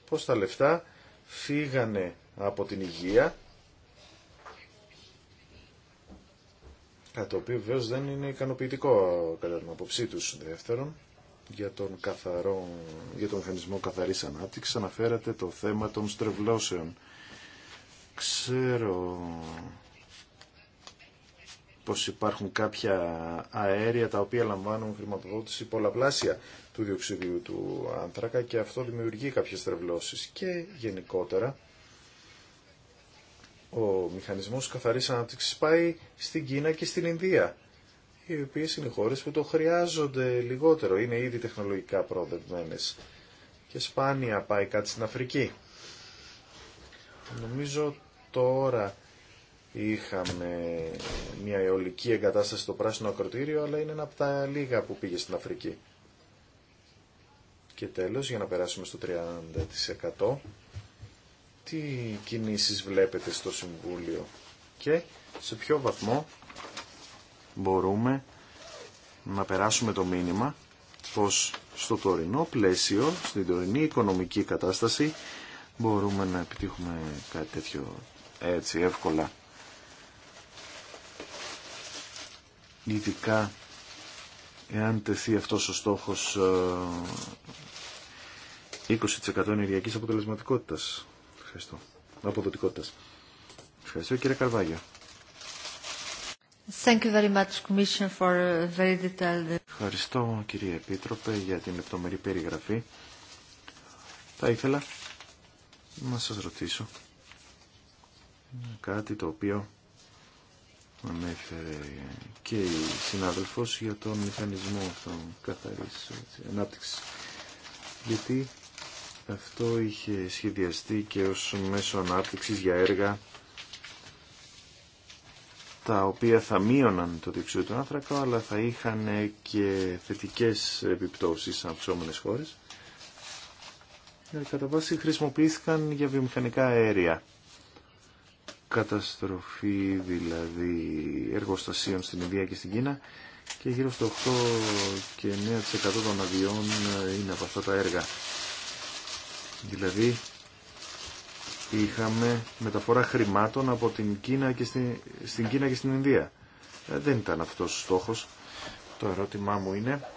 πως τα λεφτά φύγανε από την υγεία Κατά ε, το οποίο βεβαίω δεν είναι ικανοποιητικό κατά την απόψή του. Δεύτερον, για τον, καθαρό, για τον μηχανισμό καθαρής ανάπτυξης αναφέρατε το θέμα των στρεβλώσεων. Ξέρω πως υπάρχουν κάποια αέρια τα οποία λαμβάνουν χρηματοδότηση πολλαπλάσια του διοξιδίου του άνθρακα και αυτό δημιουργεί κάποιες στρεβλώσεις και γενικότερα ο μηχανισμός καθαρής ανάπτυξης πάει στην Κίνα και στην Ινδία, οι οποίες είναι χώρες που το χρειάζονται λιγότερο, είναι ήδη τεχνολογικά προοδευμένες και σπάνια πάει κάτι στην Αφρική. Νομίζω τώρα είχαμε μια αιωλική εγκατάσταση στο πράσινο ακροτήριο, αλλά είναι ένα από τα λίγα που πήγε στην Αφρική. Και τέλος, για να περάσουμε στο 30%, τι κινήσεις βλέπετε στο Συμβούλιο και σε ποιο βαθμό μπορούμε να περάσουμε το μήνυμα πως στο τωρινό πλαίσιο, στην τωρινή οικονομική κατάσταση μπορούμε να επιτύχουμε κάτι τέτοιο έτσι εύκολα. Ειδικά εάν τεθεί αυτός ο στόχος 20% ε, ενεργειακής αποτελεσματικότητας. Ευχαριστώ. Αποδοτικότητας. Ευχαριστώ κύριε Καρβάγια. Thank you very much, Commission, for very detailed... Ευχαριστώ κύριε Επίτροπε για την λεπτομερή περιγραφή. Θα ήθελα να σας ρωτήσω κάτι το οποίο ανέφερε και η συνάδελφος για τον μηχανισμό αυτών καθαρής ανάπτυξης. Γιατί αυτό είχε σχεδιαστεί και ως μέσο ανάπτυξης για έργα τα οποία θα μείωναν το διοξείδιο του άνθρακα, αλλά θα είχαν και θετικές επιπτώσεις σε αυξόμενες χώρες. Ε, κατά βάση χρησιμοποιήθηκαν για βιομηχανικά αέρια. Καταστροφή δηλαδή εργοστασίων στην Ινδία και στην Κίνα και γύρω στο 8 και 9% των αδειών είναι από αυτά τα έργα. Δηλαδή είχαμε μεταφορά χρημάτων από την Κίνα και στην, στην Κίνα και στην Ινδία. Ε, δεν ήταν αυτός ο στόχος. Το ερώτημά μου είναι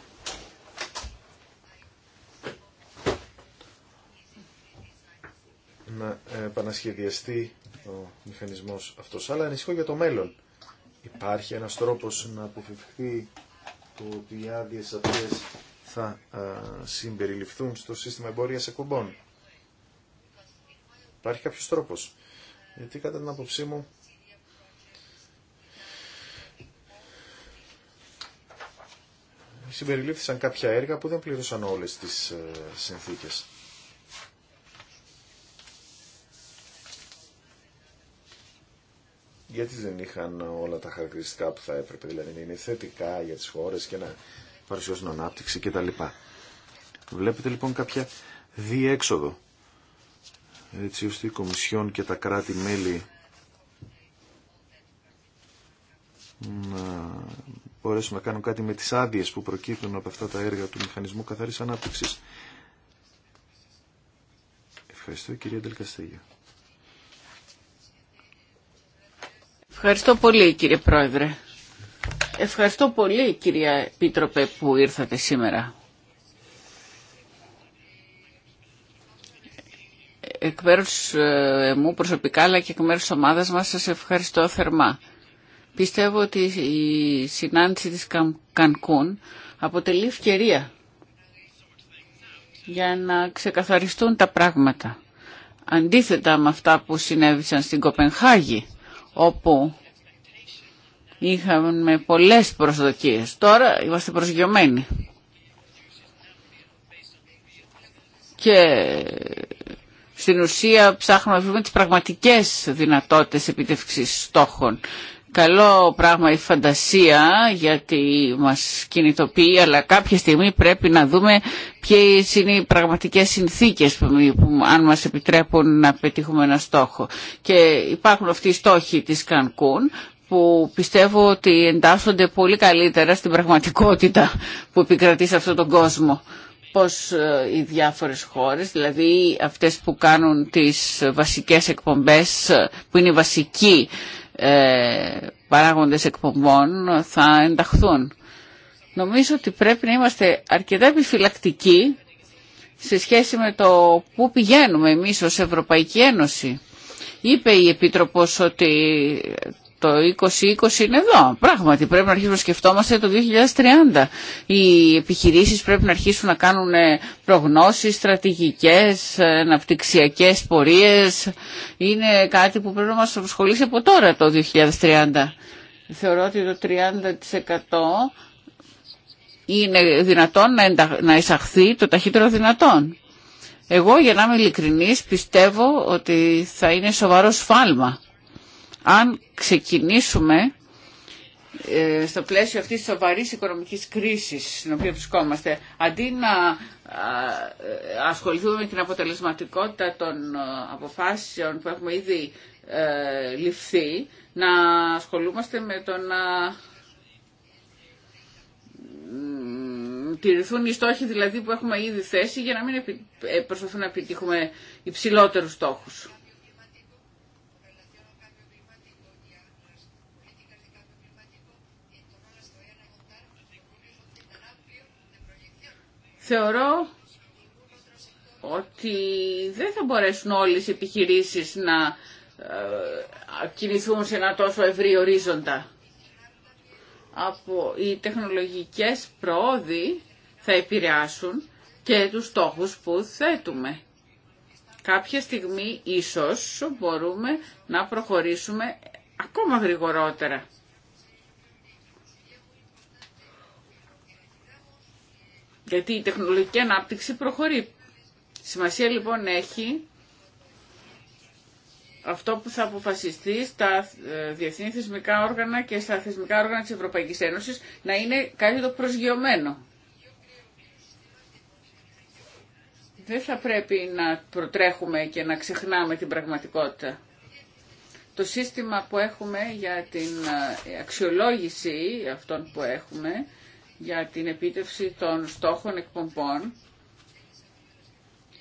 να επανασχεδιαστεί ο μηχανισμός αυτός. Αλλά ανησυχώ για το μέλλον. Υπάρχει ένας τρόπος να αποφευχθεί το ότι οι άδειε αυτές θα ε, συμπεριληφθούν στο σύστημα εμπορίας εκπομπών. Υπάρχει κάποιο τρόπο. Γιατί κατά την άποψή μου συμπεριλήφθησαν κάποια έργα που δεν πλήρωσαν όλες τις ε, συνθήκες. γιατί δεν είχαν όλα τα χαρακτηριστικά που θα έπρεπε, δηλαδή να είναι θετικά για τις χώρες και να παρουσιάσουν ανάπτυξη κτλ. Βλέπετε λοιπόν κάποια διέξοδο έτσι ώστε η Κομισιόν και τα κράτη-μέλη να μπορέσουν να κάνουν κάτι με τις άδειε που προκύπτουν από αυτά τα έργα του Μηχανισμού Καθαρής Ανάπτυξης. Ευχαριστώ κυρία Ντελκαστήγια. Ευχαριστώ πολύ κύριε Πρόεδρε. Ευχαριστώ πολύ κυρία Επίτροπε που ήρθατε σήμερα. εκ ε, μου προσωπικά αλλά και εκ μέρους της ομάδας μας σας ευχαριστώ θερμά. Πιστεύω ότι η συνάντηση της Κανκούν αποτελεί ευκαιρία για να ξεκαθαριστούν τα πράγματα. Αντίθετα με αυτά που συνέβησαν στην Κοπενχάγη, όπου είχαμε πολλές προσδοκίες. Τώρα είμαστε προσγειωμένοι. Και στην ουσία ψάχνουμε να βρούμε τις πραγματικές δυνατότητες επιτεύξης στόχων. Καλό πράγμα η φαντασία γιατί μας κινητοποιεί αλλά κάποια στιγμή πρέπει να δούμε ποιες είναι οι πραγματικές συνθήκες που, αν μας επιτρέπουν να πετύχουμε ένα στόχο. Και υπάρχουν αυτοί οι στόχοι της Κανκούν που πιστεύω ότι εντάσσονται πολύ καλύτερα στην πραγματικότητα που επικρατεί σε αυτόν τον κόσμο πως ε, οι διάφορες χώρες, δηλαδή αυτές που κάνουν τις βασικές εκπομπές, ε, που είναι οι βασικοί ε, παράγοντες εκπομπών, θα ενταχθούν. Νομίζω ότι πρέπει να είμαστε αρκετά επιφυλακτικοί σε σχέση με το πού πηγαίνουμε εμείς ως Ευρωπαϊκή Ένωση. Είπε η Επίτροπος ότι το 2020 είναι εδώ. Πράγματι πρέπει να αρχίσουμε να σκεφτόμαστε το 2030. Οι επιχειρήσεις πρέπει να αρχίσουν να κάνουν ε, προγνώσεις, στρατηγικές, ε, αναπτυξιακές πορείες. Είναι κάτι που πρέπει να μας απασχολήσει από τώρα το 2030. Θεωρώ ότι το 30% είναι δυνατόν να εισαχθεί το ταχύτερο δυνατόν. Εγώ για να είμαι ειλικρινής πιστεύω ότι θα είναι σοβαρό σφάλμα αν ξεκινήσουμε ε, στο πλαίσιο αυτής της σοβαρής οικονομικής κρίσης στην οποία βρισκόμαστε, αντί να ε, ασχοληθούμε με την αποτελεσματικότητα των ε, αποφάσεων που έχουμε ήδη ληφθεί, να ασχολούμαστε με το να τηρηθούν οι στόχοι δηλαδή που έχουμε ήδη θέσει για να μην προσπαθούμε να επιτύχουμε υψηλότερους στόχους. Θεωρώ ότι δεν θα μπορέσουν όλες οι επιχειρήσεις να ε, κινηθούν σε ένα τόσο ευρύ ορίζοντα. Από οι τεχνολογικές προόδοι θα επηρεάσουν και τους στόχους που θέτουμε. Κάποια στιγμή ίσως μπορούμε να προχωρήσουμε ακόμα γρηγορότερα. γιατί η τεχνολογική ανάπτυξη προχωρεί. Σημασία λοιπόν έχει αυτό που θα αποφασιστεί στα ε, διεθνή θεσμικά όργανα και στα θεσμικά όργανα της Ευρωπαϊκής Ένωσης να είναι κάτι το προσγειωμένο. Δεν θα πρέπει να προτρέχουμε και να ξεχνάμε την πραγματικότητα. Το σύστημα που έχουμε για την ε, αξιολόγηση αυτών που έχουμε για την επίτευξη των στόχων εκπομπών.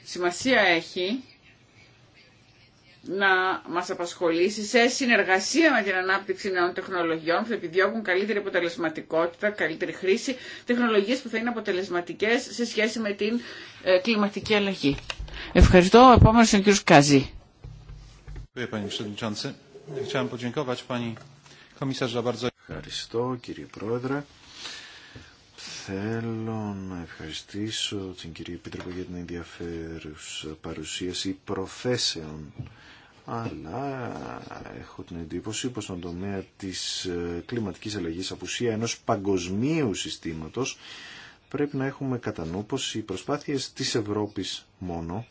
Σημασία έχει να μας απασχολήσει σε συνεργασία με την ανάπτυξη νέων τεχνολογιών που θα επιδιώκουν καλύτερη αποτελεσματικότητα, καλύτερη χρήση, τεχνολογίες που θα είναι αποτελεσματικές σε σχέση με την ε, κλιματική αλλαγή. Ευχαριστώ. Ο επόμενος είναι ο κ. Καζή. Ευχαριστώ κύριε Πρόεδρε. Θέλω να ευχαριστήσω την κυρία Επίτροπο για την ενδιαφέρουσα παρουσίαση προθέσεων αλλά έχω την εντύπωση πως στον τομέα της ε, κλιματικής αλλαγής απουσία ενός παγκοσμίου συστήματος πρέπει να έχουμε κατά νου οι προσπάθειες της Ευρώπης μόνο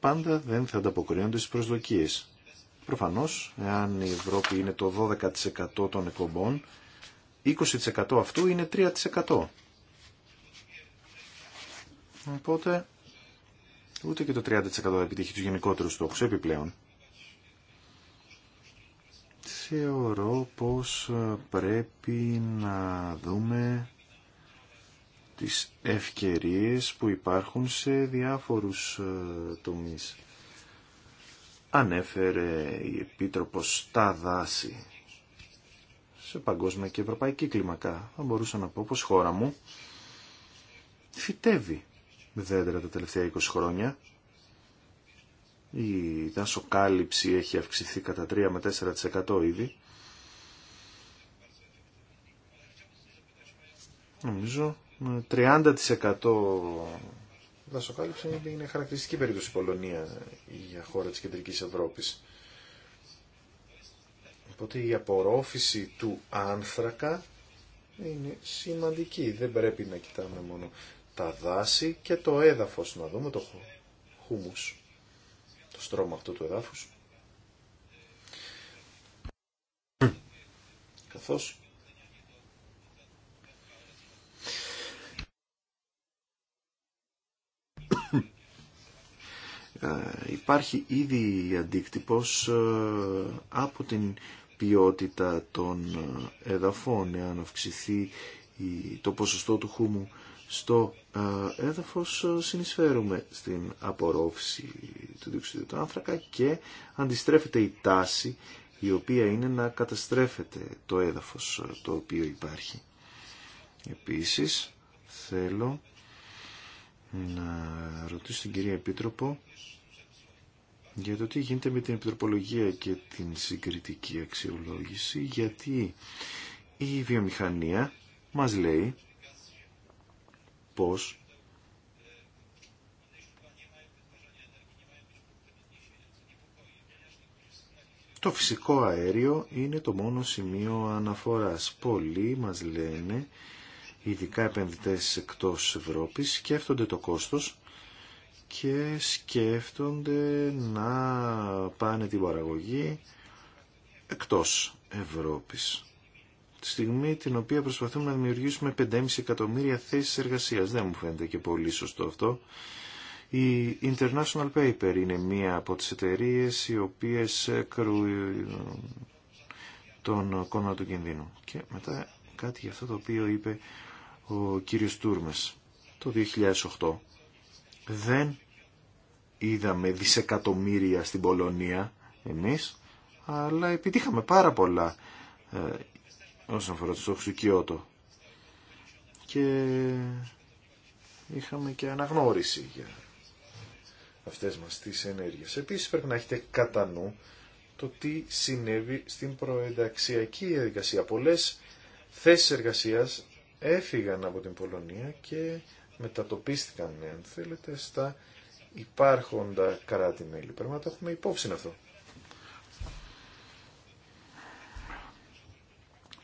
πάντα δεν θα ανταποκρίνονται στις προσδοκίες. Προφανώς, εάν η Ευρώπη είναι το 12% των εκπομπών, 20% αυτού είναι 3%. Οπότε ούτε και το 30% θα επιτύχει τους γενικότερους στόχους επιπλέον. Θεωρώ πως ε, πρέπει να δούμε τις ευκαιρίες που υπάρχουν σε διάφορους ε, τομείς. Ανέφερε η Επίτροπος στα δάση σε παγκόσμια και ευρωπαϊκή κλίμακα. Θα μπορούσα να πω πως η χώρα μου φυτεύει δέντρα τα τελευταία 20 χρόνια. Η δασοκάλυψη έχει αυξηθεί κατά 3 με 4% ήδη. Νομίζω 30% δασοκάλυψη είναι χαρακτηριστική περίπτωση η Πολωνία για χώρα της κεντρικής Ευρώπης. Οπότε η απορρόφηση του άνθρακα είναι σημαντική. Δεν πρέπει να κοιτάμε μόνο τα δάση και το έδαφος, να δούμε το χούμους, το στρώμα αυτό του εδάφους. Καθώς υπάρχει ήδη αντίκτυπος ε, από την ποιότητα των εδαφών, εάν αυξηθεί το ποσοστό του χούμου στο ε, έδαφος ε, συνεισφέρουμε στην απορρόφηση του διοξιδίου του άνθρακα και αντιστρέφεται η τάση η οποία είναι να καταστρέφεται το έδαφος ε, το οποίο υπάρχει. Επίσης θέλω να ρωτήσω την κυρία Επίτροπο για το τι γίνεται με την επιτροπολογία και την συγκριτική αξιολόγηση, γιατί η βιομηχανία μας λέει πως Το φυσικό αέριο είναι το μόνο σημείο αναφοράς. Πολλοί μας λένε, ειδικά επενδυτές εκτός Ευρώπης, σκέφτονται το κόστος και σκέφτονται να πάνε την παραγωγή εκτός Ευρώπης. Τη στιγμή την οποία προσπαθούμε να δημιουργήσουμε 5,5 εκατομμύρια θέσεις εργασίας. Δεν μου φαίνεται και πολύ σωστό αυτό. Η International Paper είναι μία από τις εταιρείες οι οποίες κρούει τον κόμμα του κινδύνου. Και μετά κάτι για αυτό το οποίο είπε ο κύριος Τούρμες το 2008. Δεν είδαμε δισεκατομμύρια στην Πολωνία εμείς, αλλά επιτύχαμε πάρα πολλά ε, όσον αφορά το Και είχαμε και αναγνώριση για αυτές μας τις ενέργειες. Επίσης πρέπει να έχετε κατά νου το τι συνέβη στην προενταξιακή διαδικασία. Πολλές θέσεις εργασίας έφυγαν από την Πολωνία και μετατοπίστηκαν, αν θέλετε, στα υπάρχοντα κράτη-μέλη. Πρέπει να το έχουμε υπόψη αυτό.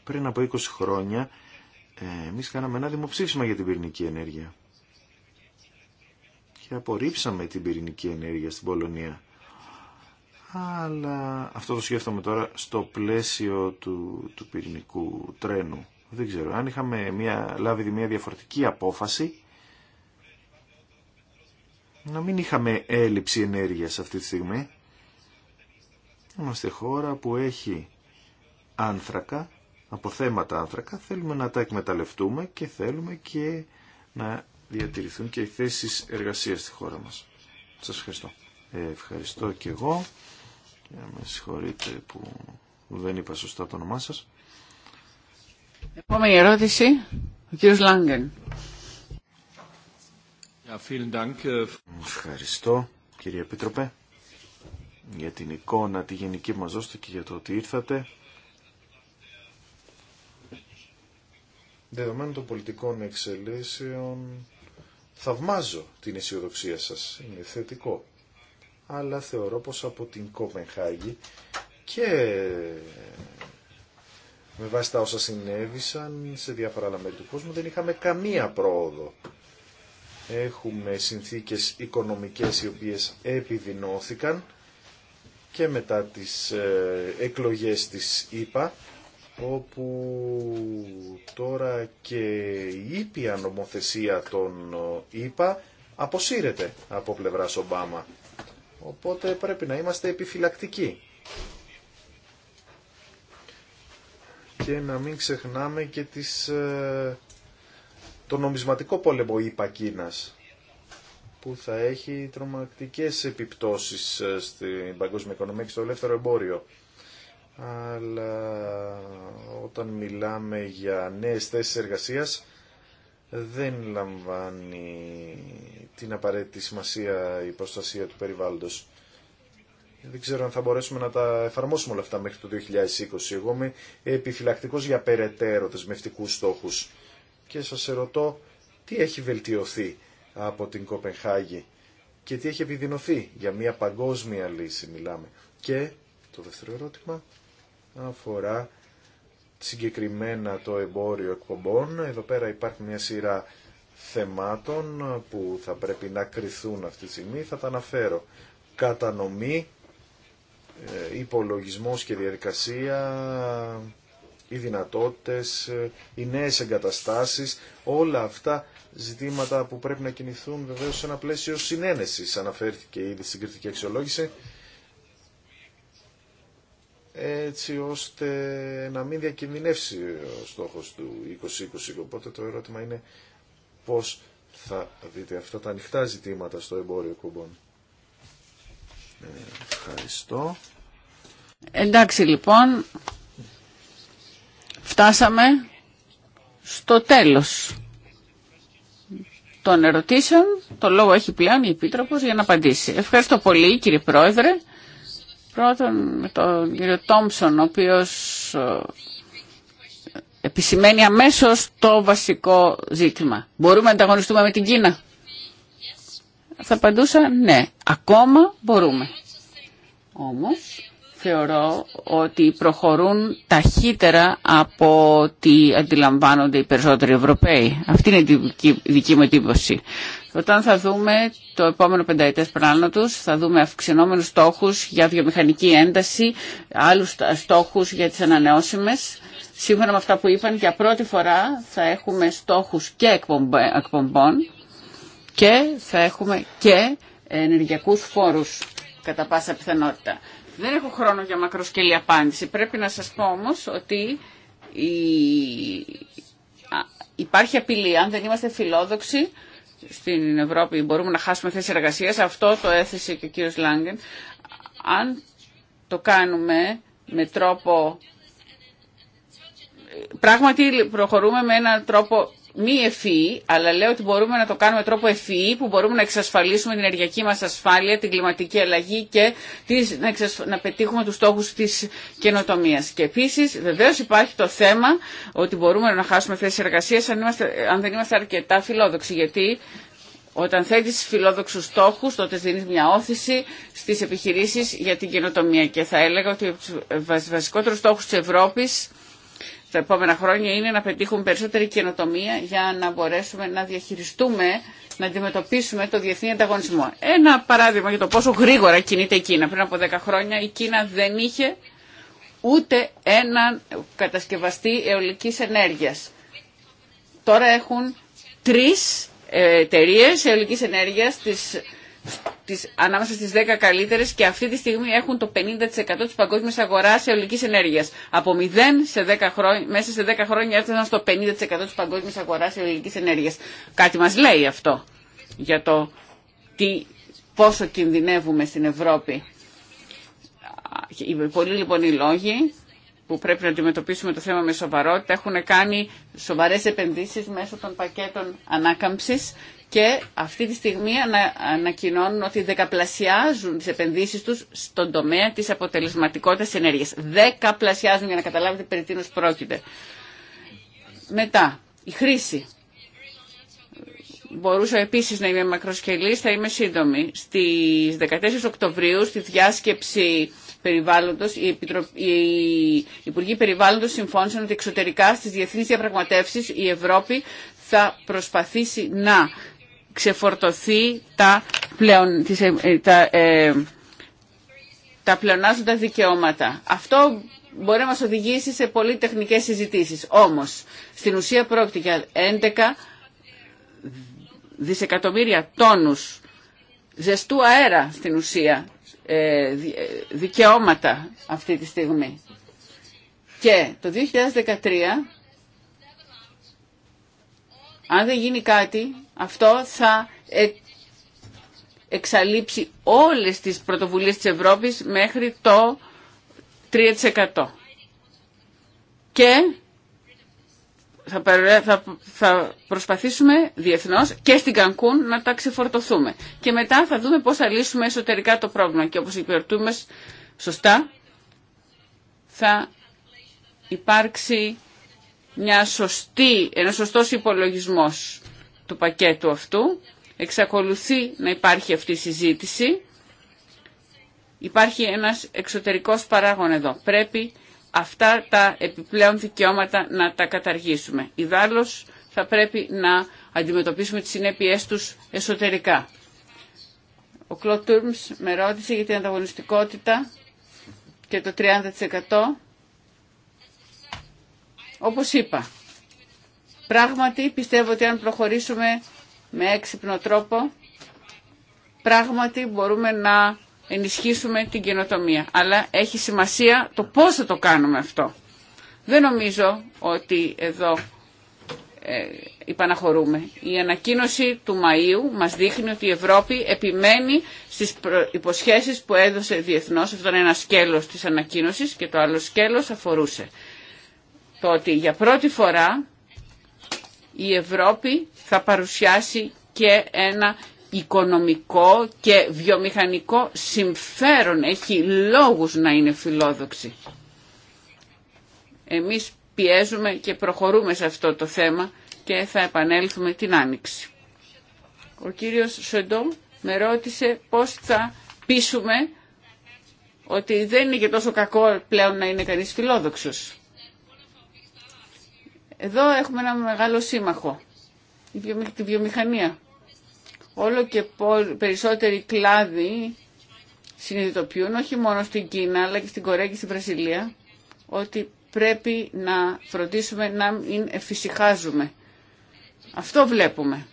Πριν από 20 χρόνια ε, εμείς κάναμε ένα δημοψήφισμα για την πυρηνική ενέργεια και απορρίψαμε την πυρηνική ενέργεια στην Πολωνία. Αλλά αυτό το σκέφτομαι τώρα στο πλαίσιο του, του πυρηνικού τρένου. Δεν ξέρω, αν είχαμε μια, λάβει μια διαφορετική απόφαση, να μην είχαμε έλλειψη ενέργειας αυτή τη στιγμή. Είμαστε χώρα που έχει άνθρακα, αποθέματα άνθρακα, θέλουμε να τα εκμεταλλευτούμε και θέλουμε και να διατηρηθούν και οι θέσεις εργασίας στη χώρα μας. Σας ευχαριστώ. Ε, ευχαριστώ και εγώ. Και ε, με συγχωρείτε που δεν είπα σωστά το όνομά σας. Επόμενη ερώτηση, ο κύριος Λάγκεν. Äh, Ευχαριστώ κύριε Επίτροπε για την εικόνα τη γενική μας δώστε και για το ότι ήρθατε. Δεδομένων των πολιτικών εξελίσεων θαυμάζω την αισιοδοξία σας, είναι θετικό. Αλλά θεωρώ πως από την Κοπενχάγη και με βάση τα όσα συνέβησαν σε διάφορα άλλα μέρη του κόσμου δεν είχαμε καμία πρόοδο έχουμε συνθήκες οικονομικές οι οποίες επιδεινώθηκαν και μετά τις ε, εκλογές της ΕΠΑ όπου τώρα και η ήπια νομοθεσία των ΕΠΑ αποσύρεται από πλευράς Ομπάμα. Οπότε πρέπει να είμαστε επιφυλακτικοί. Και να μην ξεχνάμε και τις ε, το νομισματικό πόλεμο είπα Κίνας, που θα έχει τρομακτικές επιπτώσεις ε, στην παγκόσμια οικονομία και στο ελεύθερο εμπόριο. Αλλά όταν μιλάμε για νέες θέσεις εργασίας, δεν λαμβάνει την απαραίτητη σημασία η προστασία του περιβάλλοντος. Δεν ξέρω αν θα μπορέσουμε να τα εφαρμόσουμε όλα αυτά μέχρι το 2020. Εγώ είμαι επιφυλακτικός για περαιτέρω δεσμευτικού στόχους και σας ερωτώ τι έχει βελτιωθεί από την Κοπενχάγη και τι έχει επιδεινωθεί για μια παγκόσμια λύση μιλάμε. Και το δεύτερο ερώτημα αφορά συγκεκριμένα το εμπόριο εκπομπών. Εδώ πέρα υπάρχει μια σειρά θεμάτων που θα πρέπει να κρυθούν αυτή τη στιγμή. Θα τα αναφέρω. Κατανομή, ε, υπολογισμός και διαδικασία, οι δυνατότητες, οι νέες εγκαταστάσεις, όλα αυτά ζητήματα που πρέπει να κινηθούν βεβαίως σε ένα πλαίσιο συνένεσης, αναφέρθηκε ήδη στην κριτική αξιολόγηση, έτσι ώστε να μην διακινδυνεύσει ο στόχος του 2020. Οπότε το ερώτημα είναι πώς θα δείτε αυτά τα ανοιχτά ζητήματα στο εμπόριο κουμπών. Ε, ευχαριστώ. Εντάξει λοιπόν, Φτάσαμε στο τέλος των ερωτήσεων. Το λόγο έχει πλέον η Επίτροπος για να απαντήσει. Ευχαριστώ πολύ κύριε Πρόεδρε. Πρώτον με τον κύριο Τόμψον, ο οποίος ε, επισημαίνει αμέσως το βασικό ζήτημα. Μπορούμε να ανταγωνιστούμε με την Κίνα. Θα απαντούσα ναι, ακόμα μπορούμε. Όμως θεωρώ ότι προχωρούν ταχύτερα από ότι αντιλαμβάνονται οι περισσότεροι Ευρωπαίοι. Αυτή είναι η δική μου εντύπωση. Όταν θα δούμε το επόμενο πενταετές πλάνο τους, θα δούμε αυξηνόμενους στόχους για βιομηχανική ένταση, άλλους στόχους για τις ανανεώσιμες. Σύμφωνα με αυτά που είπαν, για πρώτη φορά θα έχουμε στόχους και εκπομπών και θα έχουμε και ενεργειακούς φόρους κατά πάσα πιθανότητα. Δεν έχω χρόνο για μακροσκελή απάντηση. Πρέπει να σας πω όμως ότι υπάρχει απειλή. Αν δεν είμαστε φιλόδοξοι στην Ευρώπη μπορούμε να χάσουμε θέση εργασίας. Αυτό το έθεσε και ο κύριος Λάγκεν. Αν το κάνουμε με τρόπο... Ε, πράγματι προχωρούμε με έναν τρόπο μη ευφυή, αλλά λέω ότι μπορούμε να το κάνουμε τρόπο ευφυή, που μπορούμε να εξασφαλίσουμε την ενεργειακή μας ασφάλεια, την κλιματική αλλαγή και τις, να, να πετύχουμε τους στόχους της καινοτομίας. Και επίσης βεβαίως υπάρχει το θέμα ότι μπορούμε να χάσουμε θέσεις εργασίας αν, αν δεν είμαστε αρκετά φιλόδοξοι, γιατί όταν θέτεις φιλόδοξους στόχους, τότε δίνεις μια όθηση στις επιχειρήσεις για την καινοτομία. Και θα έλεγα ότι ο βασικότερος στόχος της Ευρώπη τα επόμενα χρόνια είναι να πετύχουμε περισσότερη καινοτομία για να μπορέσουμε να διαχειριστούμε, να αντιμετωπίσουμε το διεθνή ανταγωνισμό. Ένα παράδειγμα για το πόσο γρήγορα κινείται η Κίνα. Πριν από 10 χρόνια η Κίνα δεν είχε ούτε έναν κατασκευαστή αιωλικής ενέργειας. Τώρα έχουν τρεις ε, εταιρείε αιωλικής ενέργειας, τις ανάμεσα στις 10 καλύτερες και αυτή τη στιγμή έχουν το 50% της παγκόσμιας αγοράς αιωλικής ενέργειας. Από 0 σε 10 χρόνια, μέσα σε 10 χρόνια έφτασαν στο 50% της παγκόσμιας αγοράς αιωλικής ενέργειας. Κάτι μας λέει αυτό για το τι, πόσο κινδυνεύουμε στην Ευρώπη. Πολλοί λοιπόν οι λόγοι που πρέπει να αντιμετωπίσουμε το θέμα με σοβαρότητα έχουν κάνει σοβαρές επενδύσεις μέσω των πακέτων ανάκαμψης και αυτή τη στιγμή ανακοινώνουν ότι δεκαπλασιάζουν τις επενδύσεις τους στον τομέα της αποτελεσματικότητας ενέργειας. Δεκαπλασιάζουν για να καταλάβετε περί τίνος πρόκειται. Μετά, η χρήση. Μπορούσα επίσης να είμαι μακροσκελής, θα είμαι σύντομη. Στις 14 Οκτωβρίου, στη διάσκεψη περιβάλλοντος, οι, Υπουργοί Περιβάλλοντος συμφώνησαν ότι εξωτερικά στις διεθνείς διαπραγματεύσεις η Ευρώπη θα προσπαθήσει να ξεφορτωθεί τα, πλεον, τις, ε, ε, ε, τα, πλεονάζοντα δικαιώματα. Αυτό μπορεί να μας οδηγήσει σε πολύ τεχνικές συζητήσεις. Όμως, στην ουσία πρόκειται για 11 δισεκατομμύρια τόνους ζεστού αέρα στην ουσία δικαιώματα αυτή τη στιγμή. Και το 2013, αν δεν γίνει κάτι, αυτό θα ε, εξαλείψει όλες τις πρωτοβουλίες της Ευρώπης μέχρι το 3%. Και θα, προσπαθήσουμε διεθνώς και στην Κανκούν να τα ξεφορτωθούμε. Και μετά θα δούμε πώς θα λύσουμε εσωτερικά το πρόβλημα. Και όπως υπηρετούμε σωστά, θα υπάρξει μια σωστή, ένας σωστός υπολογισμός του πακέτου αυτού. Εξακολουθεί να υπάρχει αυτή η συζήτηση. Υπάρχει ένας εξωτερικός παράγων εδώ. Πρέπει αυτά τα επιπλέον δικαιώματα να τα καταργήσουμε. Ιδάλλως θα πρέπει να αντιμετωπίσουμε τις συνέπειές τους εσωτερικά. Ο Κλωτ Τούρμς με ρώτησε για την ανταγωνιστικότητα και το 30%. Όπως είπα, Πράγματι πιστεύω ότι αν προχωρήσουμε με έξυπνο τρόπο, πράγματι μπορούμε να ενισχύσουμε την καινοτομία. Αλλά έχει σημασία το πώς θα το κάνουμε αυτό. Δεν νομίζω ότι εδώ ε, υπαναχωρούμε. Η ανακοίνωση του Μαΐου μας δείχνει ότι η Ευρώπη επιμένει στις υποσχέσεις που έδωσε διεθνώς. Αυτό είναι ένα σκέλος της ανακοίνωσης και το άλλο σκέλος αφορούσε το ότι για πρώτη φορά η Ευρώπη θα παρουσιάσει και ένα οικονομικό και βιομηχανικό συμφέρον. Έχει λόγους να είναι φιλόδοξη. Εμείς πιέζουμε και προχωρούμε σε αυτό το θέμα και θα επανέλθουμε την Άνοιξη. Ο κύριος Σεντόμ με ρώτησε πώς θα πείσουμε ότι δεν είναι και τόσο κακό πλέον να είναι κανείς φιλόδοξος. Εδώ έχουμε ένα μεγάλο σύμμαχο, τη βιομηχανία. Όλο και περισσότεροι κλάδοι συνειδητοποιούν, όχι μόνο στην Κίνα, αλλά και στην Κορέα και στην Βραζιλία, ότι πρέπει να φροντίσουμε να μην εφησυχάζουμε. Αυτό βλέπουμε.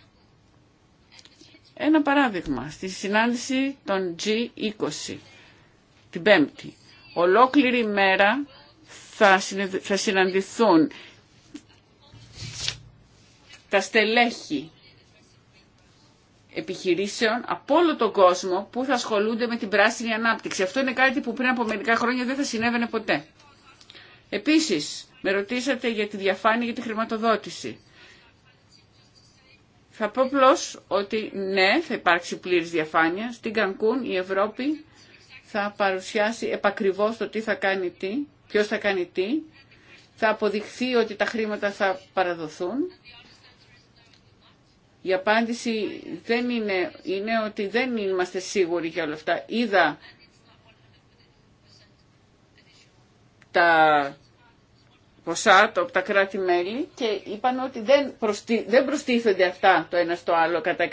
Ένα παράδειγμα, στη συνάντηση των G20, την Πέμπτη. Ολόκληρη μέρα θα συναντηθούν τα στελέχη επιχειρήσεων από όλο τον κόσμο που θα ασχολούνται με την πράσινη ανάπτυξη. Αυτό είναι κάτι που πριν από μερικά χρόνια δεν θα συνέβαινε ποτέ. Επίσης, με ρωτήσατε για τη διαφάνεια για τη χρηματοδότηση. Θα πω απλώ ότι ναι, θα υπάρξει πλήρης διαφάνεια. Στην Κανκούν η Ευρώπη θα παρουσιάσει επακριβώς το τι θα κάνει τι, ποιος θα κάνει τι. Θα αποδειχθεί ότι τα χρήματα θα παραδοθούν η απάντηση δεν είναι, είναι ότι δεν είμαστε σίγουροι για όλα αυτά. Είδα τα ποσά από τα κράτη-μέλη και είπαν ότι δεν, δεν προστίθενται αυτά το ένα στο άλλο κατά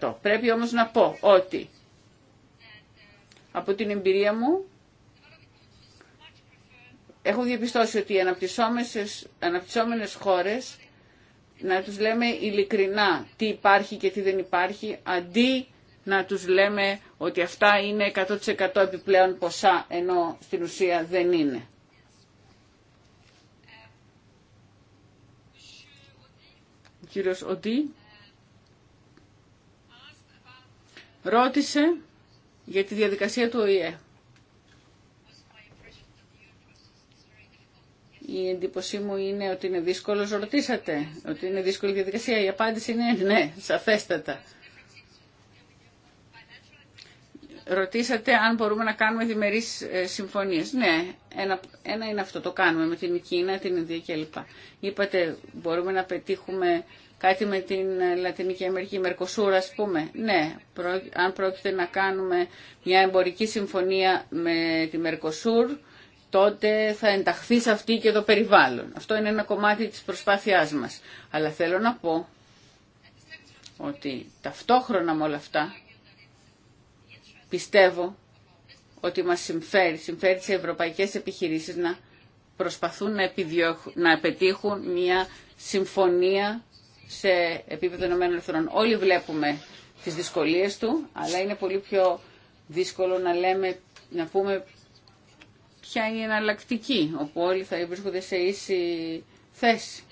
100%. Πρέπει όμως να πω ότι από την εμπειρία μου έχω διαπιστώσει ότι οι αναπτυσσόμενες χώρες να τους λέμε ειλικρινά τι υπάρχει και τι δεν υπάρχει, αντί να τους λέμε ότι αυτά είναι 100% επιπλέον ποσά, ενώ στην ουσία δεν είναι. Ο κύριος Οντί ρώτησε για τη διαδικασία του ΟΗΕ. Η εντύπωσή μου είναι ότι είναι δύσκολο, ρωτήσατε, ότι είναι δύσκολη διαδικασία. Η απάντηση είναι ναι, σαφέστατα. Ρωτήσατε αν μπορούμε να κάνουμε διμερεί ε, συμφωνίε. Ναι, ένα, ένα είναι αυτό το κάνουμε με την Κίνα, την Ινδία κλπ. Είπατε μπορούμε να πετύχουμε κάτι με την ε, Λατινική Αμερική, Μερκοσούρα α πούμε. Ναι, αν πρόκειται να κάνουμε μια εμπορική συμφωνία με τη Μερκοσούρ, τότε θα ενταχθεί σε αυτή και το περιβάλλον. Αυτό είναι ένα κομμάτι της προσπάθειάς μας. Αλλά θέλω να πω ότι ταυτόχρονα με όλα αυτά πιστεύω ότι μας συμφέρει, συμφέρει σε ευρωπαϊκές επιχειρήσεις να προσπαθούν να, επιδιώχουν, να πετύχουν μια συμφωνία σε επίπεδο ΗΠΑ. Όλοι βλέπουμε τις δυσκολίες του, αλλά είναι πολύ πιο δύσκολο να, λέμε, να πούμε ποια είναι η εναλλακτική, όπου όλοι θα βρίσκονται σε ίση θέση.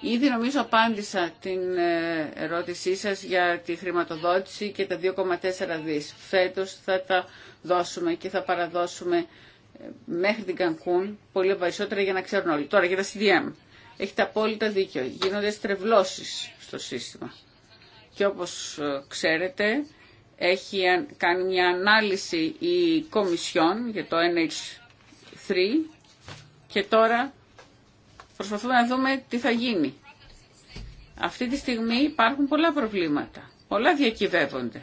Ήδη νομίζω απάντησα την ε, ερώτησή σας για τη χρηματοδότηση και τα 2,4 δις. Φέτος θα τα δώσουμε και θα παραδώσουμε ε, μέχρι την Κανκούν πολύ περισσότερα για να ξέρουν όλοι. Τώρα για τα CDM. Έχετε απόλυτα δίκιο. Γίνονται στρεβλώσεις στο σύστημα. Και όπως ε, ξέρετε έχει κάνει μια ανάλυση η Κομισιόν για το NH3 και τώρα προσπαθούμε να δούμε τι θα γίνει. Αυτή τη στιγμή υπάρχουν πολλά προβλήματα. Πολλά διακυβεύονται.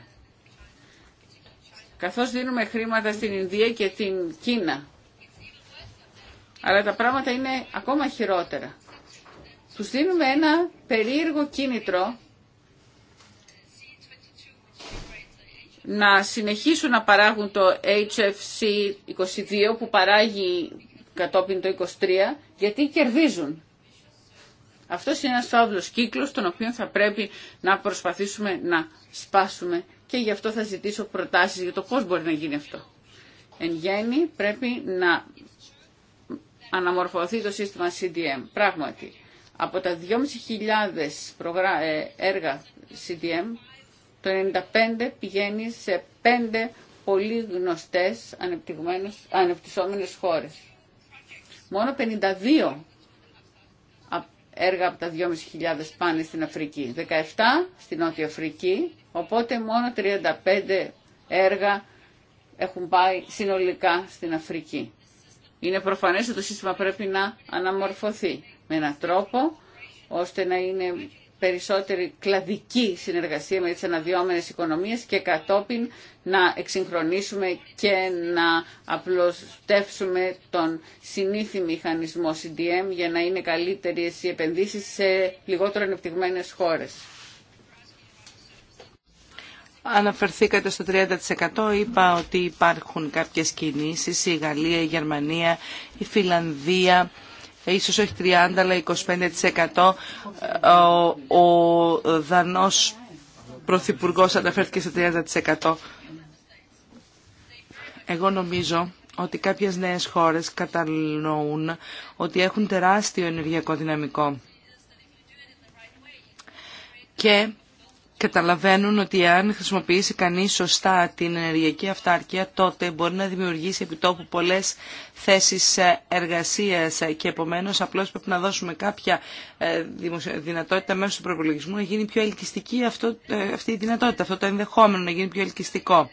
Καθώς δίνουμε χρήματα στην Ινδία και την Κίνα. Αλλά τα πράγματα είναι ακόμα χειρότερα. Τους δίνουμε ένα περίεργο κίνητρο να συνεχίσουν να παράγουν το HFC 22 που παράγει κατόπιν το 23 γιατί κερδίζουν. Αυτό είναι ένας φαύλος κύκλος τον οποίο θα πρέπει να προσπαθήσουμε να σπάσουμε και γι' αυτό θα ζητήσω προτάσεις για το πώς μπορεί να γίνει αυτό. Εν γέννη πρέπει να αναμορφωθεί το σύστημα CDM. Πράγματι, από τα 2.500 ε, έργα CDM το 95 πηγαίνει σε πέντε πολύ γνωστές ανεπτυσσόμενες χώρες. Μόνο 52 έργα από τα 2.500 πάνε στην Αφρική. 17 στην Νότια Αφρική, οπότε μόνο 35 έργα έχουν πάει συνολικά στην Αφρική. Είναι προφανές ότι το σύστημα πρέπει να αναμορφωθεί με έναν τρόπο ώστε να είναι περισσότερη κλαδική συνεργασία με τις αναδυόμενες οικονομίες και κατόπιν να εξυγχρονίσουμε και να απλωστεύσουμε τον συνήθι μηχανισμό CDM για να είναι καλύτερες οι επενδύσεις σε λιγότερο ανεπτυγμένες χώρες. Αναφερθήκατε στο 30%. Είπα ότι υπάρχουν κάποιες κινήσεις, η Γαλλία, η Γερμανία, η Φιλανδία ε, ίσως όχι 30 αλλά 25%. Ε, ο, ο Δανός Πρωθυπουργός αναφέρθηκε σε 30%. Εγώ νομίζω ότι κάποιες νέες χώρες κατανοούν ότι έχουν τεράστιο ενεργειακό δυναμικό. Και καταλαβαίνουν ότι αν χρησιμοποιήσει κανείς σωστά την ενεργειακή αυτάρκεια, τότε μπορεί να δημιουργήσει επιτόπου πολλές θέσεις ε, εργασίας ε, και επομένως απλώς πρέπει να δώσουμε κάποια ε, δυνατότητα μέσω του προπολογισμού να γίνει πιο ελκυστική αυτό, αυτή η δυνατότητα, αυτό το ενδεχόμενο να γίνει πιο ελκυστικό.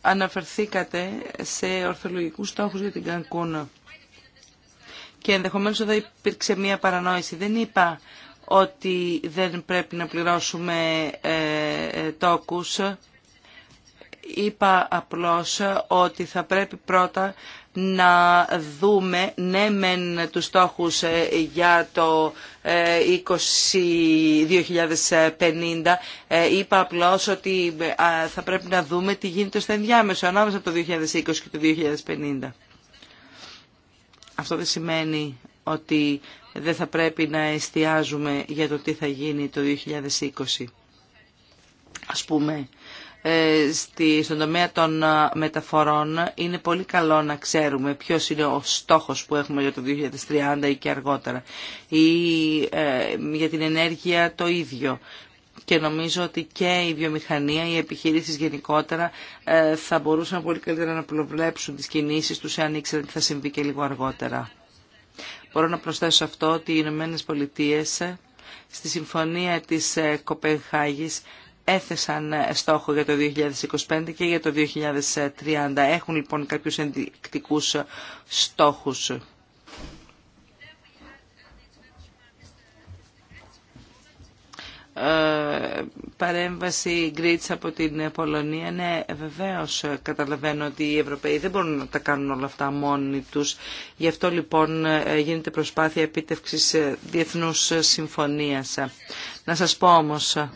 Αναφερθήκατε σε ορθολογικούς στόχους για την Κανκούνα και ενδεχομένω εδώ υπήρξε μία παρανόηση. Δεν είπα ότι δεν πρέπει να πληρώσουμε ε, ε, τόκους. Είπα απλώς ότι θα πρέπει πρώτα να δούμε ναι μεν τους στόχους ε, για το 2050 είπα απλώς ότι θα πρέπει να δούμε τι γίνεται στο ενδιάμεσο ανάμεσα από το 2020 και το 2050. Αυτό δεν σημαίνει ότι δεν θα πρέπει να εστιάζουμε για το τι θα γίνει το 2020. Ας πούμε, ε, στη, στον τομέα των ε, μεταφορών είναι πολύ καλό να ξέρουμε ποιος είναι ο στόχος που έχουμε για το 2030 ή και αργότερα ή ε, για την ενέργεια το ίδιο και νομίζω ότι και η βιομηχανία, οι επιχειρήσεις γενικότερα ε, θα μπορούσαν πολύ καλύτερα να προβλέψουν τις κινήσεις τους εάν ήξεραν τι θα συμβεί και λίγο αργότερα. Μπορώ να προσθέσω αυτό ότι οι Ηνωμένε Πολιτείε ε, στη συμφωνία της ε, Κοπεγχάγης έθεσαν στόχο για το 2025 και για το 2030. Έχουν λοιπόν κάποιους ενδεικτικούς στόχους. Ε, παρέμβαση Γκρίτς από την Πολωνία. Ναι, βεβαίως ε, καταλαβαίνω ότι οι Ευρωπαίοι δεν μπορούν να τα κάνουν όλα αυτά μόνοι τους. Γι' αυτό λοιπόν ε, γίνεται προσπάθεια επίτευξης διεθνούς συμφωνίας. Να σας πω όμως...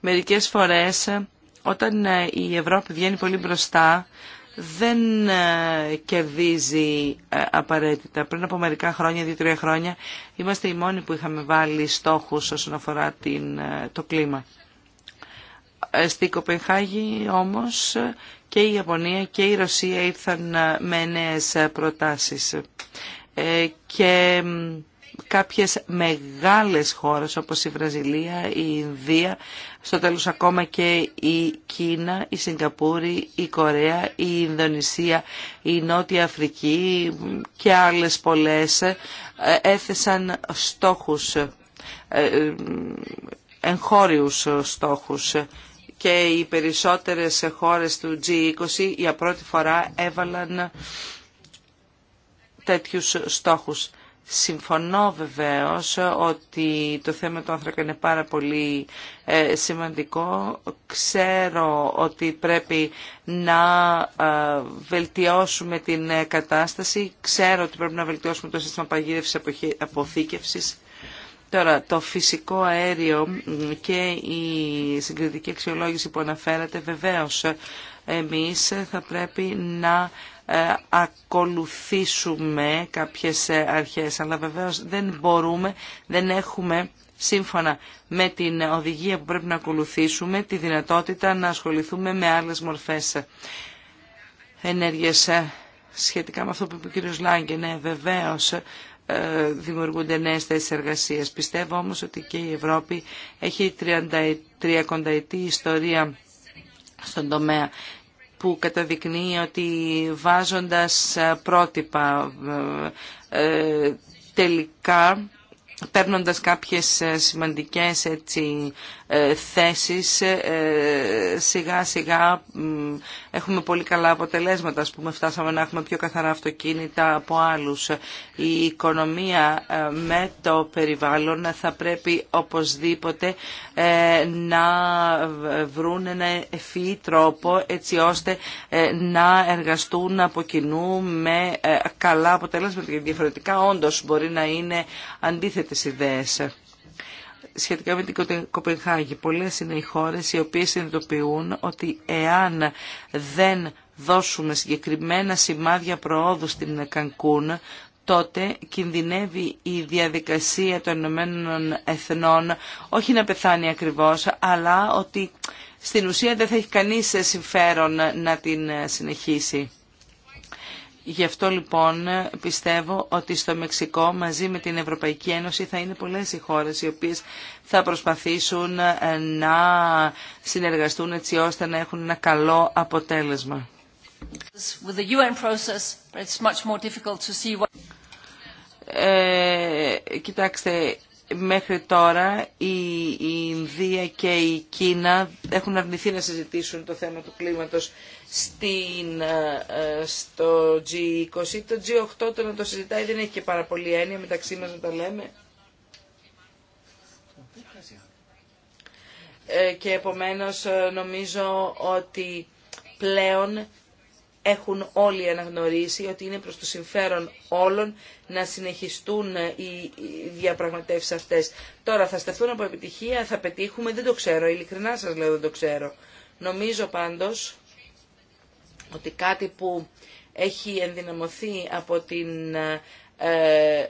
Μερικές φορές όταν η Ευρώπη βγαίνει πολύ μπροστά δεν ε, κερδίζει ε, απαραίτητα. Πριν από μερικά χρόνια, δύο-τρία χρόνια, είμαστε οι μόνοι που είχαμε βάλει στόχους όσον αφορά την, ε, το κλίμα. Στη Κοπενχάγη όμως και η Ιαπωνία και η Ρωσία ήρθαν με νέες προτάσεις. Και κάποιες μεγάλες χώρες όπως η Βραζιλία, η Ινδία, στο τέλος ακόμα και η Κίνα, η Σιγκαπούρη, η Κορέα, η Ινδονησία, η Νότια Αφρική και άλλες πολλές ε, έθεσαν στόχους, ε, ε, εγχώριους στόχους και οι περισσότερες χώρες του G20 για πρώτη φορά έβαλαν τέτοιους στόχους. Συμφωνώ βεβαίως ότι το θέμα του άνθρακα είναι πάρα πολύ ε, σημαντικό. Ξέρω ότι πρέπει να ε, βελτιώσουμε την ε, κατάσταση. Ξέρω ότι πρέπει να βελτιώσουμε το σύστημα παγίδευσης αποθήκευσης. Τώρα, το φυσικό αέριο και η συγκριτική αξιολόγηση που αναφέρατε, βεβαίως εμείς θα πρέπει να ε, ακολουθήσουμε κάποιες ε, αρχές. Αλλά βεβαίως δεν μπορούμε, δεν έχουμε σύμφωνα με την οδηγία που πρέπει να ακολουθήσουμε τη δυνατότητα να ασχοληθούμε με άλλες μορφές ενέργειας. Ε, σχετικά με αυτό που είπε ο κύριος Λάγκε, ναι, βεβαίως δημιουργούνται νέες θέσεις εργασίας. Πιστεύω όμως ότι και η Ευρώπη έχει 30 ιστορία στον τομέα που καταδεικνύει ότι βάζοντας ε, πρότυπα ε, ε, τελικά παίρνοντας κάποιες σημαντικές έτσι, θέσεις, σιγά σιγά έχουμε πολύ καλά αποτελέσματα. που πούμε, φτάσαμε να έχουμε πιο καθαρά αυτοκίνητα από άλλους. Η οικονομία με το περιβάλλον θα πρέπει οπωσδήποτε να βρουν ένα ευφύ τρόπο έτσι ώστε να εργαστούν από κοινού με καλά αποτελέσματα. Γιατί διαφορετικά όντως μπορεί να είναι αντίθετες ιδέες σχετικά με την Κοπενχάγη. Πολλές είναι οι χώρες οι οποίες συνειδητοποιούν ότι εάν δεν δώσουμε συγκεκριμένα σημάδια προόδου στην Κανκούν, τότε κινδυνεύει η διαδικασία των Ηνωμένων Εθνών όχι να πεθάνει ακριβώς, αλλά ότι στην ουσία δεν θα έχει κανείς συμφέρον να την συνεχίσει. Γι' αυτό λοιπόν πιστεύω ότι στο Μεξικό μαζί με την Ευρωπαϊκή Ένωση θα είναι πολλές οι χώρες οι οποίες θα προσπαθήσουν να συνεργαστούν έτσι ώστε να έχουν ένα καλό αποτέλεσμα κοιτάξτε, μέχρι τώρα η, η Ινδία και η Κίνα έχουν αρνηθεί να συζητήσουν το θέμα του κλίματος στην, ε, ε, στο G20. Το G8 το να το συζητάει δεν έχει και πάρα πολύ έννοια μεταξύ μας να τα λέμε. Ε, και επομένως νομίζω ότι πλέον έχουν όλοι αναγνωρίσει ότι είναι προς το συμφέρον όλων να συνεχιστούν οι διαπραγματεύσεις αυτές. Τώρα θα σταθούν από επιτυχία, θα πετύχουμε, δεν το ξέρω, ειλικρινά σας λέω δεν το ξέρω. Νομίζω πάντως ότι κάτι που έχει ενδυναμωθεί από την ε,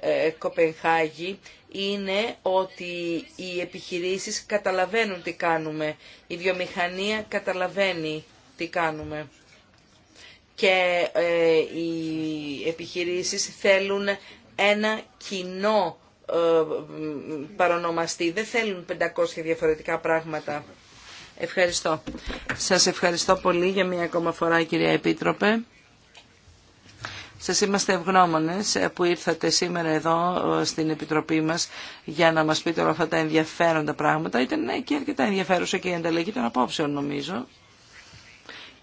ε Κοπενχάγη είναι ότι οι επιχειρήσεις καταλαβαίνουν τι κάνουμε, η βιομηχανία καταλαβαίνει τι κάνουμε και ε, οι επιχειρήσεις θέλουν ένα κοινό ε, παρονομαστή. Δεν θέλουν 500 διαφορετικά πράγματα. Ευχαριστώ. Σας ευχαριστώ πολύ για μια ακόμα φορά κυρία Επίτροπε. Σας είμαστε ευγνώμονες που ήρθατε σήμερα εδώ ε, στην Επιτροπή μας για να μας πείτε όλα αυτά τα ενδιαφέροντα πράγματα. Ήταν ναι, και αρκετά ενδιαφέρουσα και η ανταλλαγή των απόψεων νομίζω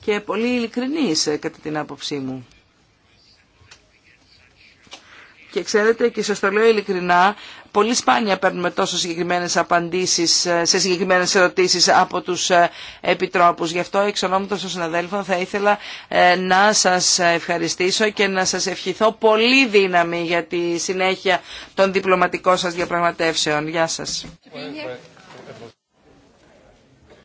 και πολύ ειλικρινής ε, κατά την άποψή μου. Και ξέρετε, και σας το λέω ειλικρινά, πολύ σπάνια παίρνουμε τόσο συγκεκριμένες απαντήσεις ε, σε συγκεκριμένες ερωτήσεις από τους ε, επιτρόπους. Γι' αυτό, εξ ονόματος των συναδέλφων, θα ήθελα να σας ευχαριστήσω και να σας ευχηθώ πολύ δύναμη για τη συνέχεια των διπλωματικών σας διαπραγματεύσεων. Γεια σας.